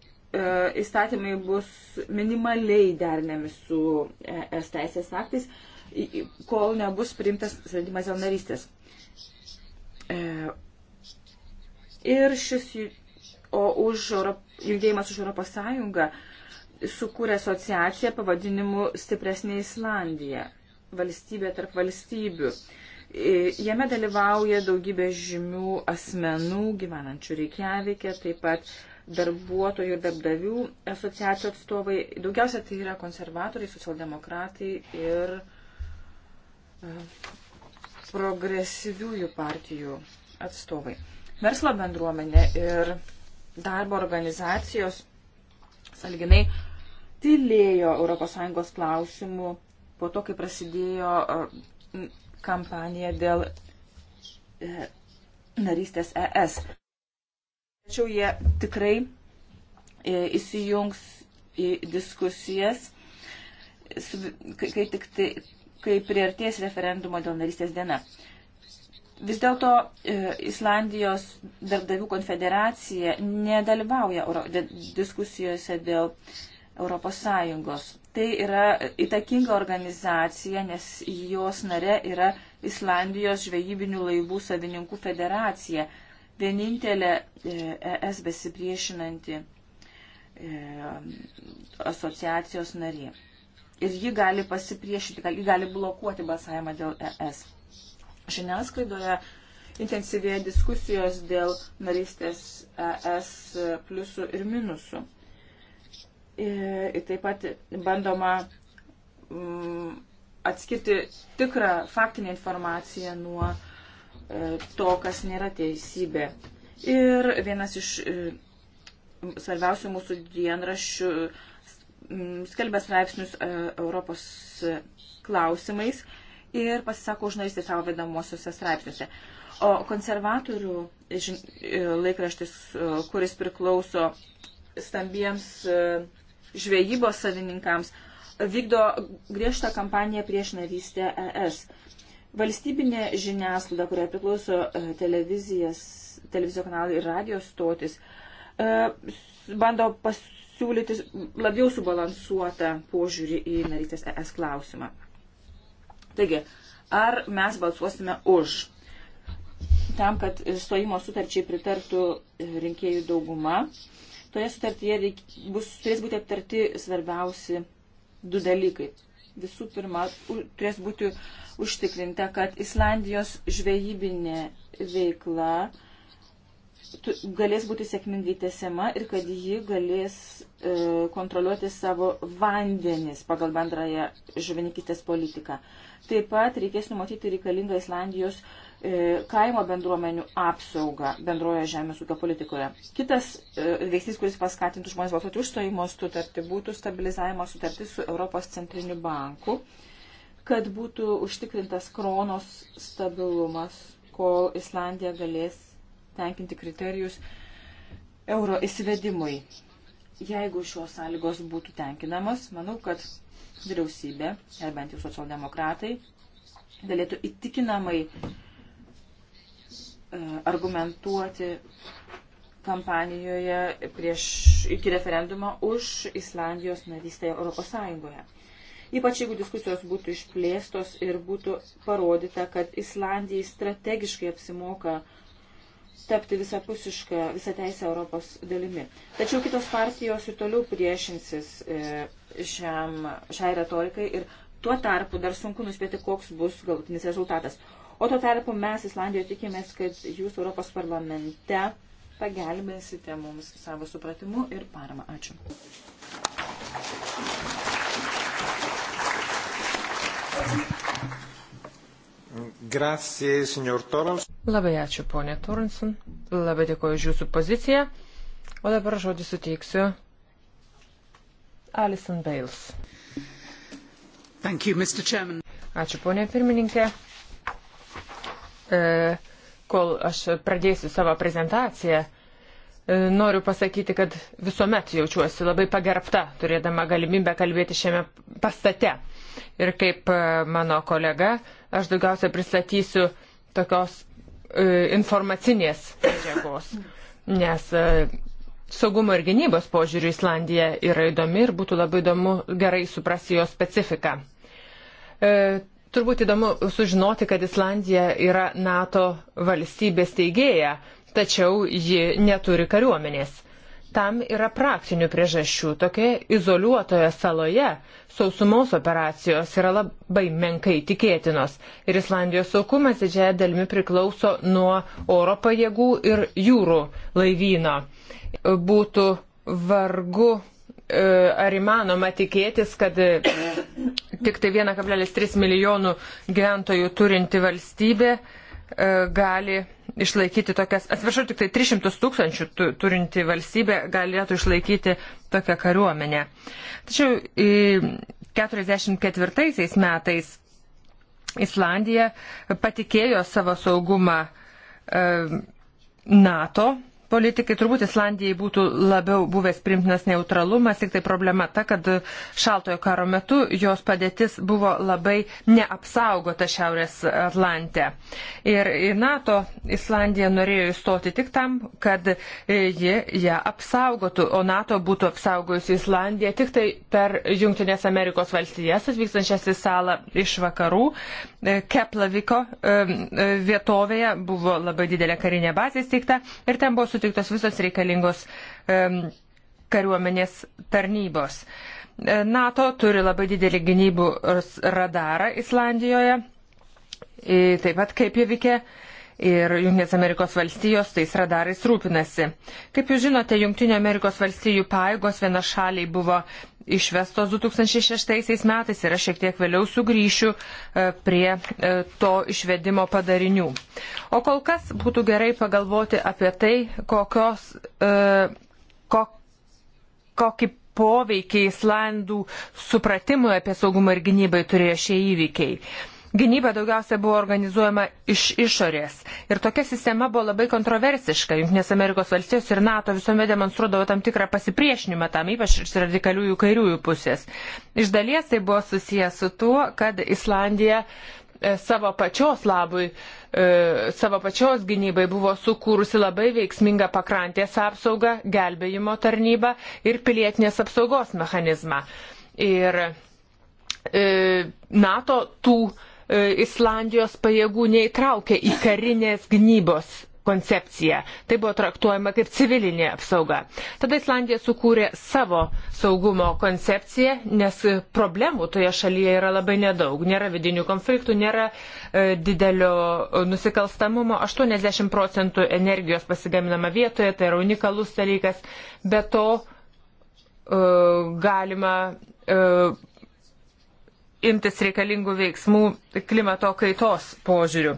įstatymai bus minimaliai dernami su e, ES teisės aktais, kol nebus priimtas sprendimas dėl narystės. E, ir šis o už Europ, judėjimas už Europos Sąjungą sukūrė asociaciją pavadinimu Stipresnė Islandija valstybė tarp valstybių. Jame dalyvauja daugybė žymių asmenų gyvenančių Reikjavikė, taip pat darbuotojų ir darbdavių asociacijų atstovai. Daugiausia tai yra konservatoriai, socialdemokratai ir e, progresyviųjų partijų atstovai. Verslo bendruomenė ir darbo organizacijos salginai tylėjo ES klausimų po to, kai prasidėjo e, kampanija dėl e, narystės ES. Tačiau jie tikrai e, įsijungs į diskusijas, kai, tik tai, kai priartės referendumo dėl narystės diena. Vis dėlto Islandijos darbdavių konfederacija nedalyvauja diskusijose dėl Europos Sąjungos. Tai yra įtakinga organizacija, nes jos nare yra Islandijos žvejybinių laivų savininkų federacija. Vienintelė ES e besipriešinanti e, asociacijos narė. Ir ji gali pasipriešinti, ji gali blokuoti balsavimą dėl ES. Žiniasklaidoje intensyvėja diskusijos dėl narystės ES pliusų ir minusų. E, taip pat bandoma mm, atskirti tikrą faktinę informaciją nuo e, to, kas nėra teisybė. Ir vienas iš e, svarbiausių mūsų dienraščių mm, skelbė straipsnius Europos klausimais ir pasisako už narystę savo vedamosiuose straipsniuose. O konservatorių laikraštis, kuris priklauso stambiems žvejybos savininkams vykdo griežtą kampaniją prieš narystę ES. Valstybinė žiniasklaida, kurioje priklauso e, televizijos kanalai ir radijos stotis, e, bando pasiūlyti labiau subalansuotą požiūrį į narystės ES klausimą. Taigi, ar mes balsuosime už? Tam, kad stojimo sutarčiai pritartų e, rinkėjų dauguma, Toje sutartyje reik, bus, turės būti aptarti svarbiausi du dalykai. Visų pirma, turės būti užtikrinta, kad Islandijos žvejybinė veikla galės būti sėkmingai tesiama ir kad ji galės e, kontroliuoti savo vandenis pagal bendrąją žuvininkistės politiką. Taip pat reikės numatyti reikalingą Islandijos e, E, kaimo bendruomenių apsaugą bendroje žemės ūkio politikoje. Kitas e, veiksnys, kuris paskatintų žmonės balsuoti už stojimo sutartį, būtų stabilizavimo sutartis su Europos centriniu banku, kad būtų užtikrintas kronos stabilumas, kol Islandija galės tenkinti kriterijus euro įsivedimui. Jeigu šios sąlygos būtų tenkinamos, manau, kad vyriausybė, ar bent jau socialdemokratai, galėtų įtikinamai uh, argumentuoti kampanijoje prieš, iki referendumo už Islandijos narystę Europos Sąjungoje. Ypač jeigu diskusijos būtų išplėstos ir būtų parodyta, kad Islandijai strategiškai apsimoka tapti visapusišką, visą teisę Europos dalimi. Tačiau kitos partijos ir toliau priešinsis e, šiam, šiai retorikai ir tuo tarpu dar sunku nuspėti, koks bus galutinis rezultatas. O tuo tarpu mes Islandijoje tikimės, kad jūs Europos parlamente pagelbėsite mums savo supratimu ir parama. Ačiū. Grazie, signor Torons. Labai ačiū, ponė Toronson. Labai dėkoju už jūsų poziciją. O dabar žodį suteiksiu Alison Bales. Thank you, Mr. Chairman. Ačiū, ponė pirmininkė. E, kol aš pradėsiu savo prezentaciją, e, noriu pasakyti, kad visuomet jaučiuosi labai pagerbta, turėdama galimybę kalbėti šiame pastate. Ir kaip e, mano kolega, aš daugiausia pristatysiu tokios informacinės medžiagos, nes saugumo ir gynybos požiūrių Islandija yra įdomi ir būtų labai įdomu gerai suprasti jos specifiką. Turbūt įdomu sužinoti, kad Islandija yra NATO valstybės teigėja, tačiau ji neturi kariuomenės. Tam yra praktinių priežasčių. Tokioje izoliuotoje saloje sausumos operacijos yra labai menkai tikėtinos ir Islandijos saugumas didžiaja dalimi priklauso nuo oro pajėgų ir jūrų laivyno. Būtų vargu E, ar įmanoma tikėtis, kad e, tik tai 1,3 milijonų gyventojų turinti valstybė e, gali išlaikyti tokias, atsiprašau, tik tai 300 tūkstančių turinti valstybė galėtų išlaikyti tokią kariuomenę. Tačiau 44 metais Islandija patikėjo savo saugumą NATO politikai turbūt Islandijai būtų labiau buvęs primtinas neutralumas, tik tai problema ta, kad šaltojo karo metu jos padėtis buvo labai neapsaugota Šiaurės Atlante. Ir į NATO Islandija norėjo įstoti tik tam, kad ji ją apsaugotų, o NATO būtų apsaugojusi Islandiją tik tai per Junktinės Amerikos valstijas atvykstančias į salą iš vakarų. Keplaviko vietovėje buvo labai didelė karinė bazė įsteigta ir ten buvo sutikta suteiktos visos reikalingos kariuomenės tarnybos. E, NATO turi labai didelį gynybų radarą Islandijoje, taip pat kaip jie veikia ir Junktinės Amerikos valstijos tais radarais rūpinasi. Kaip jūs žinote, Junktinio Amerikos valstijų paėgos viena šaliai buvo išvestos 2006 metais ir aš šiek tiek vėliau sugrįšiu e, prie e, to išvedimo padarinių. O kol kas būtų gerai pagalvoti apie tai, kokios, e, ko, kokį poveikį Islandų supratimui apie saugumą ir gynybai turėjo šie įvykiai gynyba daugiausia buvo organizuojama iš išorės. Ir tokia sistema buvo labai kontroversiška. Junktinės Amerikos valstijos ir NATO visuomet demonstruodavo tam tikrą pasipriešinimą tam, ypač iš radikaliųjų kairiųjų pusės. Iš dalies tai buvo susijęs su tuo, kad Islandija e, savo pačios labui, e, savo pačios gynybai buvo sukūrusi labai veiksmingą pakrantės apsaugą, gelbėjimo tarnybą ir pilietinės apsaugos mechanizmą. Ir e, NATO tų uh, E, Islandijos pajėgų neįtraukė į karinės gynybos koncepciją. Tai buvo traktuojama kaip civilinė apsauga. Tada Islandija sukūrė savo saugumo koncepciją, nes problemų toje šalyje yra labai nedaug. Nėra vidinių konfliktų, nėra e, didelio nusikalstamumo. 80 procentų energijos pasigaminama vietoje, tai yra unikalus dalykas. Be to e, galima e, imtis reikalingų veiksmų klimato kaitos požiūrių.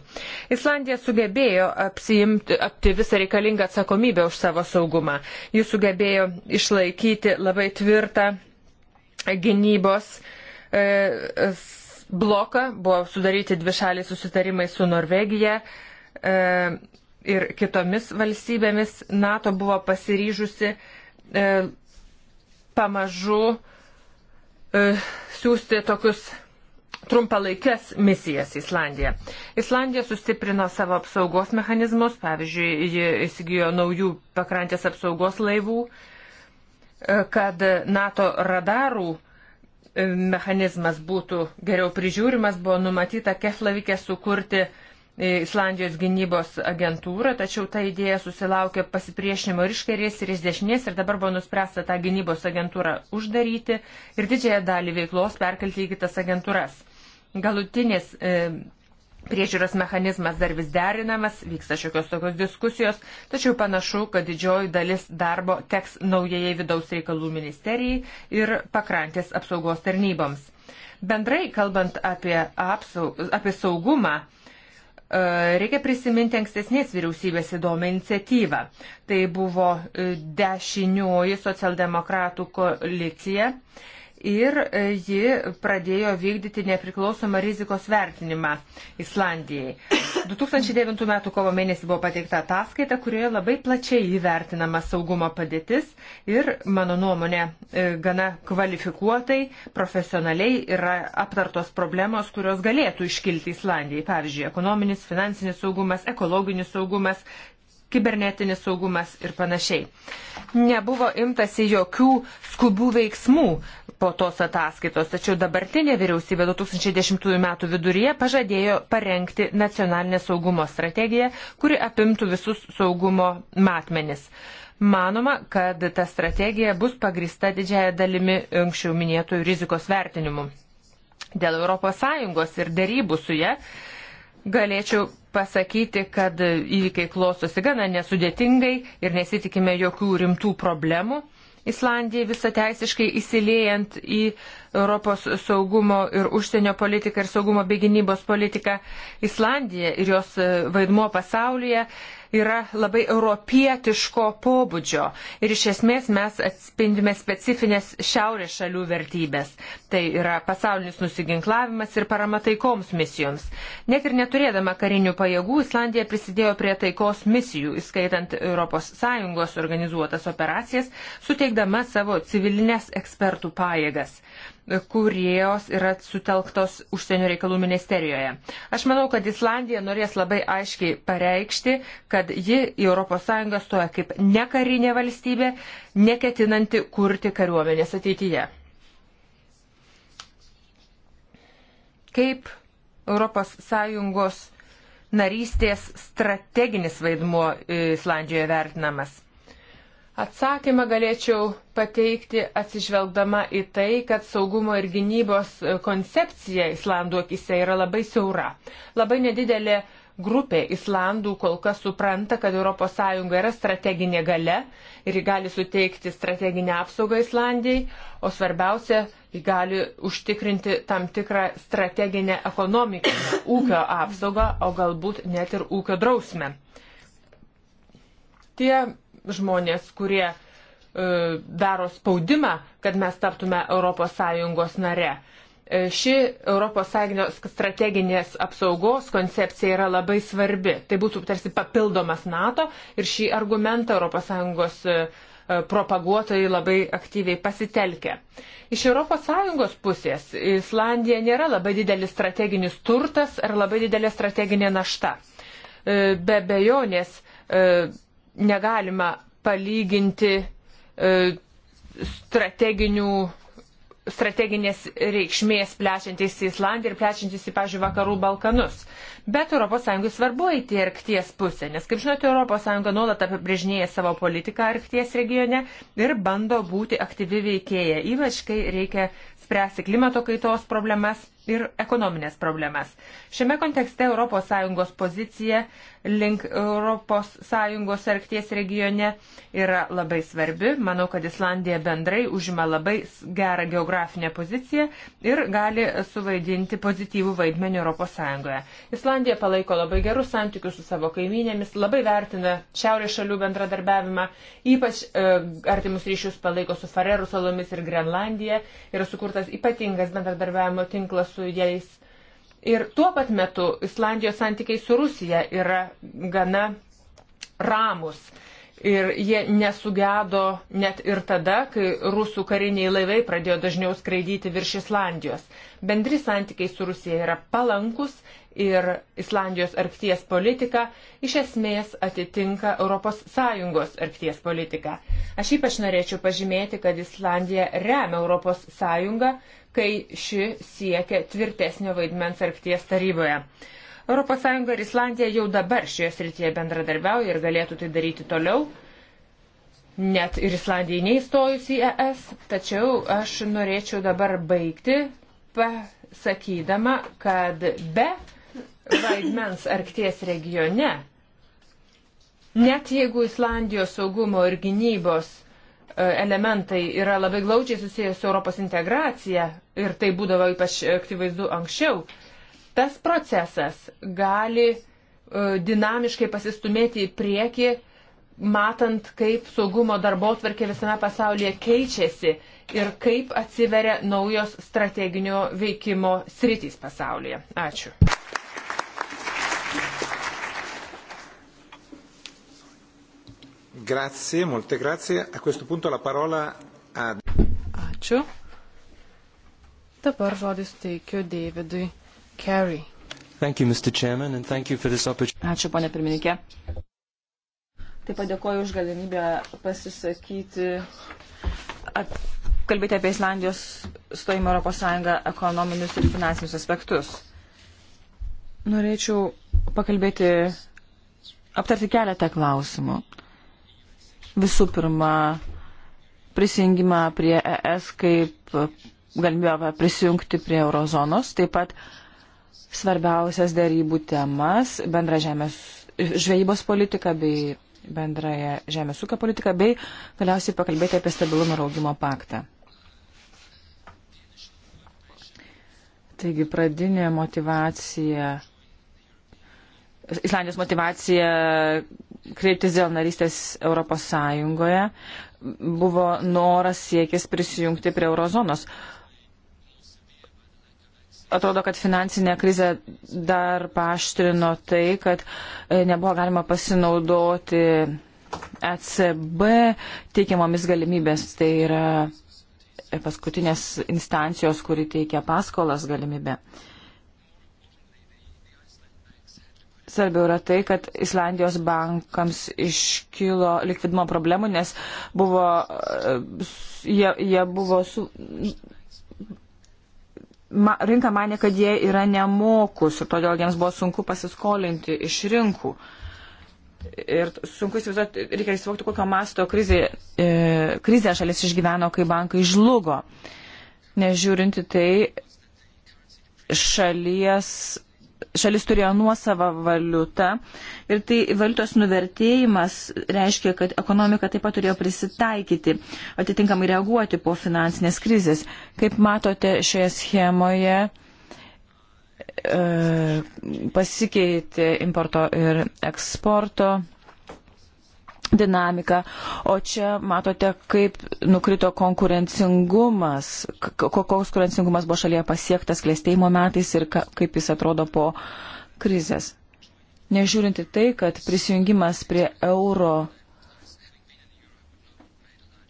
Islandija sugebėjo apsiimti apti visą reikalingą atsakomybę už savo saugumą. Jis sugebėjo išlaikyti labai tvirtą gynybos e, bloką, buvo sudaryti dvišaliai susitarimai su Norvegija. E, ir kitomis valstybėmis NATO buvo pasiryžusi e, pamažu e, E, siūsti tokius trumpalaikes misijas į Islandiją. Islandija sustiprino savo apsaugos mechanizmus, pavyzdžiui, ji įsigijo naujų pakrantės apsaugos laivų, e, kad NATO radarų e, mechanizmas būtų geriau prižiūrimas, buvo numatyta Keflavikė sukurti uh, Islandijos gynybos agentūrą, tačiau ta idėja susilaukė pasipriešinimo ir iš kairės, ir iš dešinės, ir dabar buvo nuspręsta tą gynybos agentūrą uždaryti ir didžiąją dalį veiklos perkelti į kitas agentūras. Galutinės e, priežiūros mechanizmas dar vis derinamas, vyksta šiokios tokios diskusijos, tačiau panašu, kad didžioji dalis darbo teks naujajai vidaus reikalų ministerijai ir pakrantės apsaugos tarnyboms. Bendrai kalbant apie, apsaug, apie saugumą, E, reikia prisiminti ankstesnės vyriausybės įdomią iniciatyvą. Tai buvo e, dešinioji socialdemokratų koalicija ir e, ji pradėjo vykdyti nepriklausomą rizikos vertinimą Islandijai. 2009 m. kovo mėnesį buvo pateikta ataskaita, kurioje labai plačiai įvertinama saugumo padėtis ir, mano nuomonė, e, gana kvalifikuotai, profesionaliai yra aptartos problemos, kurios galėtų iškilti Islandijai. Pavyzdžiui, ekonominis, finansinis saugumas, ekologinis saugumas, kibernetinis saugumas ir panašiai. Nebuvo imtasi jokių skubių veiksmų po tos ataskaitos, tačiau dabartinė vyriausybė 2010 m. viduryje pažadėjo parengti nacionalinę saugumo strategiją, kuri apimtų visus saugumo matmenis. Manoma, kad ta strategija bus pagrista didžiaja dalimi anksčiau minėtojų rizikos vertinimu. Dėl ES ir dėrybų su ją galėčiau pasakyti, kad įvykiai klostosi gana nesudėtingai ir nesitikime jokių rimtų problemų. Islandijai visateisiškai įsilėjant į Europos saugumo ir užsienio politiką ir saugumo bei gynybos politiką. Islandija ir jos vaidmuo pasaulyje yra labai europietiško pobūdžio ir iš esmės mes atspindime specifines šiaurės šalių vertybės. Tai yra pasaulinis nusiginklavimas ir parama taikoms misijoms. Net ir neturėdama karinių pajėgų, Islandija prisidėjo prie taikos misijų, įskaitant ES organizuotas operacijas, suteikdama savo civilinės ekspertų pajėgas kurios yra sutelktos užsienio reikalų ministerijoje. Aš manau, kad Islandija norės labai aiškiai pareikšti, kad ji į ES stoja kaip nekarinė valstybė, neketinanti kurti kariuomenės ateityje. Kaip ES narystės strateginis vaidmuo Islandijoje vertinamas? Atsakymą galėčiau pateikti atsižvelgdama į tai, kad saugumo ir gynybos koncepcija Islandų akise yra labai siaura. Labai nedidelė grupė Islandų kol kas supranta, kad ES yra strateginė gale ir ji gali suteikti strateginę apsaugą Islandijai, o svarbiausia, ji gali užtikrinti tam tikrą strateginę ekonomiką, [CLEARS THROAT] ūkio apsaugą, o galbūt net ir ūkio drausmę. Tie žmonės, kurie e, daro spaudimą, kad mes taptume ES nare. E, ši ES strateginės apsaugos koncepcija yra labai svarbi. Tai būtų tarsi papildomas NATO ir šį argumentą ES e, e, propaguotojai labai aktyviai pasitelkia. Iš ES pusės Islandija nėra labai didelis strateginis turtas ar labai didelė strateginė našta. E, be bejonės negalima palyginti e, strateginių strateginės reikšmės plečiantis į Islandiją ir plečiantis į, pažiūrėjau, vakarų Balkanus. Bet ES svarbu eiti į Arkties pusę, nes, kaip žinote, ES nuolat apibrėžinėja savo politiką Arkties regione ir bando būti aktyvi veikėja, ypač kai reikia spręsti klimato kaitos problemas ir ekonominės problemas. Šiame kontekste ES pozicija link ES arkties regione yra labai svarbi. Manau, kad Islandija bendrai užima labai gerą geografinę poziciją ir gali suvaidinti pozityvų vaidmenį ES. Islandija palaiko labai gerus santykius su savo kaiminėmis, labai vertina šiaurės šalių bendradarbiavimą, ypač e, artimus ryšius palaiko su Farerų salomis ir Grenlandija. Yra sukurtas ypatingas bendradarbiavimo tinklas su jais. Ir tuo pat metu Islandijos santykiai su Rusija yra gana ramus. Ir jie nesugedo net ir tada, kai rusų kariniai laivai pradėjo dažniau skraidyti virš Islandijos. Bendri santykiai su Rusija yra palankus ir Islandijos arkties politika iš esmės atitinka ES arkties politiką. Aš ypač norėčiau pažymėti, kad Islandija remia ES kai ši siekia tvirtesnio vaidmens Arkties taryboje. ES ir Islandija jau dabar šioje srityje bendradarbiauja ir galėtų tai daryti toliau, net ir Islandijai neįstojus į ES, tačiau aš norėčiau dabar baigti pasakydama, kad be vaidmens Arkties regione, net jeigu Islandijos saugumo ir gynybos E, elementai yra labai glaučiai susijęs su Europos integracija ir tai būdavo ypač aktyvaizdu anksčiau, tas procesas gali e, dinamiškai pasistumėti į priekį, matant, kaip saugumo darbo tvarkė visame pasaulyje keičiasi ir kaip atsiveria naujos strateginio veikimo sritys pasaulyje. Ačiū. Grazie, molte grazie. A questo punto la parola a... Ačiū. Dabar žodis teikiu Davidui Carey. Thank you, Mr. Chairman, and thank you for this opportunity. Ačiū, ponė pirmininkė. Taip pat dėkoju už galimybę pasisakyti, at, kalbėti apie Islandijos stojimo Europos Sąjungą ekonominius ir finansinius aspektus. Norėčiau pakalbėti, aptarti keletą klausimų. Visų pirma, prisijungimą prie ES kaip galimybę prisijungti prie eurozonos, taip pat svarbiausias dėrybų temas - bendra žemės žvejybos politika bei bendraja žemės ūkio politika bei galiausiai pakalbėti apie stabilumo ir augimo paktą. Taigi pradinė motivacija Islandijos motivacija kreiptis dėl narystės Europos Sąjungoje buvo noras siekis prisijungti prie eurozonos. Atrodo, kad finansinė krizė dar paaštrino tai, kad e, nebuvo galima pasinaudoti ECB teikiamomis galimybės. Tai yra paskutinės instancijos, kuri teikia paskolas galimybę. Uh, Svarbiau yra tai, kad Islandijos bankams iškilo likvidumo problemų, nes buvo, e, jie, jie buvo su, ma, rinka mane, kad jie yra nemokus ir todėl jiems buvo sunku pasiskolinti iš rinkų. Ir sunku įsivaizduoti, reikia įsivokti, kokio masto krizė, e, krizė šalis išgyveno, kai bankai žlugo. Nežiūrinti tai, šalies šalis turėjo nuosavą valiutą ir tai valiutos nuvertėjimas reiškia, kad ekonomika taip pat turėjo prisitaikyti, atitinkamai reaguoti po finansinės krizės. Kaip matote šioje schemoje e, pasikeitė importo ir eksporto dinamiką, o čia matote, kaip nukrito konkurencingumas, koks konkurencingumas buvo šalyje pasiektas klėstėjimo metais ir ka, kaip jis atrodo po krizės. Nežiūrinti tai, kad prisijungimas prie euro,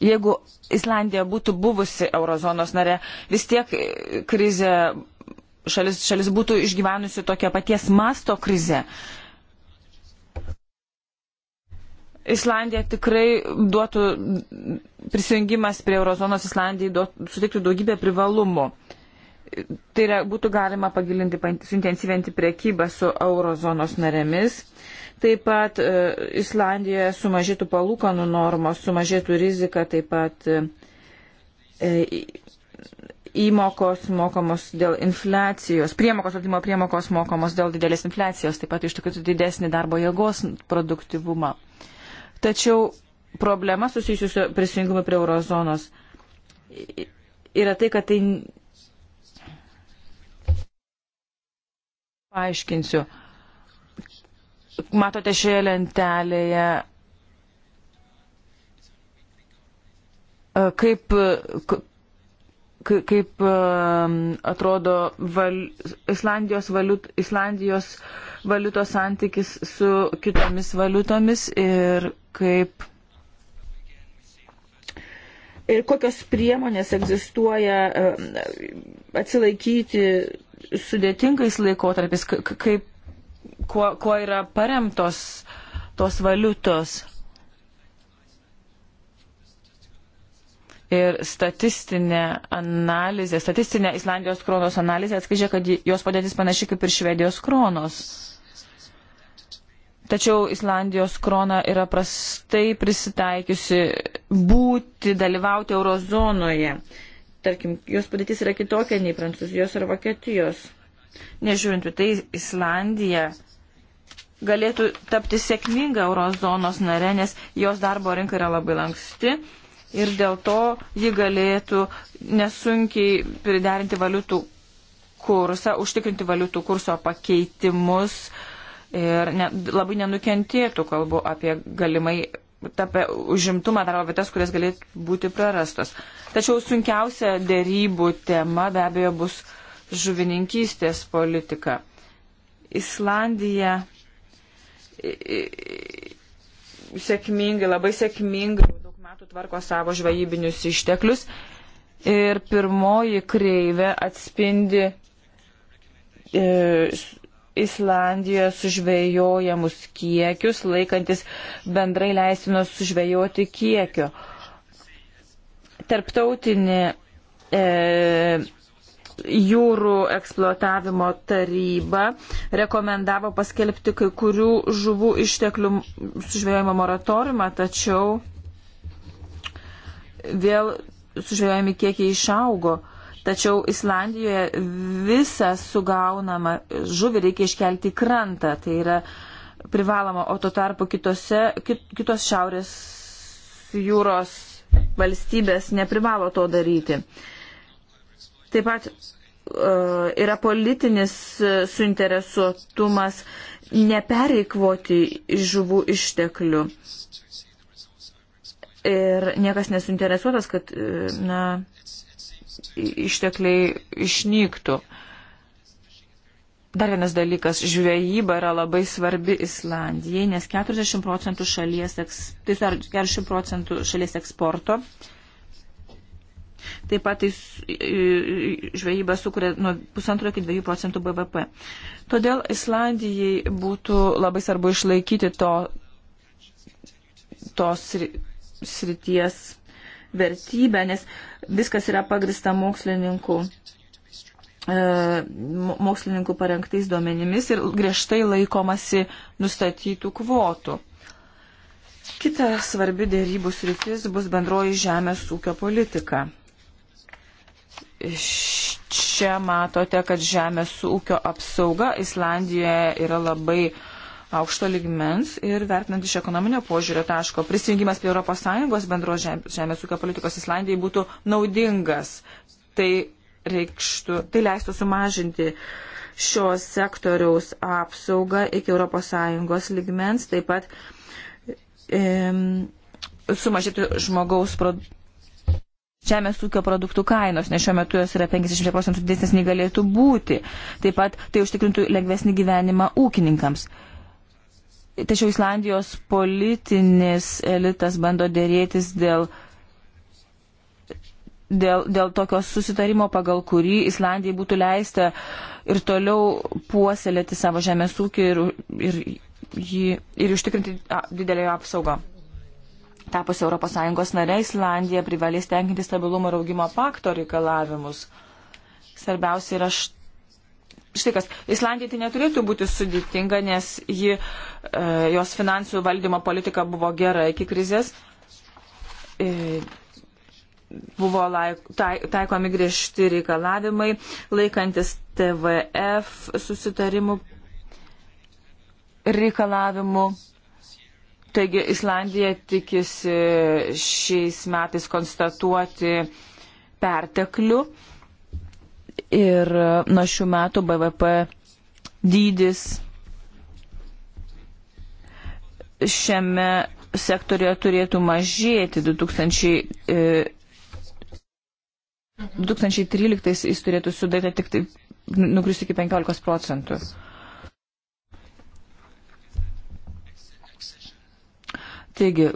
jeigu Islandija būtų buvusi eurozonos nare, vis tiek e, krizė, šalis, šalis būtų išgyvenusi tokią paties masto krizę Islandija tikrai duotų prisijungimas prie eurozonos Islandijai duot, suteiktų daugybę privalumų. Tai yra, būtų galima pagilinti, suintensyventi priekybą su eurozonos narėmis. Taip pat e, Islandijoje sumažėtų palūkanų normos, sumažėtų rizika, taip pat e, e įmokos mokamos dėl infliacijos, priemokos atlymo priemokos mokamos dėl didelės infliacijos, taip pat iš tikrųjų didesnį darbo jėgos produktivumą. E, Tačiau problema susijusiu su prisijungimu prie eurozonos yra tai, kad tai. Paaiškinsiu. Matote šioje lentelėje, e, kaip, kaip e, atrodo val, Islandijos, valiut, Islandijos uh, valiutos santykis su kitomis valiutomis ir kaip. Ir kokios priemonės egzistuoja e, atsilaikyti sudėtingais laikotarpiais, kaip, kuo, kuo yra paremtos tos valiutos. ir statistinė analizė, statistinė Islandijos kronos analizė atskaičia, kad jos padėtis panaši kaip ir Švedijos kronos. Tačiau Islandijos krona yra prastai prisitaikiusi būti, dalyvauti eurozonoje. Tarkim, jos padėtis yra kitokia nei Prancūzijos ar Vokietijos. Nežiūrint tai, Islandija galėtų tapti sėkminga eurozonos nare, nes jos darbo rinka yra labai lanksti ir dėl to ji galėtų nesunkiai priderinti valiutų kursą, užtikrinti valiutų kurso pakeitimus uh, ir ne, labai nenukentėtų, kalbu apie galimai apie užimtumą darbo vietas, kurias galėtų būti prarastos. Tačiau sunkiausia dėrybų tema be abejo bus žuvininkystės politika. Islandija sėkmingai, labai sėkmingai daug metų tvarko savo žvejybinius išteklius ir pirmoji kreivė atspindi e, Islandijoje sužvejojamus kiekius, laikantis bendrai leistino sužvejoti kiekio. Tarptautinė e, jūrų eksploatavimo taryba rekomendavo paskelbti kai kurių žuvų išteklių sužvejojimo moratoriumą, tačiau vėl sužvejojami kiekiai išaugo. E, Tačiau Islandijoje visą sugaunamą žuvį reikia iškelti į krantą. Tai yra privaloma, o tuo tarpu kitose, kit, kitos šiaurės jūros valstybės neprivalo to daryti. Taip pat e, yra politinis suinteresuotumas nepereikvoti žuvų išteklių. Ir niekas nesuinteresuotas, kad e, na, ištekliai išnyktų. Dar vienas dalykas - žvejyba yra labai svarbi Islandijai, nes 40 procentų šalies, tai 40 procentų šalies eksporto. Taip pat tai žvejyba sukuria nuo pusantro iki dviejų procentų BVP. Todėl Islandijai būtų labai svarbu išlaikyti to, tos srities vertybę, nes uh, viskas yra pagrista mokslininkų e, mokslininkų parengtais duomenimis ir griežtai laikomasi nustatytų kvotų. Kita svarbi dėrybų sritis bus bendroji žemės ūkio politika. Čia matote, kad žemės ūkio apsauga Islandijoje yra labai uh, aukšto ligmens ir vertinant iš ekonominio požiūrio taško, prisijungimas prie ES bendros žemės ūkio politikos Islandijai būtų naudingas. Tai, reikštų, tai leistų sumažinti šios sektoriaus apsaugą iki ES ligmens, taip pat e, sumažėtų žmogaus produ... žemės ūkio produktų kainos, nes šiuo metu jos yra 50 procentų didesnės nei galėtų būti. Taip pat tai užtikrintų lengvesnį gyvenimą ūkininkams. Tačiau Islandijos politinis elitas bando dėrėtis dėl, dėl, dėl tokios susitarimo, pagal kurį Islandijai būtų leista ir toliau puoselėti savo žemės ūkį ir, ir, jį, ir užtikrinti didelį apsaugą. Tapus ES nare, Islandija privalės tenkinti stabilumo ir augimo pakto reikalavimus. Svarbiausia yra štai Štai kas, Islandijai tai neturėtų būti sudėtinga, nes ji, e, jos finansų valdymo politika buvo gera iki krizės. E, buvo laik, tai, taikomi griežti reikalavimai, laikantis TVF susitarimų reikalavimų. Taigi Islandija tikisi šiais metais konstatuoti perteklių ir e, nuo šių metų BVP dydis šiame sektorėje turėtų mažėti 2000. 2013 e, jis turėtų sudaryti tik tai nukristi iki 15 procentų. Taigi,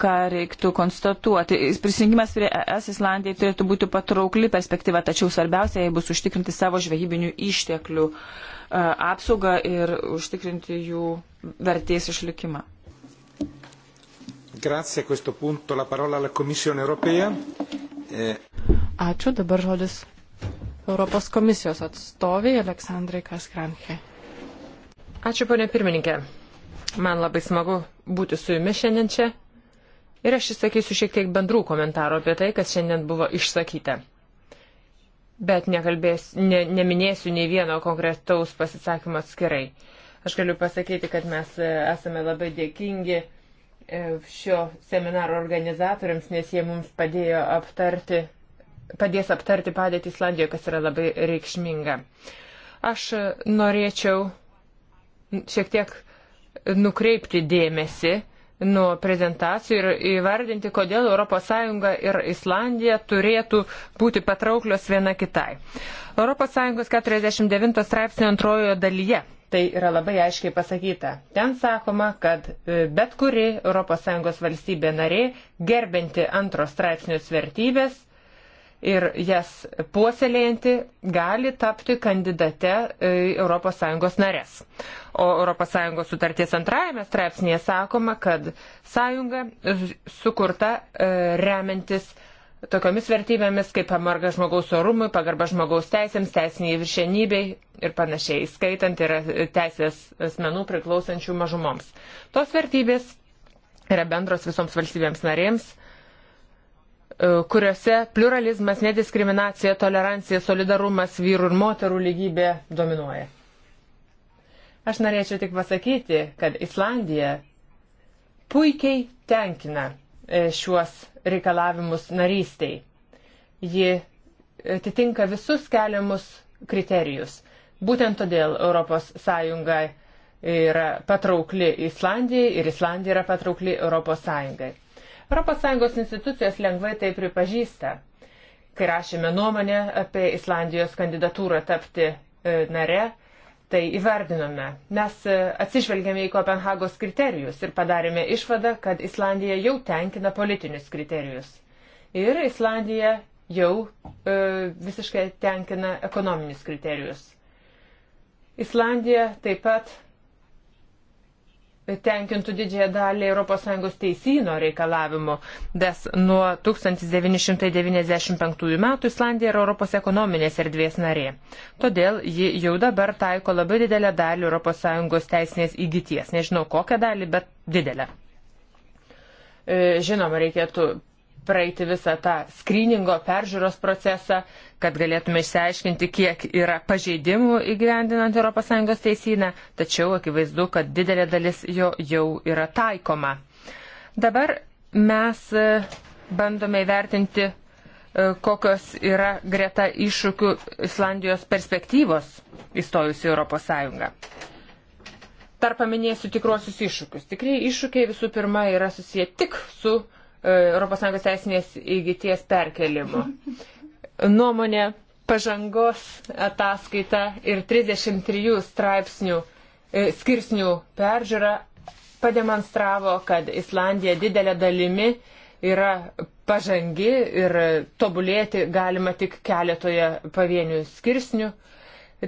ką reiktų konstatuoti. Prisijungimas prie ES Islandijai turėtų būti patraukli perspektyva, tačiau svarbiausia, jei bus užtikrinti savo žvejybinių išteklių e, apsaugą ir užtikrinti jų vertės išlikimą. Grazie, punto, la parola alla Commissione europea. E... Ačiū, dabar žodis Europos komisijos atstoviai Aleksandrai Kaskranke. Ačiū, ponė pirmininkė. Man labai smagu būti su jumis šiandien čia Ir aš išsakysiu šiek tiek bendrų komentarų apie tai, kas šiandien buvo išsakyta. Bet nekalbės, ne, neminėsiu nei vieno konkretaus pasisakymo atskirai. Aš galiu pasakyti, kad mes e, esame labai dėkingi e, šio seminaro organizatoriams, nes jie mums padėjo aptarti, padės aptarti padėtį Islandijoje, kas yra labai reikšminga. Aš norėčiau šiek tiek nukreipti dėmesį nuo prezentacijų ir įvardinti, kodėl ES ir Islandija turėtų būti patrauklios viena kitai. ES 49 straipsnio antrojoje dalyje. Tai yra labai aiškiai pasakyta. Ten sakoma, kad e, bet kuri ES valstybė narė, gerbinti antros straipsnios vertybės, ir jas puoselėjanti gali tapti kandidate ES narės. O ES sutarties antrajame straipsnėje sakoma, kad sąjunga sukurta e, remiantis tokiomis vertybėmis kaip pamarga žmogaus orumui, pagarba žmogaus teisėms, teisiniai viršenybei ir panašiai, skaitant ir e, teisės asmenų priklausančių mažumoms. Tos vertybės yra bendros visoms valstybėms narėms kuriuose pluralizmas, nediskriminacija, tolerancija, solidarumas, vyrų ir moterų lygybė dominuoja. Aš norėčiau tik pasakyti, kad Islandija puikiai tenkina e, šiuos reikalavimus narystiai. Ji atitinka visus keliamus kriterijus. Būtent todėl ES yra patraukli Islandijai ir Islandija yra patraukli ES. ES institucijos lengvai tai pripažįsta. Kai rašėme nuomonę apie Islandijos kandidatūrą tapti e, nare, tai įvardinome. Mes e, atsižvelgėme į Kopenhagos kriterijus ir padarėme išvadą, kad Islandija jau tenkina politinius kriterijus. Ir Islandija jau e, visiškai tenkina ekonominius kriterijus. Islandija taip pat tenkintų didžiąją dalį ES teisino reikalavimo, nes nuo 1995 metų Islandija yra Europos ekonominės erdvės narė. Todėl ji jau dabar taiko labai didelę dalį ES teisinės įgyties. Nežinau kokią dalį, bet didelę. E, žinoma, reikėtų praeiti visą tą skryningo peržiūros procesą, kad galėtume išsiaiškinti, kiek yra pažeidimų įgyvendinant ES teisyną, tačiau akivaizdu, kad didelė dalis jo jau yra taikoma. Dabar mes e, bandome įvertinti, e, kokios yra greta iššūkių Islandijos perspektyvos įstojus į ES. Tarp paminėsiu tikruosius iššūkius. Tikrai iššūkiai visų pirma yra susiję tik su ES teisinės įgyties perkelimu. Nuomonė, pažangos ataskaita ir 33 straipsnių e, skirsnių peržiūra pademonstravo, kad Islandija didelė dalimi yra pažangi ir tobulėti galima tik keletoje pavienių skirsnių.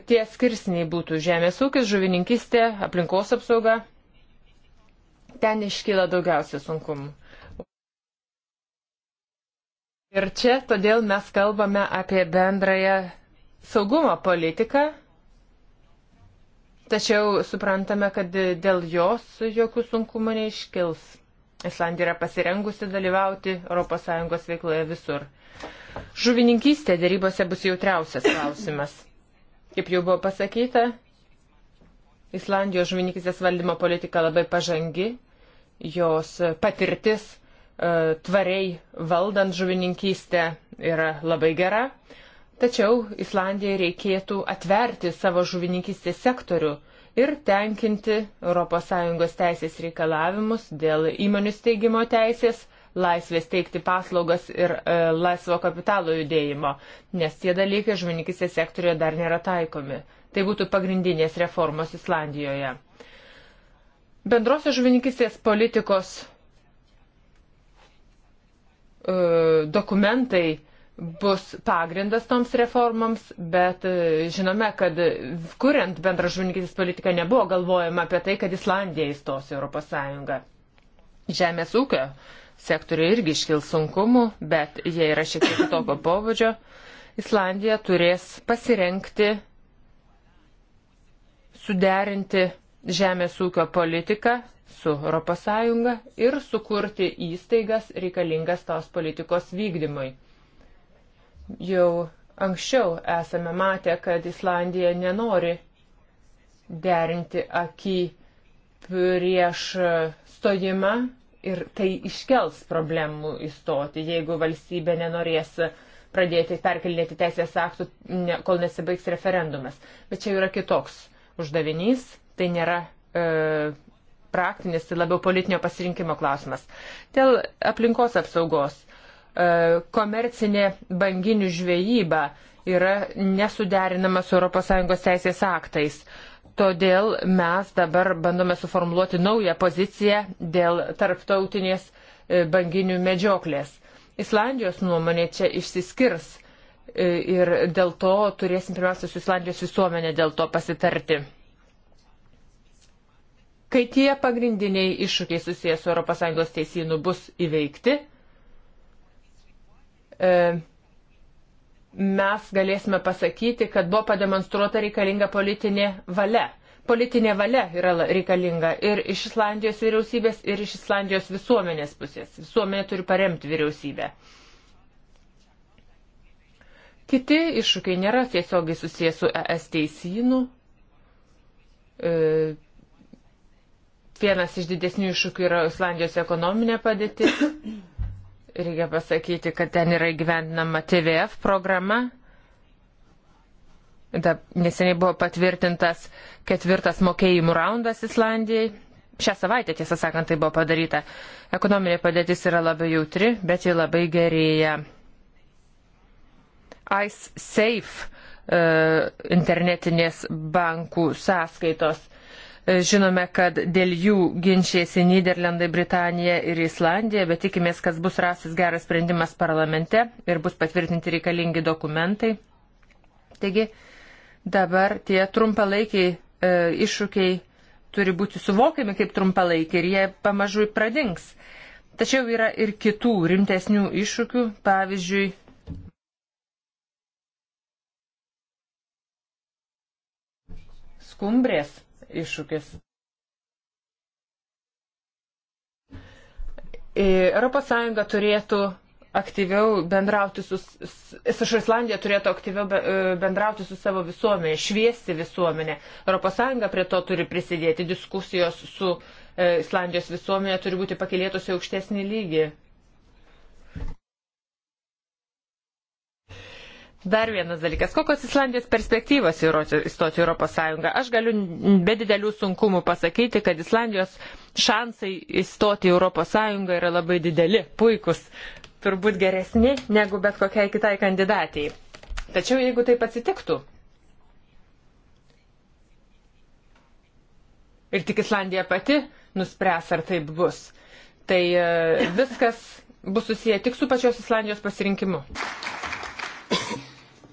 Tie skirsniai būtų žemės ūkis, žuvininkistė, aplinkos apsauga. Ten iškyla daugiausia sunkumų. Ir čia todėl mes kalbame apie bendrąją saugumo politiką, tačiau suprantame, kad dėl jos jokių sunkumų neiškils. Islandija yra pasirengusi dalyvauti ES veikloje visur. Žuvininkystė dėrybose bus jautriausias klausimas. Kaip jau buvo pasakyta, Islandijos žuvininkystės valdymo politika labai pažangi, jos patirtis E, tvariai valdant žuvininkystę yra labai gera. Tačiau Islandijai reikėtų atverti savo žuvininkystės sektorių ir tenkinti ES teisės reikalavimus dėl įmonių steigimo teisės, laisvės teikti paslaugas ir e, laisvo kapitalo judėjimo, nes tie dalykai žuvininkystės sektoriuje dar nėra taikomi. Tai būtų pagrindinės reformos Islandijoje. Bendrosios žuvininkystės politikos E, dokumentai bus pagrindas toms reformoms, bet e, žinome, kad kuriant bendrą žuvininkistės politiką nebuvo galvojama apie tai, kad Islandija įstos Europos Sąjungą. Žemės ūkio sektoriai irgi iškils sunkumų, bet jie yra šiek tiek tokio pobūdžio. Islandija turės pasirenkti, suderinti žemės ūkio politiką su ES ir sukurti įstaigas reikalingas tos politikos vykdymui. Jau anksčiau esame matę, kad Islandija nenori derinti akį prieš stojimą ir tai iškels problemų įstoti, jeigu valstybė nenorės pradėti perkelinėti teisės aktų, kol nesibaigs referendumas. Bet čia yra kitoks uždavinys tai nėra e, praktinis, tai labiau politinio pasirinkimo klausimas. Dėl aplinkos apsaugos e, komercinė banginių žvejyba yra nesuderinama su ES teisės aktais. Todėl mes dabar bandome suformuoluoti naują poziciją dėl tarptautinės e, banginių medžioklės. Islandijos nuomonė čia išsiskirs e, ir dėl to turėsim pirmiausia su Islandijos visuomenė dėl to pasitarti. Kai tie pagrindiniai iššūkiai susijęs su ES teisynu bus įveikti, e, mes galėsime pasakyti, kad buvo pademonstruota reikalinga politinė valia. Politinė valia yra reikalinga ir iš Islandijos vyriausybės, ir iš Islandijos visuomenės pusės. Visuomenė turi paremti vyriausybę. Kiti iššūkiai nėra tiesiogiai susijęs su ES teisynu. E, Vienas iš didesnių iššūkių yra Islandijos ekonominė padėtis. Reikia pasakyti, kad ten yra įgyvendinama TVF programa. Da, neseniai buvo patvirtintas ketvirtas mokėjimų raundas Islandijai. Šią savaitę, tiesą sakant, tai buvo padaryta. Ekonominė padėtis yra labai jautri, bet ji labai gerėja. ICE Safe e, internetinės bankų sąskaitos E, žinome, kad dėl jų ginčiasi Niderlandai, Britanija ir Islandija, bet tikimės, kad bus rastas geras sprendimas parlamente ir bus patvirtinti reikalingi dokumentai. Taigi dabar tie trumpalaikiai e, iššūkiai turi būti suvokiami kaip trumpalaikiai ir jie pamažu pradings. Tačiau yra ir kitų rimtesnių iššūkių, pavyzdžiui, skumbrės iššūkis. E, Europos Sąjunga turėtų aktyviau bendrauti su, su Islandija turėtų aktyviau e, bendrauti su savo visuomenė, šviesti visuomenę. ES prie to turi prisidėti. Diskusijos su e, Islandijos visuomenė turi būti pakelėtos į aukštesnį lygį. Dar vienas dalykas. Kokios Islandijos perspektyvos įstoti Europos Sąjungą? Aš galiu be didelių sunkumų pasakyti, kad Islandijos šansai įstoti Europos Sąjungą yra labai dideli, puikus, turbūt geresni negu bet kokiai kitai kandidatijai. Tačiau jeigu taip atsitiktų. Ir tik Islandija pati nuspręs, ar taip bus. Tai e, viskas bus susiję tik su pačios Islandijos pasirinkimu.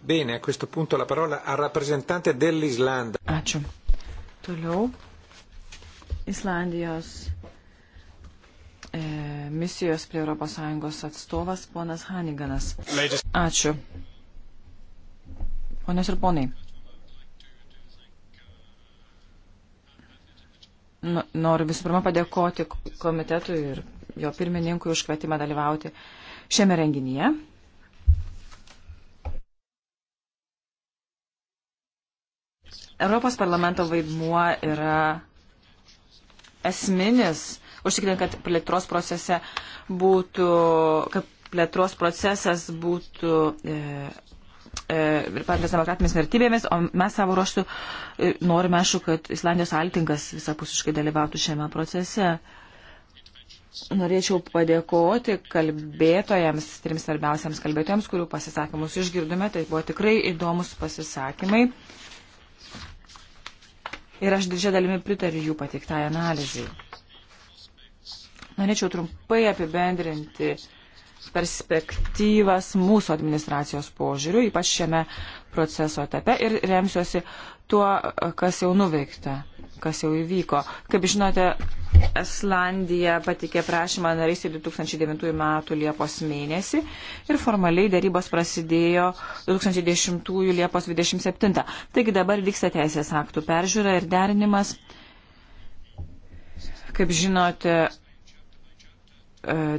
Bene, a questo punto la parola al rappresentante dell'Islanda. Ačiū. Toliau. Islandijos e, misijos prie ES atstovas ponas Haniganas. Ačiū. Ponios ir ponai. Nu, noriu visų pirma padėkoti komitetui ir jo pirmininkui už kvietimą dalyvauti šiame renginyje. Europos parlamento vaidmuo yra esminis, užtikrinant, kad plėtros procese būtų, kad plėtros procesas būtų e, e, paremtas demokratinėmis vertybėmis, o mes savo ruoštų e, norime, aišku, kad Islandijos altingas visapusiškai dalyvautų šiame procese. Norėčiau padėkoti kalbėtojams, trims svarbiausiams kalbėtojams, kurių pasisakymus išgirdome. Tai buvo tikrai įdomus pasisakymai ir aš didžia dalimi pritariu jų pateiktai analizai. Norėčiau trumpai apibendrinti perspektyvas mūsų administracijos požiūrių, ypač šiame proceso etape ir remsiuosi tuo, kas jau nuveikta kas jau įvyko. Kaip žinote, Islandija patikė prašymą narystį 2009 m. Liepos mėnesį ir formaliai darybos prasidėjo 2010 m. Liepos 27. Taigi dabar vyksta teisės aktų peržiūra ir derinimas. Kaip žinote, e,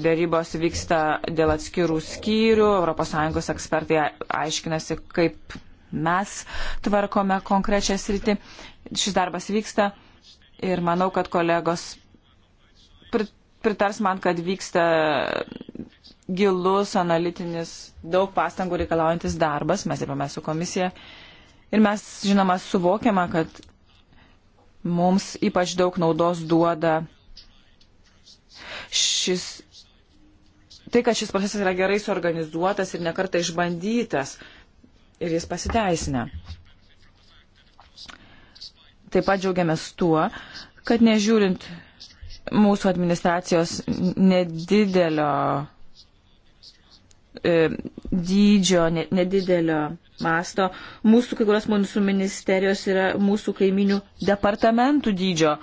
Dėrybos vyksta dėl atskirų skyrių, ES ekspertai aiškinasi, kaip Mes tvarkome konkrečią sritį, šis darbas vyksta ir manau, kad kolegos pritars man, kad vyksta gilus, analitinis, daug pastangų reikalaujantis darbas. Mes dirbame su komisija ir mes, žinoma, suvokiame, kad mums ypač daug naudos duoda šis. Tai, kad šis procesas yra gerai suorganizuotas ir nekarta išbandytas, ir jis pasiteisina. Taip pat džiaugiamės tuo, kad nežiūrint mūsų administracijos nedidelio e, dydžio, ne, nedidelio masto, mūsų kai kurios mūsų ministerijos yra mūsų kaiminių departamentų dydžio.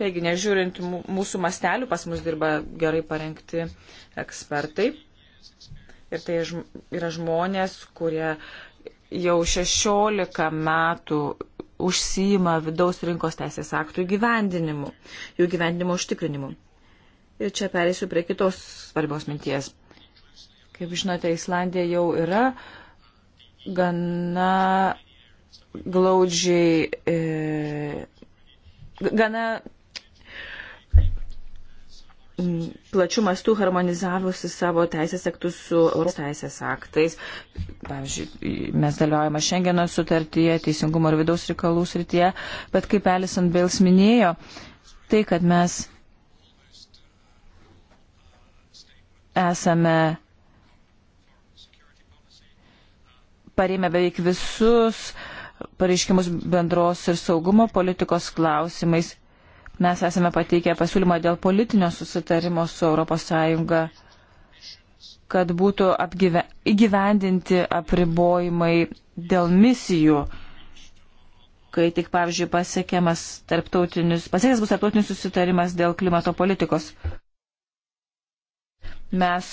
Taigi, nežiūrint mūsų mastelių, pas mus dirba gerai parengti ekspertai. Ir tai yra žmonės, kurie jau 16 metų užsijima vidaus rinkos teisės aktų įgyvendinimu, jų gyvendinimo užtikrinimu. Ir čia pereisiu prie kitos svarbios minties. Kaip žinote, Islandija jau yra gana glaudžiai, e, gana plačių mastų harmonizavusi savo teisės aktus su Europos teisės aktais. Pavyzdžiui, mes dalyvaujame Šengeno sutartyje, teisingumo ir vidaus reikalų srityje, bet kaip Alison Bales minėjo, tai, kad mes esame parėmė beveik visus pareiškimus bendros ir saugumo politikos klausimais Mes esame pateikę pasiūlymą dėl politinio susitarimo su ES, kad būtų apgyve, įgyvendinti apribojimai dėl misijų, kai tik, pavyzdžiui, pasiekiamas tarptautinis, pasiekęs bus tarptautinis susitarimas dėl klimato politikos. Mes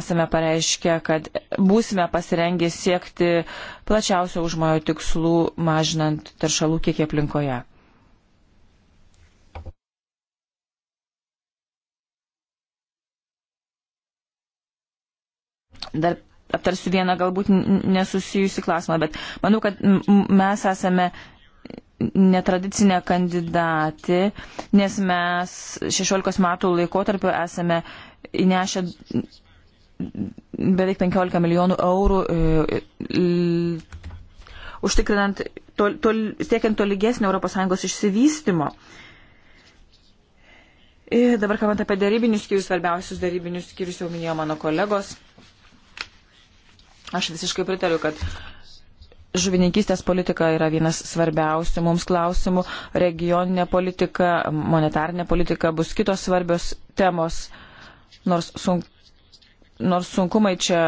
esame pareiškę, kad būsime pasirengę siekti plačiausio užmojo tikslų, mažinant taršalų kiekį aplinkoje. Dar aptarsiu vieną galbūt nesusijusi klausimą, bet manau, kad mes esame netradicinė kandidatė, nes mes 16 metų laikotarpiu esame įnešę beveik 15 milijonų eurų e, užtikrinant, tol, tol, siekiant tolygesnį ES išsivystimo. Ir e, dabar kalbant apie darybinius skyrius, svarbiausius darybinius skyrius jau minėjo mano kolegos. Aš visiškai pritariu, kad žuvininkystės politika yra vienas svarbiausių mums klausimų, regioninė politika, monetarinė politika bus kitos svarbios temos, nors, sunk, nors sunkumai čia,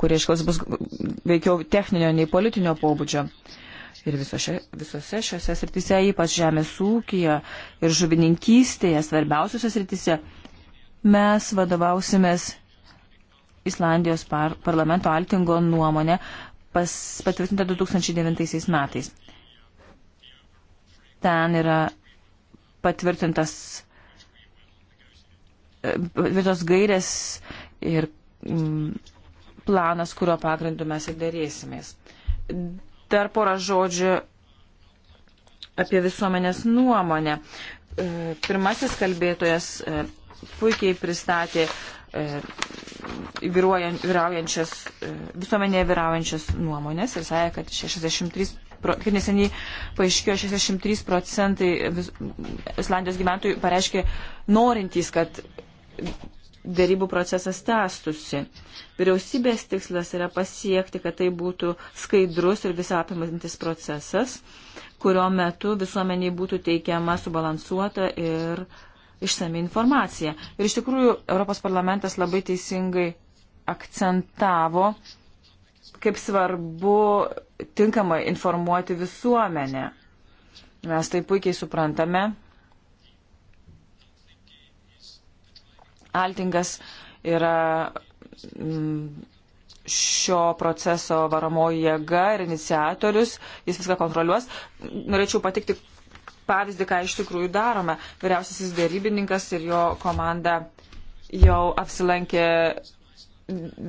kurie iškils, bus veikiau techninio nei politinio pobūdžio. Ir visose, visose šiose srityse, ypač žemės ūkija ir žuvininkystėje, svarbiausiose srityse, mes vadovausimės Islandijos par parlamento Altingo nuomonė pas, patvirtinta 2009 metais. Ten yra patvirtintas e, vietos gairės ir mm, planas, kurio pagrindu mes ir dėrėsimės. Dar porą žodžių apie visuomenės nuomonę. E, pirmasis kalbėtojas e, puikiai pristatė uh, E, vyraujančias, e, visuomenėje vyraujančias nuomonės ir sąja, kad 63, kaip neseniai paaiškėjo, 63 procentai vis, Islandijos gyventojų pareiškė norintys, kad dėrybų procesas tęstusi. Vyriausybės tikslas yra pasiekti, kad tai būtų skaidrus ir visą apimantis procesas, kurio metu visuomeniai būtų teikiama subalansuota ir uh, išsami informacija. Ir iš tikrųjų Europos parlamentas labai teisingai akcentavo, kaip svarbu tinkamai informuoti visuomenę. Mes tai puikiai suprantame. Altingas yra mm, šio proceso varomoji jėga ir iniciatorius, jis viską kontroliuos. Norėčiau patikti, pavyzdį, ką iš tikrųjų darome. Vyriausiasis dėrybininkas ir jo komanda jau apsilankė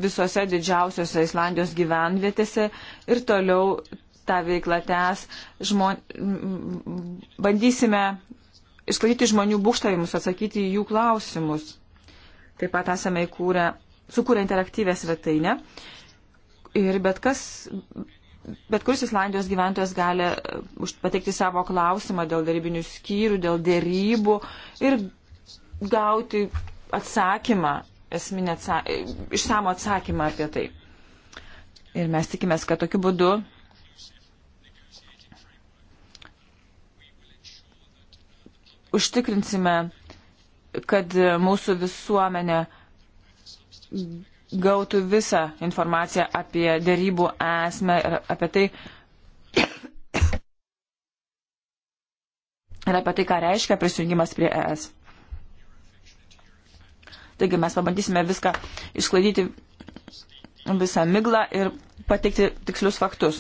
visose didžiausiose Islandijos gyvenvietėse ir toliau tą veiklą tęs. Žmon... Bandysime išklaidyti žmonių būkštavimus, atsakyti į jų klausimus. Taip pat esame įkūrę, sukūrę interaktyvę svetainę. Ir bet kas bet kuris Islandijos gyventojas gali uh, pateikti savo klausimą dėl darybinių skyrių, dėl dėrybų ir gauti atsakymą, esminę atsakymą, uh, išsamų atsakymą apie tai. Ir mes tikimės, kad tokiu būdu užtikrinsime, kad mūsų visuomenė gautų visą informaciją apie dėrybų esmę ir apie tai, ir apie tai ką reiškia prisijungimas prie ES. Taigi mes pabandysime viską išsklaidyti visą miglą ir pateikti tikslius faktus.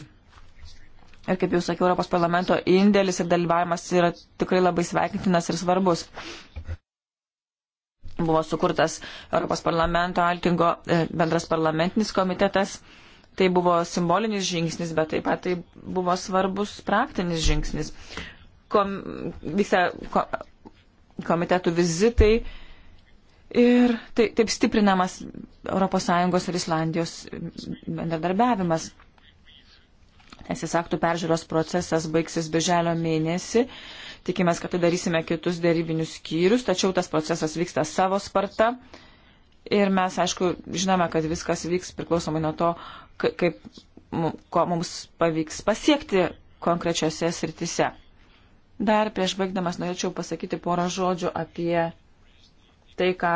Ir kaip jau sakiau, Europos parlamento indėlis ir dalyvavimas yra tikrai labai sveikintinas ir svarbus. Buvo sukurtas Europos parlamento Altingo e, bendras parlamentinis komitetas. Tai buvo simbolinis žingsnis, bet taip pat tai buvo svarbus praktinis žingsnis. Kom, visa ko, komitetų vizitai ir tai, taip stiprinamas ES ir Islandijos bendradarbiavimas. Teisės aktų peržiūros procesas baigsis birželio mėnesį Tikimės, kad tai darysime kitus dėrybinius skyrius, tačiau tas procesas vyksta savo sparta. Ir mes, aišku, žinome, kad viskas vyks priklausomai nuo to, kaip ko mums pavyks pasiekti konkrečiose sritise. Dar prieš baigdamas norėčiau pasakyti porą žodžių apie tai, ką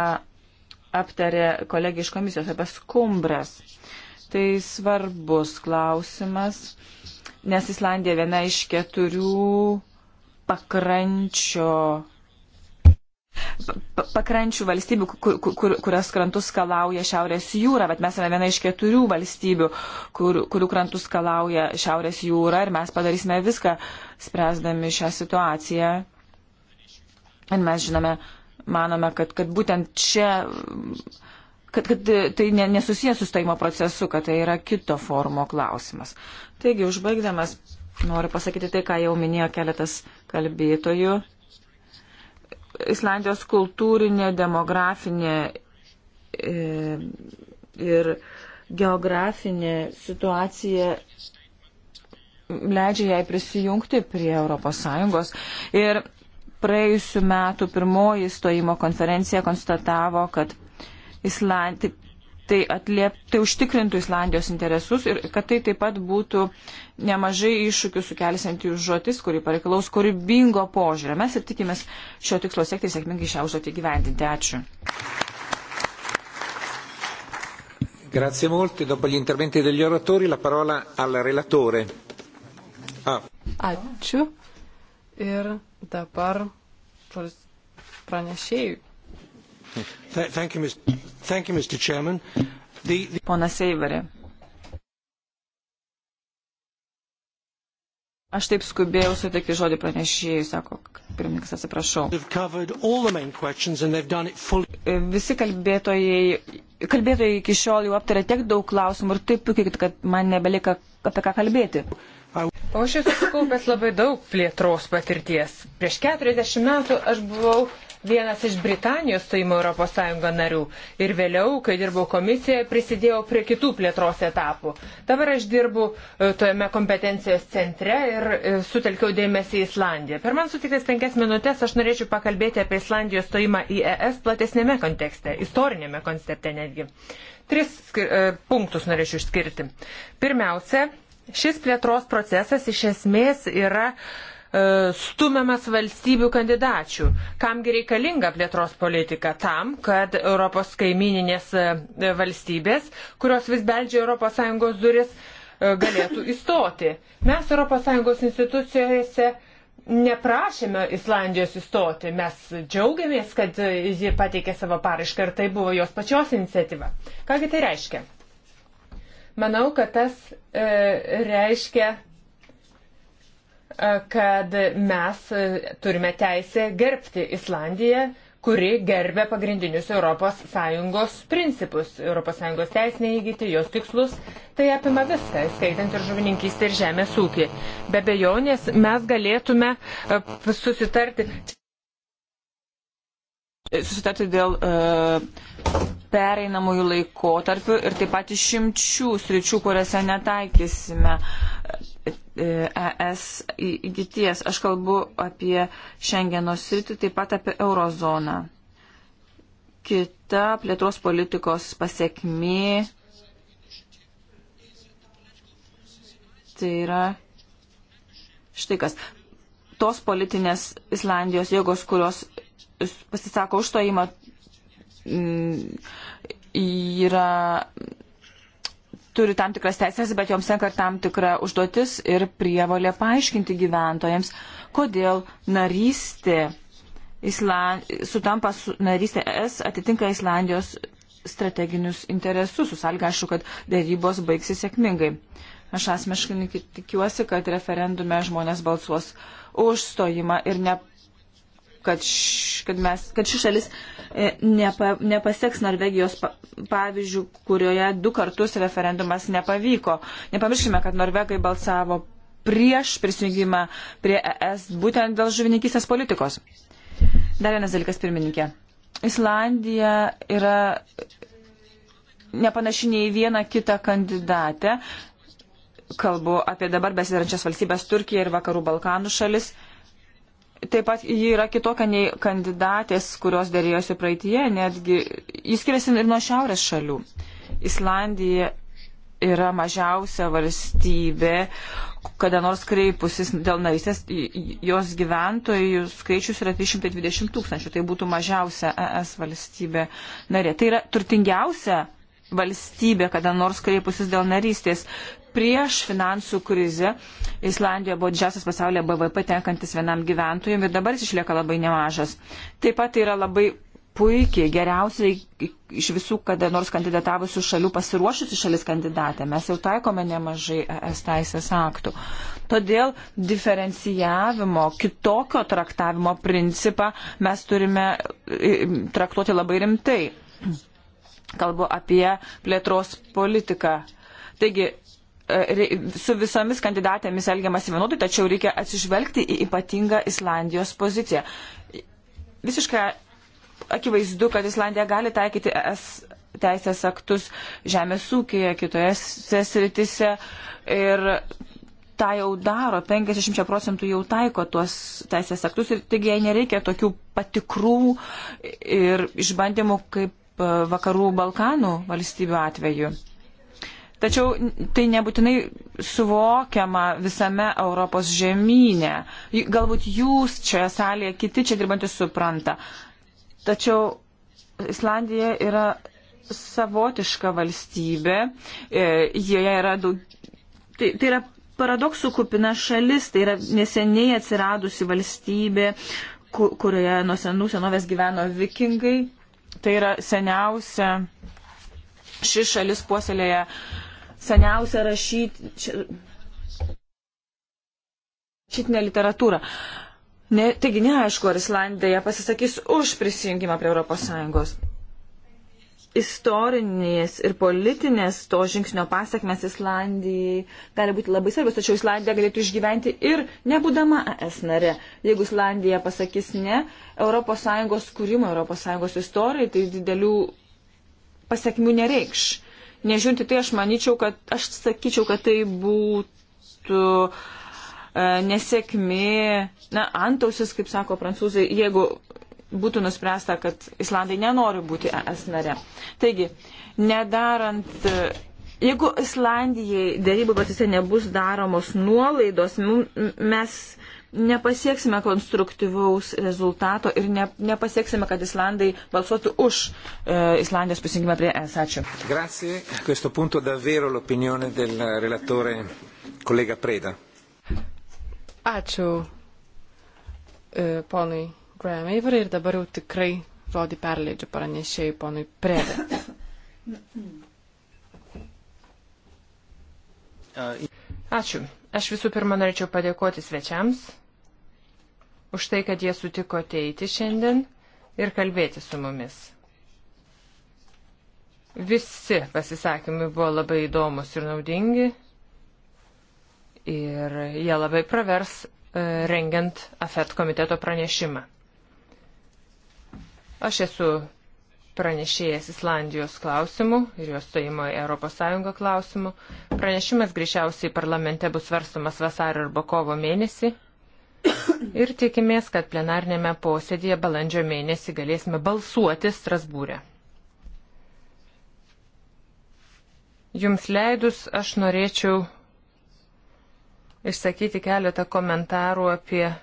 aptarė kolegė iš komisijos apie skumbras. Tai svarbus klausimas, nes Islandija viena iš keturių pakrančio. Pakrančių valstybių, kur, kur, kurias krantus skalauja Šiaurės jūra, bet mes esame viena iš keturių valstybių, kur, kurių krantus skalauja Šiaurės jūra ir mes padarysime viską, spręsdami šią situaciją. Ir mes žinome, manome, kad, kad būtent čia kad, kad tai nesusijęs su stojimo procesu, kad tai yra kito formo klausimas. Taigi, užbaigdamas, Noriu pasakyti tai, ką jau minėjo keletas kalbėtojų. Islandijos kultūrinė, demografinė e, ir geografinė situacija leidžia jai prisijungti prie ES. Ir praėjusiu metu pirmoji stojimo konferencija konstatavo, kad Island, taip, tai, atliep, tai užtikrintų Islandijos interesus ir kad tai taip pat būtų nemažai iššūkių sukelsianti užduotis, kuri pareikalaus kūrybingo požiūrio. Mes ir tikimės šio tikslo siekti sėkmingai šią užduotį gyvendinti. Ačiū. Grazie molte. Dopo gli interventi degli oratori la parola al relatore. Ah. Ačiū. Ir dabar pranešėjui. Thank you, Mr. Thank you, Mr. Chairman. The, the... Pona Seivarė. Aš taip skubėjau suteikti žodį pranešėjai, sako pirmininkas, atsiprašau. Visi kalbėtojai, kalbėtojai iki šiol jau aptarė tiek daug klausimų ir taip puikiai, kad man nebelika apie ką kalbėti. O aš esu sukaupęs labai daug plėtros patirties. Prieš 40 metų aš buvau vienas iš Britanijos stojimo Europos Sąjungą narių ir vėliau, kai dirbau komisijoje, prisidėjau prie kitų plėtros etapų. Dabar aš dirbu e, tojame kompetencijos centre ir e, sutelkiau dėmesį į Islandiją. Per man sutiktas penkias minutės aš norėčiau pakalbėti apie Islandijos stojimą į ES platesnėme kontekste, istorinėme koncepte netgi. Tris skir, e, punktus norėčiau išskirti. Pirmiausia, šis plėtros procesas iš esmės yra E, stumiamas valstybių kandidačių. Kamgi reikalinga plėtros politika? Tam, kad Europos kaimininės e, valstybės, kurios vis beldžia ES duris, e, galėtų įstoti. Mes ES institucijose neprašėme Islandijos įstoti, mes džiaugiamės, kad ji pateikė savo paraišką ir tai buvo jos pačios iniciatyva. Kągi tai reiškia? Manau, kad tas e, reiškia kad mes e, turime teisę gerbti Islandiją, kuri gerbė pagrindinius ES principus, ES teisinę įgyti, jos tikslus, tai apima viską, skaitant ir žuvininkystę ir žemės ūkį. Be bejonės mes galėtume e, susitarti. Susitarti dėl e, pereinamųjų laikotarpių ir taip pat išimčių sričių, kuriuose netaikysime e, ES e įgyties. Aš kalbu apie Šengeno sritį, taip pat apie eurozoną. Kita plėtros politikos pasiekmi tai yra štai kas. Tos politinės Islandijos jėgos, kurios pasisako užstojimą, yra turi tam tikras teisės, bet joms tenka ir tam tikra užduotis ir prievolė paaiškinti gyventojams, kodėl narystė Islan... sutampa su narystė S atitinka Islandijos strateginius interesus, su sąlyga aišku, kad dėrybos baigsis sėkmingai. Aš asmeškai tikiuosi, kad referendume žmonės balsuos už stojimą ir ne kad, š, kad, mes, kad ši šalis e, nepa, nepaseks Norvegijos pavyzdžių, kurioje du kartus referendumas nepavyko. Nepamirškime, kad norvegai balsavo prieš prisijungimą prie ES būtent dėl žuvininkystės politikos. Dar vienas dalykas, pirmininkė. Islandija yra nepanašiniai vieną kitą kandidatę. Kalbu apie dabar besidarančias valstybės Turkiją ir Vakarų Balkanų šalis. Taip pat ji yra kitokia nei kandidatės, kurios dėrėjosi praeitie, netgi jis skiriasi ir nuo šiaurės šalių. Islandija yra mažiausia valstybė, kada nors kreipusis dėl narystės, jos gyventojų skaičius yra 320 tūkstančių, tai būtų mažiausia ES valstybė narė. Tai yra turtingiausia valstybė, kada nors kreipusis dėl narystės prieš finansų krizę Islandijoje buvo didžiausias pasaulyje BVP tenkantis vienam gyventojui ir dabar jis išlieka labai nemažas. Taip pat tai yra labai puikiai, geriausiai iš visų kada nors kandidatavusių šalių pasiruošusi šalis kandidatė. Mes jau taikome nemažai es teisės aktų. Todėl diferencijavimo, kitokio traktavimo principą mes turime traktuoti labai rimtai. Kalbu apie plėtros politiką. Taigi, E, su visomis kandidatėmis elgiamasi vienodai, tačiau reikia atsižvelgti į ypatingą Islandijos poziciją. Visiškai akivaizdu, kad Islandija gali taikyti es teisės aktus žemės ūkėje, kitoje sritise ir tą jau daro, 50 procentų jau taiko tuos teisės aktus ir taigi jai nereikia tokių patikrų ir išbandymų kaip e, vakarų Balkanų valstybių atveju. Tačiau tai nebūtinai suvokiama visame Europos žemynė. Galbūt jūs čia salėje, kiti čia dirbantys supranta. Tačiau Islandija yra savotiška valstybė, e, joje yra daug. Tai, tai yra paradoksų kupina šalis, tai yra neseniai atsiradusi valstybė, kurioje nuo senų senovės gyveno vikingai. Tai yra seniausia ši šalis puoselėja uh, seniausią rašytinę literatūrą. Ne, taigi neaišku, ar Islandija pasisakys už prisijungimą prie ES. Istorinės ir politinės to žingsnio pasiekmes Islandijai gali būti labai svarbios, tačiau Islandija galėtų išgyventi ir nebūdama ES nare. Jeigu Islandija pasakys ne ES kūrimo, ES istorijai, tai didelių pasiekmių nereikš. Nežiūrinti tai, aš manyčiau, kad aš sakyčiau, kad tai būtų e, nesėkmė, na, antausis, kaip sako prancūzai, jeigu būtų nuspręsta, kad Islandai nenori būti ES nare. Taigi, nedarant, jeigu Islandijai dėrybų procese nebus daromos nuolaidos, mes nepasieksime konstruktyvaus rezultato ir ne, nepasieksime, kad Islandai balsuotų už e, Islandijos prisijungimą prie ES. Ačiū. Grazie. A questo punto davvero l'opinione del relatore collega Preda. Ačiū e, ponui Graham Avery ir dabar jau tikrai žodį perleidžiu pranešėjai ponui Preda. Ačiū. Aš visų pirma norėčiau padėkoti svečiams, už tai, kad jie sutiko ateiti šiandien ir kalbėti su mumis. Visi pasisakymai buvo labai įdomus ir naudingi ir jie labai pravers e, rengiant AFET komiteto pranešimą. Aš esu pranešėjas Islandijos klausimų ir jos stojimo į ES klausimų. Pranešimas grįžčiausiai parlamente bus svarstomas vasario arba kovo mėnesį ir tikimės, kad plenarnėme posėdėje balandžio mėnesį galėsime balsuoti Strasbūrę. Jums leidus aš norėčiau išsakyti keletą komentarų apie e,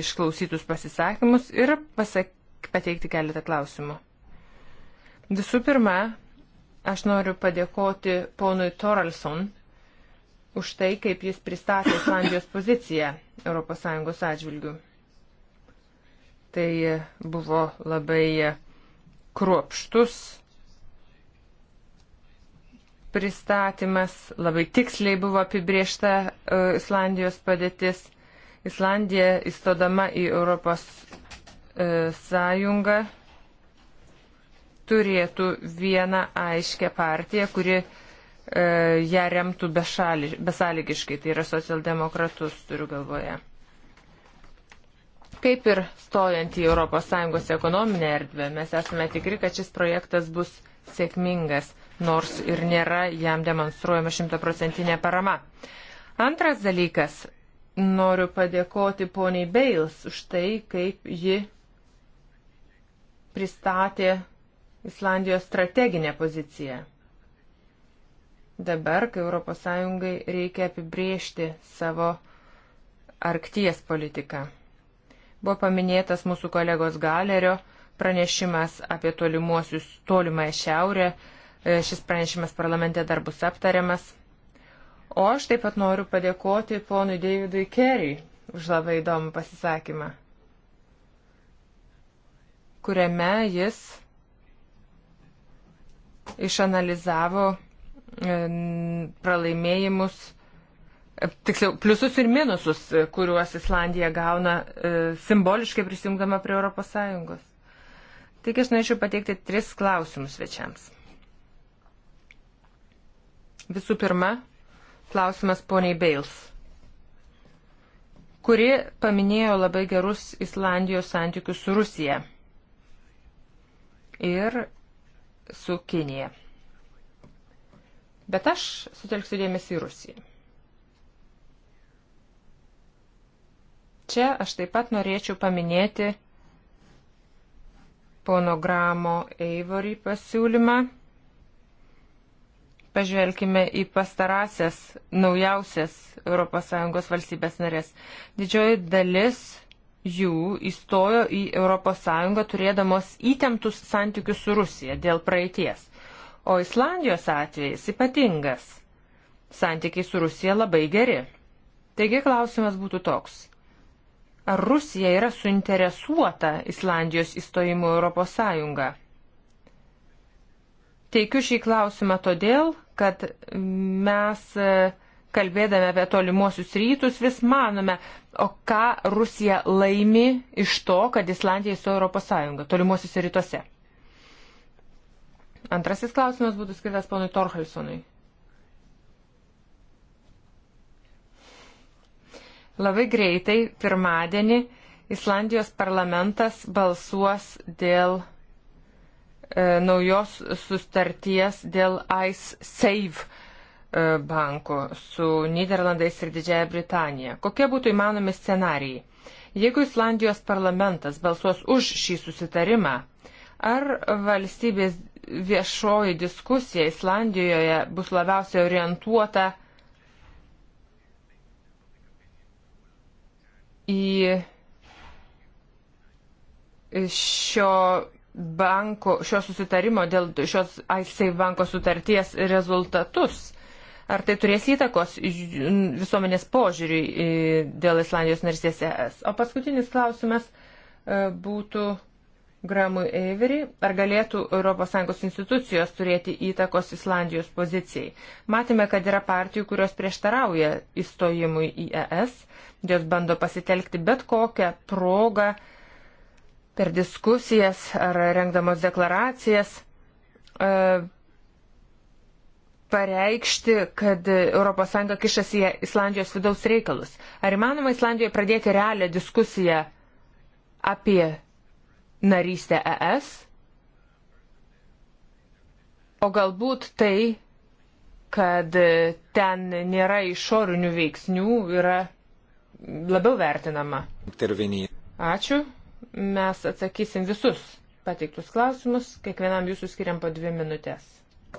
išklausytus pasisakymus ir pasak, pateikti keletą klausimų. Visų pirma, aš noriu padėkoti ponui Toralson už tai, kaip jis pristatė Islandijos poziciją ES atžvilgių. Tai buvo labai kruopštus pristatymas, labai tiksliai buvo apibriešta e, Islandijos padėtis. Islandija įstodama į Europos e, sąjungą turėtų vieną aiškę partiją, kuri uh, E, ją remtų bešali, besąlygiškai, tai yra socialdemokratus turiu galvoje. Kaip ir stojant į ES ekonominę erdvę, mes esame tikri, kad šis projektas bus sėkmingas, nors ir nėra jam demonstruojama šimtaprocentinė parama. Antras dalykas, noriu padėkoti poniai Beils už tai, kaip ji pristatė Islandijos strateginę poziciją dabar, kai ES reikia apibriežti savo arkties politiką. Buvo paminėtas mūsų kolegos Galerio pranešimas apie tolimuosius tolimąją šiaurę. E, šis pranešimas parlamente dar bus aptariamas. O aš taip pat noriu padėkoti ponui Davidui Kerry už labai įdomų pasisakymą, kuriame jis išanalizavo E, pralaimėjimus, e, tiksliau, pliusus ir minusus, e, kuriuos Islandija gauna simboliškai prisijungdama prie ES. Taigi aš norėčiau pateikti tris klausimus svečiams. Visų pirma, klausimas poniai Bales, kuri paminėjo labai gerus Islandijos santykius su Rusija ir su Kinėje. Bet aš sutelksiu dėmesį į Rusiją. Čia aš taip pat norėčiau paminėti ponogramo Eivory pasiūlymą. Pažvelkime į pastarasias naujausias ES valstybės narės. Didžioji dalis jų įstojo į ES turėdamos įtemptus santykius su Rusija dėl praeities. O Islandijos atvejis ypatingas. Santykiai su Rusija labai geri. Taigi klausimas būtų toks. Ar Rusija yra suinteresuota Islandijos įstojimu Europos Sąjungą? Teikiu šį klausimą todėl, kad mes e, kalbėdami apie tolimuosius rytus vis manome, o ką Rusija laimi iš to, kad Islandija įstojo Europos Sąjungą tolimuosiuose rytuose. Antrasis klausimas būtų skirtas ponui Torhalsonui. Labai greitai, pirmadienį, Islandijos parlamentas balsuos dėl e, naujos sustarties dėl ICE Save e, banko su Niderlandais ir Didžiaja Britanija. Kokie būtų įmanomi scenarijai? Jeigu Islandijos parlamentas balsuos už šį susitarimą, ar valstybės viešoji diskusija Islandijoje bus labiausiai orientuota į šio banko, šio susitarimo dėl šios ISAIV banko sutarties rezultatus. Ar tai turės įtakos visuomenės požiūriui dėl Islandijos narsės ES? O paskutinis klausimas e, būtų Gramui Eiveri, ar galėtų ES institucijos turėti įtakos Islandijos pozicijai. Matėme, kad yra partijų, kurios prieštarauja įstojimui į ES, jos bando pasitelkti bet kokią progą per diskusijas ar rengdamos deklaracijas e, pareikšti, kad ES kišasi į Islandijos vidaus reikalus. Ar įmanoma Islandijoje pradėti realią diskusiją apie narystę ES, o galbūt tai, kad ten nėra išorinių veiksnių, yra labiau vertinama. Ačiū. Mes atsakysim visus pateiktus klausimus, kiekvienam jūsų skiriam po dvi minutės.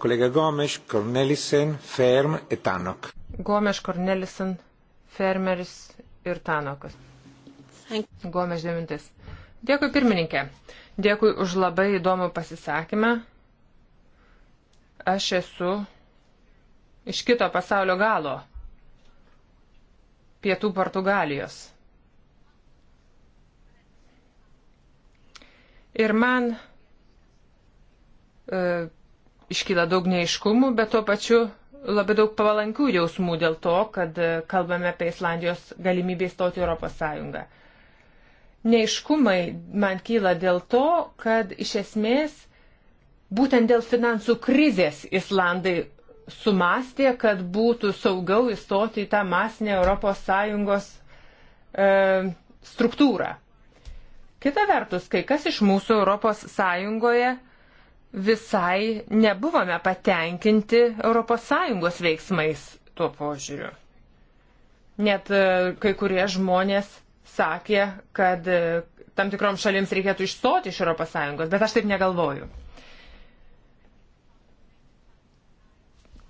Kolega Gomes, Cornelisen, Ferm ir e Tanok. Gomes, Cornelisen, Fermeris ir Tanokas. Gomes devintas. Dėkui pirmininkė. Dėkui už labai įdomų pasisakymą. Aš esu iš kito pasaulio galo. Pietų Portugalijos. Ir man e, iškyla daug neiškumų, bet tuo pačiu labai daug palankių jausmų dėl to, kad e, kalbame apie Islandijos galimybę įstoti Europos Sąjungą. E, neiškumai man kyla dėl to, kad iš esmės būtent dėl finansų krizės Islandai sumastė, kad būtų saugiau įstoti į tą masinę ES e, struktūrą. Kita vertus, kai kas iš mūsų ES visai nebuvome patenkinti ES veiksmais tuo požiūriu. Net e, kai kurie žmonės sakė, kad e, tam tikroms šalims reikėtų išstoti iš ES, bet aš taip negalvoju.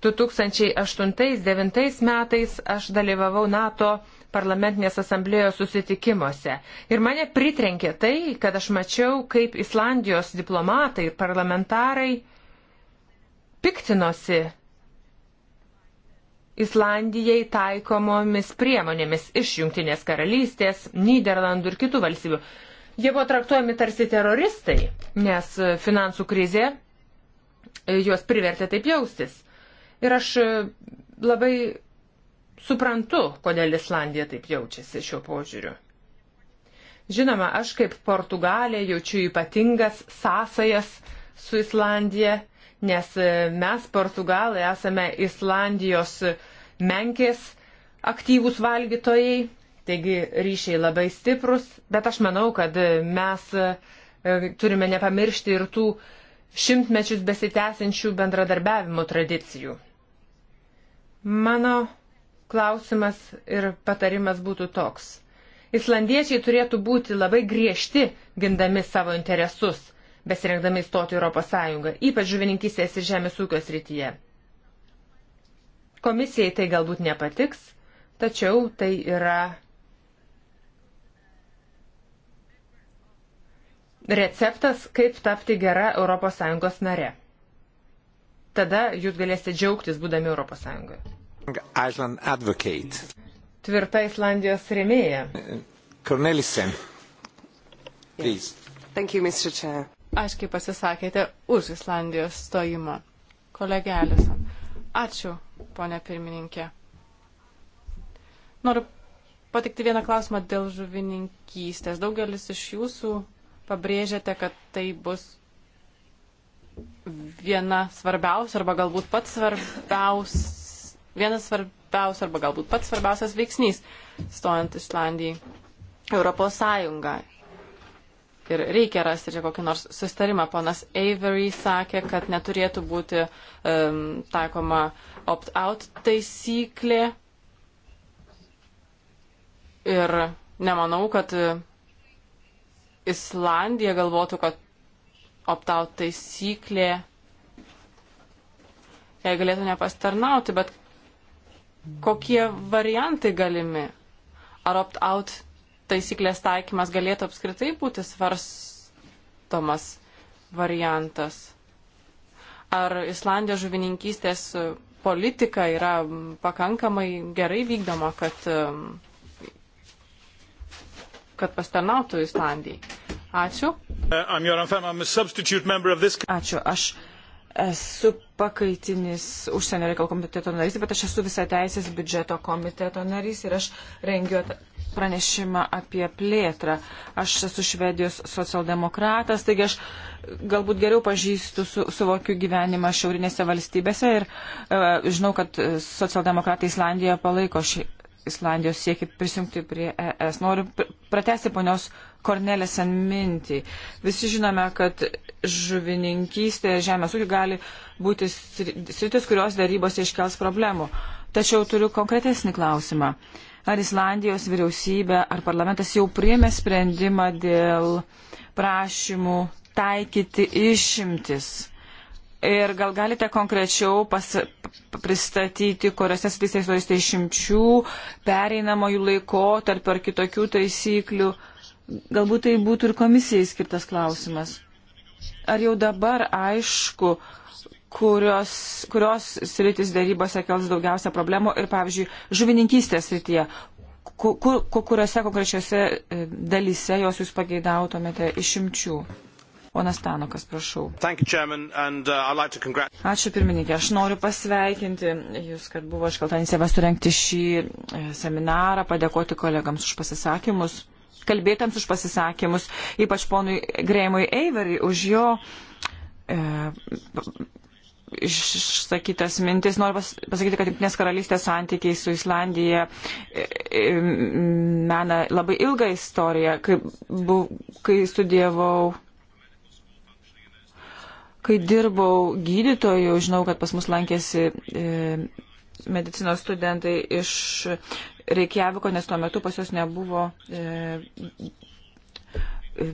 2008-2009 metais aš dalyvavau NATO parlamentinės asamblėjos susitikimuose. Ir mane pritrenkė tai, kad aš mačiau, kaip Islandijos diplomatai ir parlamentarai piktinosi Islandijai taikomomis priemonėmis iš Junktinės karalystės, Niderlandų ir kitų valstybių. Jie buvo traktuojami tarsi teroristai, nes finansų krizė e, juos privertė taip jaustis. Ir aš e, labai suprantu, kodėl Islandija taip jaučiasi šiuo požiūriu. Žinoma, aš kaip Portugalė jaučiu ypatingas sąsajas su Islandija nes e, mes, portugalai, esame Islandijos menkės aktyvūs valgytojai, taigi ryšiai labai stiprus, bet aš manau, kad mes e, turime nepamiršti ir tų šimtmečius besitęsiančių bendradarbiavimo tradicijų. Mano klausimas ir patarimas būtų toks. Islandiečiai turėtų būti labai griežti gindami savo interesus besirengdami įstoti Europos Sąjungą, ypač žuvininkystės ir žemės ūkio srityje. Komisijai tai galbūt nepatiks, tačiau tai yra receptas, kaip tapti gera ES nare. Tada jūs galėsite džiaugtis, būdami ES. Tvirta Islandijos remėja. Cornelisen, please. Thank you, Mr. Chair aiškiai pasisakėte už Islandijos stojimą. Kolegė Alison. Ačiū, ponė pirmininkė. Noriu patikti vieną klausimą dėl žuvininkystės. Daugelis iš jūsų pabrėžėte, kad tai bus viena svarbiausia arba galbūt pats svarbiausias, vienas svarbiausias arba galbūt pats svarbiausias veiksnys stojant Islandijai Europos Sąjungą ir reikia rasti čia kokį nors sustarimą. Ponas Avery sakė, kad neturėtų būti um, taikoma opt-out taisyklė. Ir nemanau, kad Islandija galvotų, kad opt-out taisyklė jai galėtų nepastarnauti, bet kokie variantai galimi? Ar opt-out taisyklės taikymas galėtų apskritai būti svarstomas variantas? Ar Islandijos žuvininkystės politika yra pakankamai gerai vykdoma, kad, um, kad pastarnautų Islandijai? Ačiū. Uh, Ačiū. Aš esu pakaitinis užsienio reikalų komiteto narys, bet aš esu visą teisės biudžeto komiteto narys ir aš rengiu pranešimą apie plėtrą. Aš esu švedijos socialdemokratas, taigi aš galbūt geriau pažįstu, su, suvokiu gyvenimą šiaurinėse valstybėse ir e, žinau, kad socialdemokratai Islandijoje palaiko šį Islandijos siekį prisijungti prie ES. Noriu pratesti ponios Kornelėsen mintį. Visi žinome, kad žuvininkystė ir žemės ūkio gali būti sritis, kurios darybose iškels problemų. Tačiau turiu konkretesnį klausimą. Ar Islandijos vyriausybė ar parlamentas jau priėmė sprendimą dėl prašymų taikyti išimtis? Ir gal galite konkrečiau pas, pristatyti, kuriuose srityse turėsite išimčių, pereinamojų laiko tarp ar kitokių taisyklių? Galbūt tai būtų ir komisijai skirtas klausimas. Ar jau dabar aišku, kurios, kurios sritis darybose kels daugiausia problemų ir, pavyzdžiui, žuvininkystės srityje, kur, kur, kuriuose konkrečiose e, dalyse jos jūs pageidautumėte išimčių? Ponas Tanokas, prašau. Uh, Ačiū pirmininkė, aš noriu pasveikinti Jūs, kad buvo iškelta iniciatyva surenkti šį e, seminarą, padėkoti kolegams už pasisakymus kalbėtams už pasisakymus, ypač ponui Grėmui Eiveriui už jo e, išsakytas mintis. Noriu pasakyti, kad Junktinės karalystės santykiai su Islandija e, e, mena labai ilgą istoriją, kai, bu, kai studijavau. Kai dirbau gydytoju, žinau, kad pas mus lankėsi e, medicinos studentai iš Reikjaviko, nes tuo metu pas jos nebuvo e, e,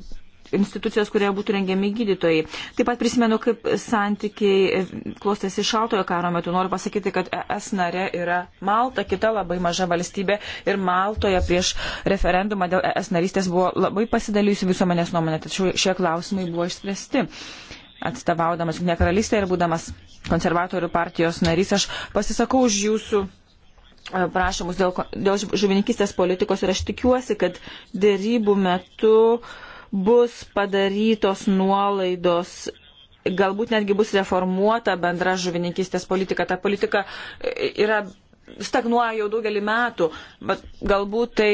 institucijos, kurioje būtų rengiami gydytojai. Taip pat prisimenu, kaip santykiai e, klostėsi šaltojo karo metu. Noriu pasakyti, kad ES narė yra Malta, kita labai maža valstybė ir Maltoje prieš referendumą dėl ES narystės buvo labai pasidalyjusi visuomenės nuomonė, tačiau šie klausimai buvo išspręsti. E, atstovaudamas Junktinė karalystė ir būdamas konservatorių partijos narys, aš pasisakau už jūsų e, prašymus dėl, dėl žuvininkistės politikos ir aš tikiuosi, kad dėrybų metu bus padarytos nuolaidos. Galbūt netgi bus reformuota bendra žuvininkistės politika. Ta politika e, yra stagnuoja jau daugelį metų, bet galbūt tai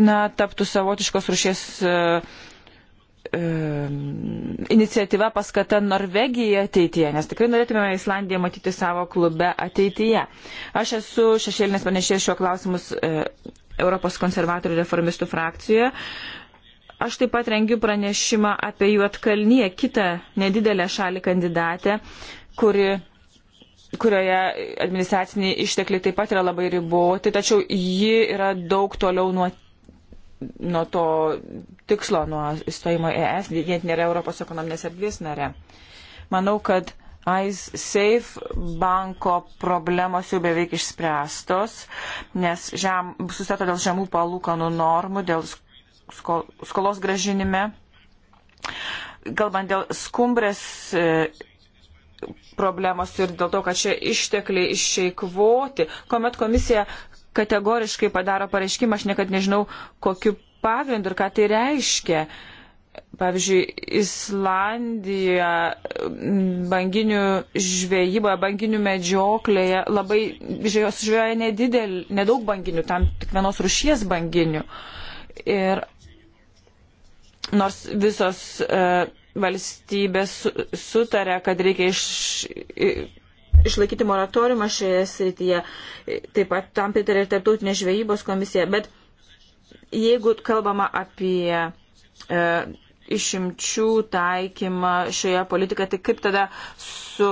na, taptų savotiškos rušies uh, e, E, iniciatyva paskata Norvegijai ateityje, nes tikrai norėtume Islandiją matyti savo klube ateityje. Aš esu šešėlinės panešėjęs šiuo klausimus e, Europos konservatorių reformistų frakcijoje. Aš taip pat rengiu pranešimą apie Juotkalnyje, kitą nedidelę šalį kandidatę, kuri kurioje administraciniai ištekliai taip pat yra labai riboti, tačiau ji yra daug toliau nuo, nuo to tikslo nuo įstojimo į ES, jie nėra Europos ekonominės erdvės nare. Manau, kad iSafe banko problemos jau beveik išspręstos, nes žem, sustato dėl žemų palūkanų normų, dėl skol, skolos gražinime. Kalbant dėl skumbrės e, problemos ir dėl to, kad čia ištekliai išeikvoti, kuomet komisija kategoriškai padaro pareiškimą, aš niekad nežinau, kokiu pagrindu ir ką tai reiškia. Pavyzdžiui, Islandija banginių žvejyboje, banginių medžioklėje labai žvejos žvejoja nedidel, nedaug banginių, tam tik vienos rušies banginių. Ir nors visos uh, valstybės su, sutarė, kad reikia iš, išlaikyti moratoriumą šioje srityje, taip pat tam pritarė ir Tarptautinė žvejybos komisija, bet uh, Jeigu kalbama apie e, išimčių taikymą šioje politikoje, tai kaip tada su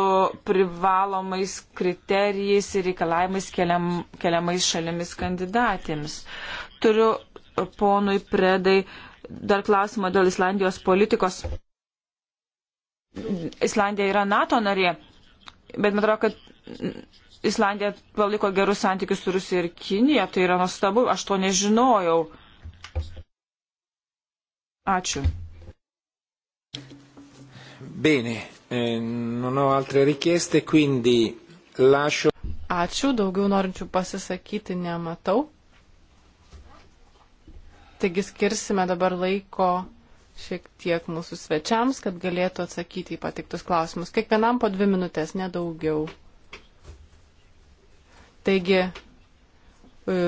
privalomais kriterijais ir reikalavimais keliam, keliamais šalimis kandidatėms? Turiu ponui Predai dar klausimą dėl Islandijos politikos. Islandija yra NATO narė, bet man atrodo, kad Islandija paliko gerus santykius su Rusija ir Kinija, tai yra nuostabu, aš to nežinojau. Ačiū. Bene, eh, non ho altre richieste, quindi lascio. Ačiū, daugiau norinčių pasisakyti nematau. Taigi skirsime dabar laiko šiek tiek mūsų svečiams, kad galėtų atsakyti į patiktus klausimus. Kiekvienam po dvi minutės, nedaugiau. Taigi, e,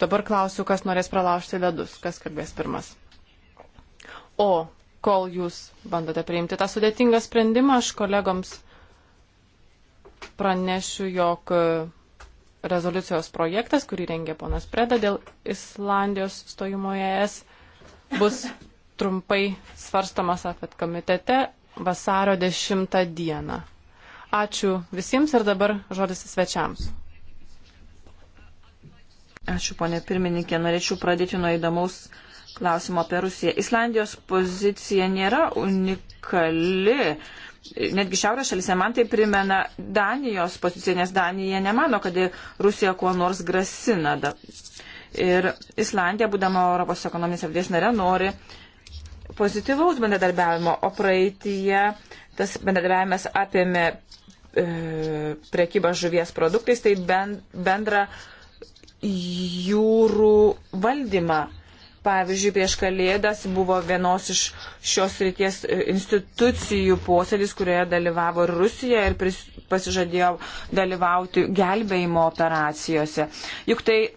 dabar klausiu, kas norės pralaužti ledus, kas kalbės pirmas. O kol jūs bandote priimti tą sudėtingą sprendimą, aš kolegoms pranešiu, jog e, rezoliucijos projektas, kurį rengė ponas Preda dėl Islandijos stojimo į ES, bus trumpai svarstomas AFET komitete vasario 10 dieną. Ačiū visiems ir dabar žodis svečiams. Ačiū, ponė pirmininkė. Norėčiau pradėti nuo įdomaus klausimo apie Rusiją. Islandijos pozicija nėra unikali. Netgi šiaurės šalise man tai primena Danijos poziciją, nes Danija nemano, kad Rusija kuo nors grasina. Ir Islandija, būdama Europos ekonominės erdvės nare, nori pozityvaus bendradarbiavimo, o praeitie tas bendradarbiavimas apėmė e, prekybą žuvies produktais, tai ben, bendrą jūrų valdymą Pavyzdžiui, prieš Kalėdas buvo vienos iš šios ryties e, institucijų posėdis, kurioje dalyvavo ir Rusija ir pasižadėjo dalyvauti gelbėjimo operacijose. Juk tai e,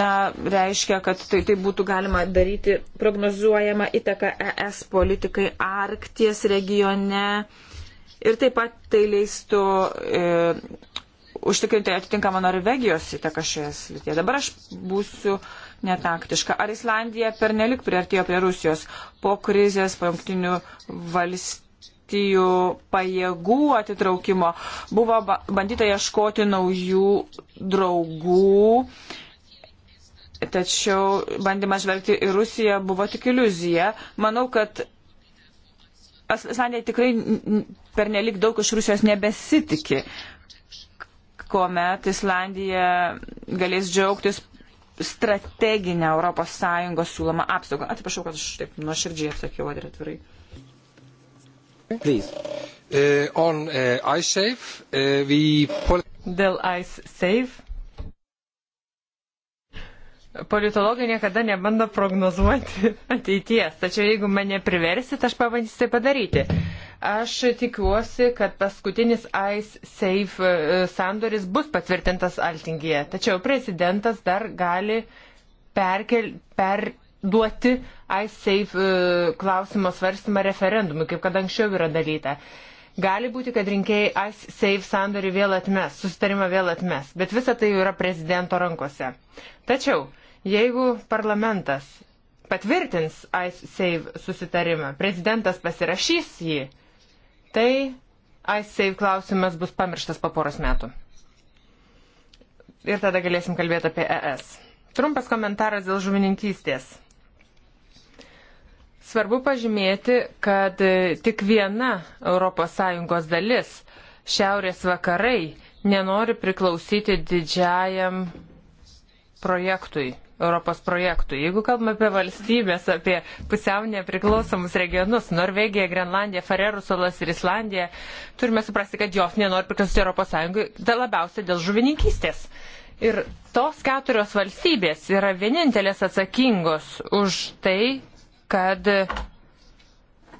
na, reiškia, kad tai, tai būtų galima daryti prognozuojama įtaka ES politikai Arkties regione ir taip pat tai leistų e, užtikrinti atitinkamą Norvegijos įtaką šioje srityje. Dabar aš būsiu netaktiška. Ar Islandija pernelik priartėjo prie Rusijos po krizės, po jungtinių valstijų pajėgų atitraukimo? Buvo bandyta ieškoti naujų draugų. Tačiau bandymas žvelgti į Rusiją buvo tik iliuzija. Manau, kad Islandija tikrai pernelik daug iš Rusijos nebesitikė kuomet Islandija galės džiaugtis strateginę ES siūlomą apsaugą. Atsiprašau, kad aš taip nuoširdžiai atsakiau ir atvirai. Please. Uh, on uh, iSafe, uh, we... Dėl iSafe. Politologai niekada nebando prognozuoti [LAUGHS] ateities, tačiau jeigu mane priversit, aš pabandysiu tai padaryti. Uh, Aš tikiuosi, kad paskutinis ICE Safe e, sandoris bus patvirtintas Altingėje, tačiau prezidentas dar gali perkel, perduoti ICE Safe e, klausimo svarstymą referendumui, kaip kad anksčiau yra dalyta. Gali būti, kad rinkėjai ICE Safe sandorį vėl atmes, susitarimą vėl atmes, bet visa tai jau yra prezidento rankose. Tačiau, jeigu parlamentas patvirtins ICE Save susitarimą, prezidentas pasirašys jį, tai iSave klausimas bus pamirštas po poros metų. Ir tada galėsim kalbėti apie ES. Trumpas komentaras dėl žuvininkystės. Svarbu pažymėti, kad e, tik viena ES dalis, šiaurės vakarai, nenori priklausyti didžiajam projektui, Europos projektui. Jeigu kalbame apie valstybės, apie pusiau nepriklausomus regionus - Norvegiją, Grenlandiją, Farerų salas ir Islandiją, turime suprasti, kad jos nenori priklausyti Europos Sąjungai, tai labiausiai dėl žuvininkystės. Ir tos keturios valstybės yra vienintelės atsakingos už tai, kad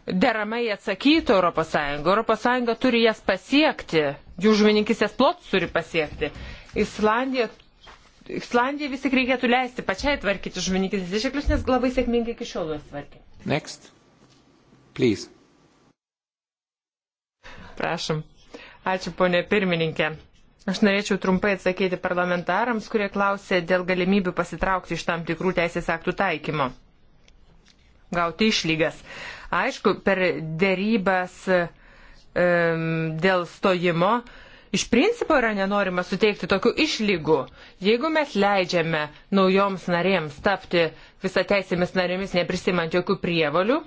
deramai atsakytų ES. ES turi jas pasiekti, jų žuvininkistės plotus turi pasiekti. Islandija Islandijai vis tik reikėtų leisti pačiai tvarkyti žuvininkystės išteklius, nes labai sėkmingai iki šiol juos tvarkė. Next. Please. Prašom. Ačiū, ponė pirmininkė. Aš norėčiau trumpai atsakyti parlamentarams, kurie klausė dėl galimybių pasitraukti iš tam tikrų teisės aktų taikymo. Gauti išlygas. Aišku, per dėrybas um, dėl stojimo uh, iš principo yra nenorima suteikti tokių išlygų. Jeigu mes leidžiame naujoms narėms tapti visateisėmis narėmis, neprisimant jokių prievalių,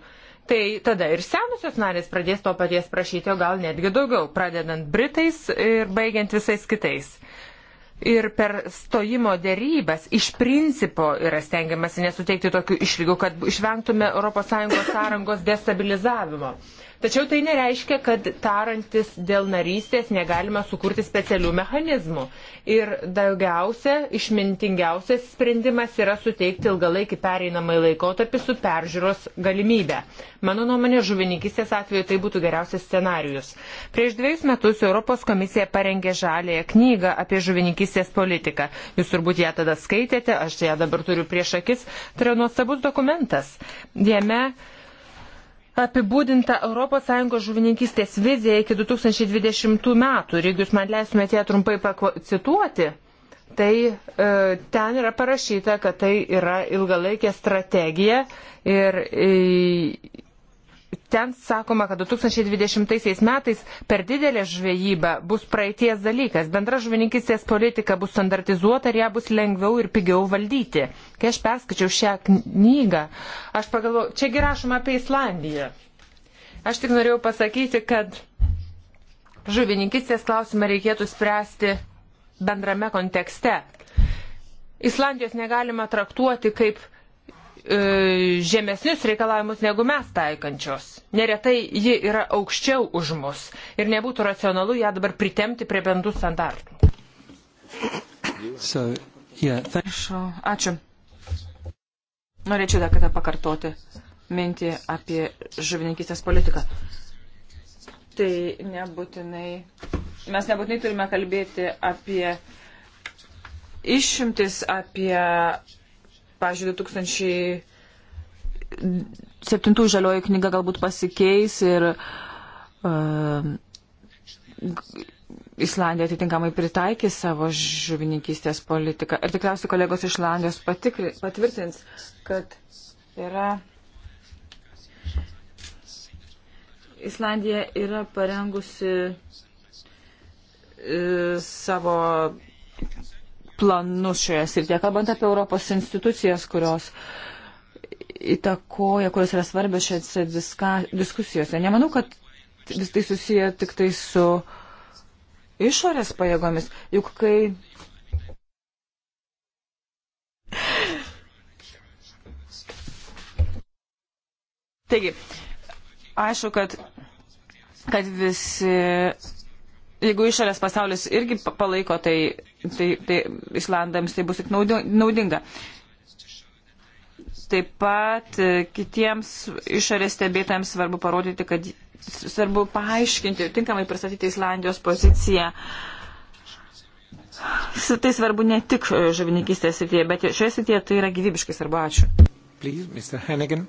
tai tada ir senusios narės pradės to paties prašyti, o gal netgi daugiau, pradedant Britais ir baigiant visais kitais. Ir per stojimo dėrybas iš principo yra stengiamasi nesuteikti tokių išlygų, kad išvengtume ES sąrangos destabilizavimo. Tačiau tai nereiškia, kad tarantis dėl narystės negalima sukurti specialių mechanizmų. Ir daugiausia, išmintingiausias sprendimas yra suteikti ilgalaikį pereinamą laikotarpį su peržiūros galimybė. Mano nuomonė, žuvininkistės atveju tai būtų geriausias scenarius. Prieš dviejus metus Europos komisija parengė žalėją knygą apie žuvininkistės politiką. Jūs turbūt ją tada skaitėte, aš ją dabar turiu prieš akis. Tai yra nuostabus dokumentas. Jame apibūdinta ES žuvininkystės vizija iki 2020 metų. Ir jeigu jūs man leistumėte ją trumpai cituoti, tai e, ten yra parašyta, kad tai yra ilgalaikė strategija ir e, ten sakoma, kad 2020 metais per didelė žvejyba bus praeities dalykas. Bendra žuvininkistės politika bus standartizuota ir ją bus lengviau ir pigiau valdyti. Kai aš perskaičiau šią knygą, aš pagalvojau, čiagi rašoma apie Islandiją. Aš tik norėjau pasakyti, kad žuvininkistės klausimą reikėtų spręsti bendrame kontekste. Islandijos negalima traktuoti kaip E, žemesnius reikalavimus negu mes taikančios. Neretai ji yra aukščiau už mus ir nebūtų racionalu ją dabar pritemti prie bendrų standartų. So, yeah, Ačiū. Norėčiau dar kartą pakartoti mintį apie žuvininkistės politiką. Tai nebūtinai, mes nebūtinai turime kalbėti apie išimtis, apie pavyzdžiui, 2007 žalioji knyga galbūt pasikeis ir uh, Islandija atitinkamai pritaikys savo žuvininkystės politiką. Ir tikriausiai kolegos iš Islandijos patikri, patvirtins, kad yra. Islandija yra parengusi uh, savo planus šioje srityje, kalbant apie Europos institucijas, kurios įtakoja, kurios yra svarbios šiose diskusijose. Nemanau, kad vis tai susiję tik tai su išorės pajėgomis. Juk kai Taigi, aišku, kad, kad visi, jeigu išorės pasaulis irgi palaiko tai tai, tai Islandams tai bus tik naudinga. Taip pat e, kitiems išorės stebėtams svarbu parodyti, kad svarbu paaiškinti, tinkamai pristatyti Islandijos poziciją. Tai svarbu ne tik e, žuvininkystės srityje, bet šioje srityje tai yra gyvybiškai svarbu. Ačiū. Please, Mr. Hannigan.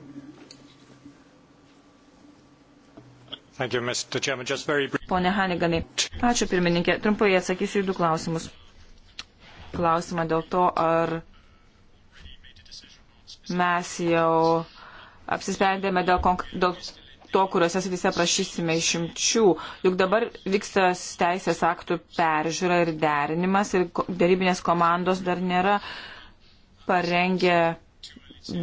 You, Pone Haniganai, ačiū pirmininkė. Trumpai atsakysiu į du klausimus klausimą dėl to, ar mes jau apsisprendėme dėl, dėl to, kuriuose srityse prašysime išimčių. Juk dabar vyksta teisės aktų peržiūra ir derinimas ir darybinės komandos dar nėra parengę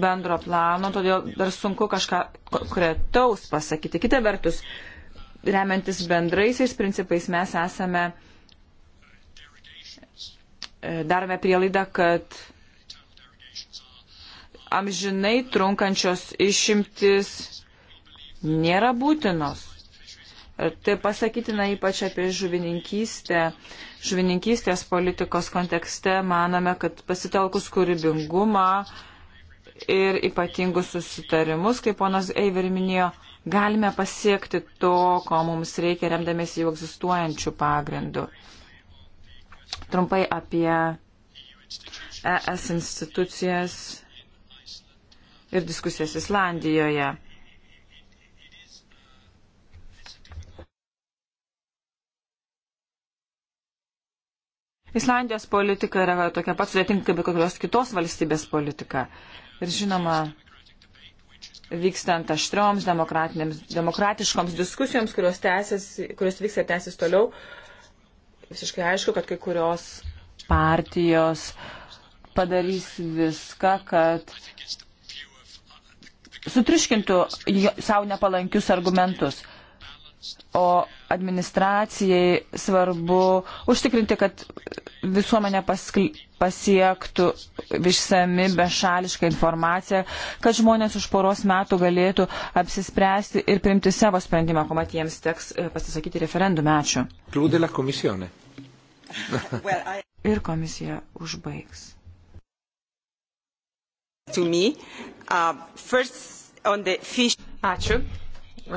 bendro plano, todėl dar sunku kažką konkretaus pasakyti. Kita vertus, remiantis bendraisiais principais mes esame darome prielaidą, kad amžinai trunkančios išimtis nėra būtinos. Tai pasakytina ypač apie žuvininkystę. Žuvininkystės politikos kontekste manome, kad pasitelkus kūrybingumą ir ypatingus susitarimus, kaip ponas Eiver minėjo, galime pasiekti to, ko mums reikia remdamėsi jau egzistuojančių pagrindų. Trumpai apie ES institucijas ir diskusijas Islandijoje. Islandijos politika yra tokia pat sudėtinga kaip kokios kitos valstybės politika. Ir žinoma, vykstant aštrioms demokratiškoms diskusijoms, kurios, tęsis, kurios vyksta tęsis toliau, visiškai aišku, kad kai kurios partijos padarys viską, kad sutriškintų savo nepalankius argumentus. O administracijai svarbu užtikrinti, kad visuomenė paskly, pasiektų išsami bešališka informacija, kad žmonės už poros metų galėtų apsispręsti ir priimti savo sprendimą, kuomet jiems teks e, pasisakyti referendume. Ačiū. [LAUGHS] ir komisija užbaigs. Uh, Ačiū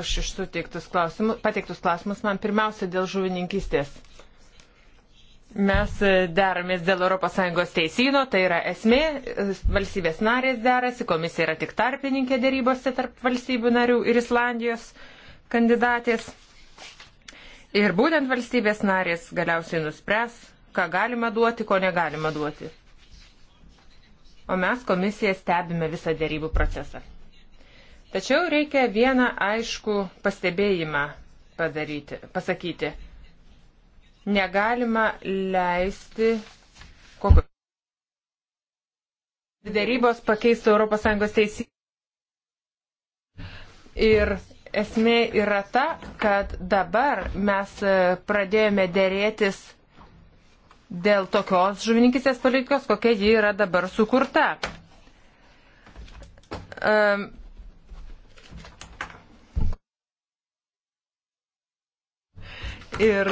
už išsuteiktus klausimus, pateiktus klausimus man pirmiausia dėl žuvininkystės. Mes deramės dėl ES teisyno, tai yra esmė, valstybės narės derasi, komisija yra tik tarpininkė dėrybose tarp valstybių narių ir Islandijos kandidatės. Ir būtent valstybės narės galiausiai nuspręs, ką galima duoti, ko negalima duoti. O mes komisija stebime visą dėrybų procesą. Tačiau reikia vieną aišku pastebėjimą padaryti, pasakyti Negalima leisti. Kokio? Darybos pakeistų ES teisį. Ir esmė yra ta, kad dabar mes e, pradėjome dėrėtis dėl tokios žuvininkistės politikos, kokia ji yra dabar sukurta. Um, ir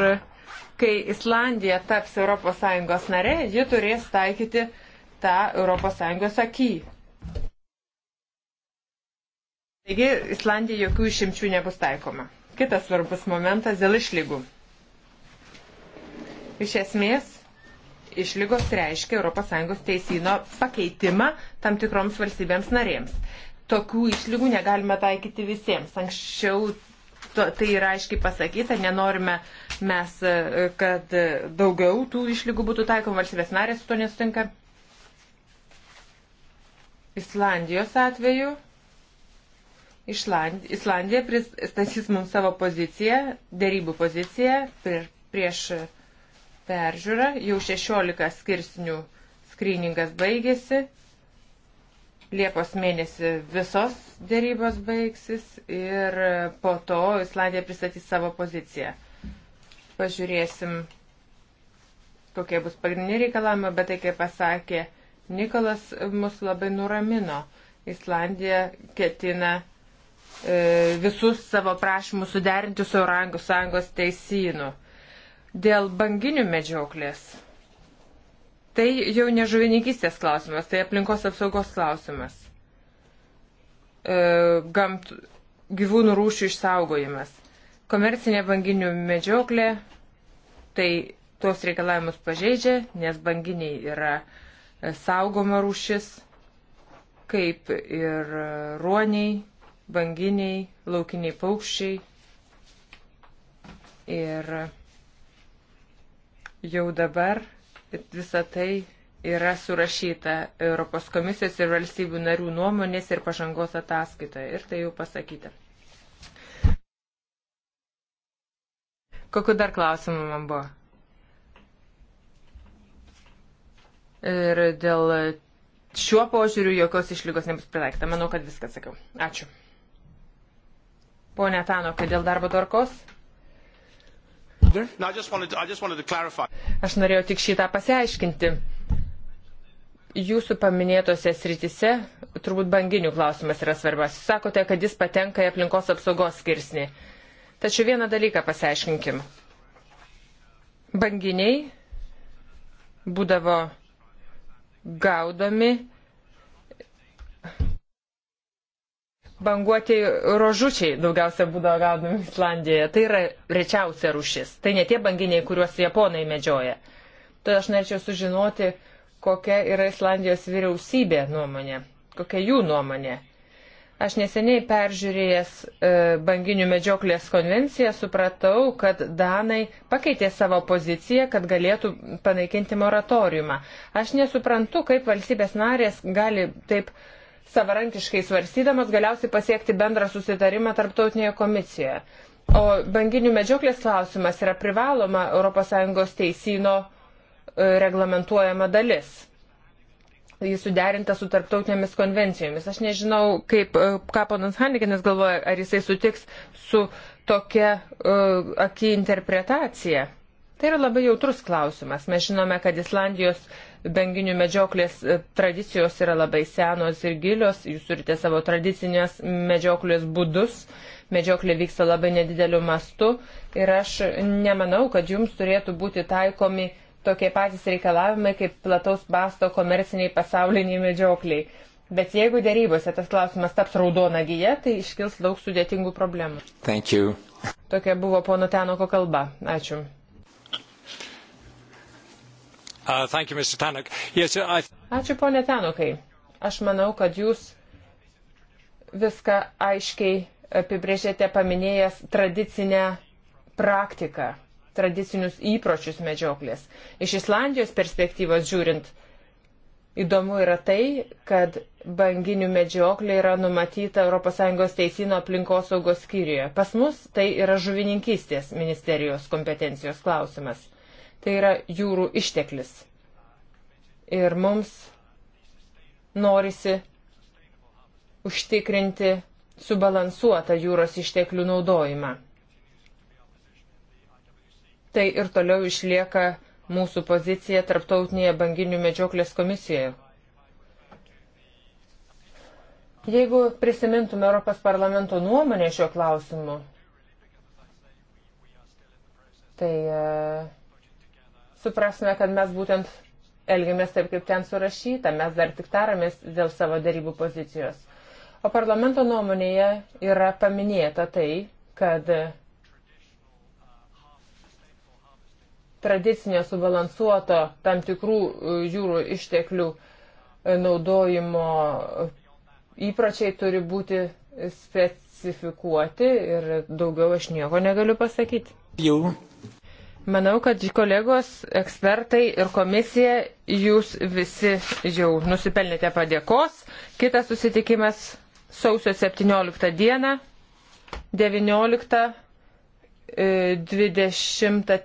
Kai Islandija taps ES nare, ji turės taikyti tą ES akį. Taigi Islandija jokių išimčių nebus taikoma. Kitas svarbus momentas dėl išlygų. Iš esmės, išlygos reiškia ES teisino pakeitimą tam tikroms valstybėms narėms. Tokių išlygų negalime taikyti visiems. Anksčiau tai yra aiškiai pasakyta, nenorime mes, e, kad e, daugiau tų išlygų būtų taikom, valstybės narės su to nesutinka. Islandijos atveju. Išland, Islandija pristatys mums savo poziciją, dėrybų poziciją prie, prieš peržiūrą. Jau 16 skirsnių skryningas baigėsi. Liepos mėnesį visos dėrybos baigsis ir po to Islandija pristatys savo poziciją. Pažiūrėsim, kokie bus pagrindiniai reikalavimai, bet tai, kaip pasakė Nikolas, mus labai nuramino. Islandija ketina e, visus savo prašymus suderinti su Orangų sąjungos teisynu. Dėl banginių medžioklės Tai jau ne žuvininkystės klausimas, tai aplinkos apsaugos klausimas. E, gamt, gyvūnų rūšių išsaugojimas. Komercinė banginių medžioklė, tai tuos reikalavimus pažeidžia, nes banginiai yra e, saugoma rūšis, kaip ir e, ruoniai, banginiai, laukiniai paukščiai. Ir jau dabar Visą tai yra surašyta Europos komisijos ir valstybių narių nuomonės ir pažangos ataskaitoje. Ir tai jau pasakyta. Kokiu dar klausimu man buvo? Ir dėl šiuo požiūriu jokios išlygos nebus pritaikyta. Manau, kad viską sakiau. Ačiū. Pone Tano, kad dėl darbo tvarkos? Aš norėjau tik šitą pasiaiškinti. Jūsų paminėtose sritise turbūt banginių klausimas yra svarbas. Jūs sakote, kad jis patenka į aplinkos apsaugos skirsnį. Tačiau vieną dalyką pasiaiškinkim. Banginiai būdavo gaudomi banguotieji rožučiai daugiausia būdavo gaunami Islandijoje. Tai yra rečiausia rušis. Tai ne tie banginiai, kuriuos japonai medžioja. Tad aš norėčiau sužinoti, kokia yra Islandijos vyriausybė nuomonė, kokia jų nuomonė. Aš neseniai peržiūrėjęs e, banginių medžioklės konvenciją supratau, kad Danai pakeitė savo poziciją, kad galėtų panaikinti moratoriumą. Aš nesuprantu, kaip valstybės narės gali taip savarankiškai svarstydamas galiausiai pasiekti bendrą susitarimą tarptautinėje komisijoje. O banginių medžioklės klausimas yra privaloma ES teisino e, reglamentuojama dalis. Jis suderinta su tarptautinėmis konvencijomis. Aš nežinau, kaip, e, ką ponas Hanekinas galvoja, ar jisai sutiks su tokia uh, aki interpretacija. Tai yra labai jautrus klausimas. Mes žinome, kad Islandijos uh, banginių medžioklės e, tradicijos yra labai senos ir gilios, jūs turite savo tradicinės medžioklės būdus, medžioklė vyksta labai nedideliu mastu ir aš nemanau, kad jums turėtų būti taikomi tokie patys reikalavimai kaip plataus basto komerciniai pasauliniai medžiokliai. Bet jeigu dėrybose tas klausimas taps raudona gyja, tai iškils daug sudėtingų problemų. Tokia buvo pono Tenoko kalba. Ačiū. Uh, you, yes, I... Ačiū, ponė Tenukai. Aš manau, kad jūs viską aiškiai apibrėžėte paminėjęs tradicinę praktiką, tradicinius įpročius medžioklės. Iš Islandijos perspektyvos žiūrint, Įdomu yra tai, kad banginių medžioklė yra numatyta ES teisino aplinkosaugos skyriuje. Pas mus tai yra žuvininkystės ministerijos kompetencijos klausimas tai yra jūrų išteklis. Ir mums norisi užtikrinti subalansuotą jūros išteklių naudojimą. Tai ir toliau išlieka mūsų pozicija Tarptautinėje banginių medžioklės komisijoje. Jeigu prisimintume Europos parlamento nuomonę šiuo klausimu, tai uh, suprasime, kad mes būtent elgiamės taip, kaip ten surašyta, mes dar tik taramės dėl savo darybų pozicijos. O parlamento nuomonėje yra paminėta tai, kad tradicinio subalansuoto tam tikrų e, jūrų išteklių e, naudojimo e, įpročiai turi būti specifikuoti ir daugiau aš nieko negaliu pasakyti. Jau Manau, kad kolegos, ekspertai ir komisija, jūs visi jau nusipelnėte padėkos. Kitas susitikimas sausio 17 dieną, 19, 20. E,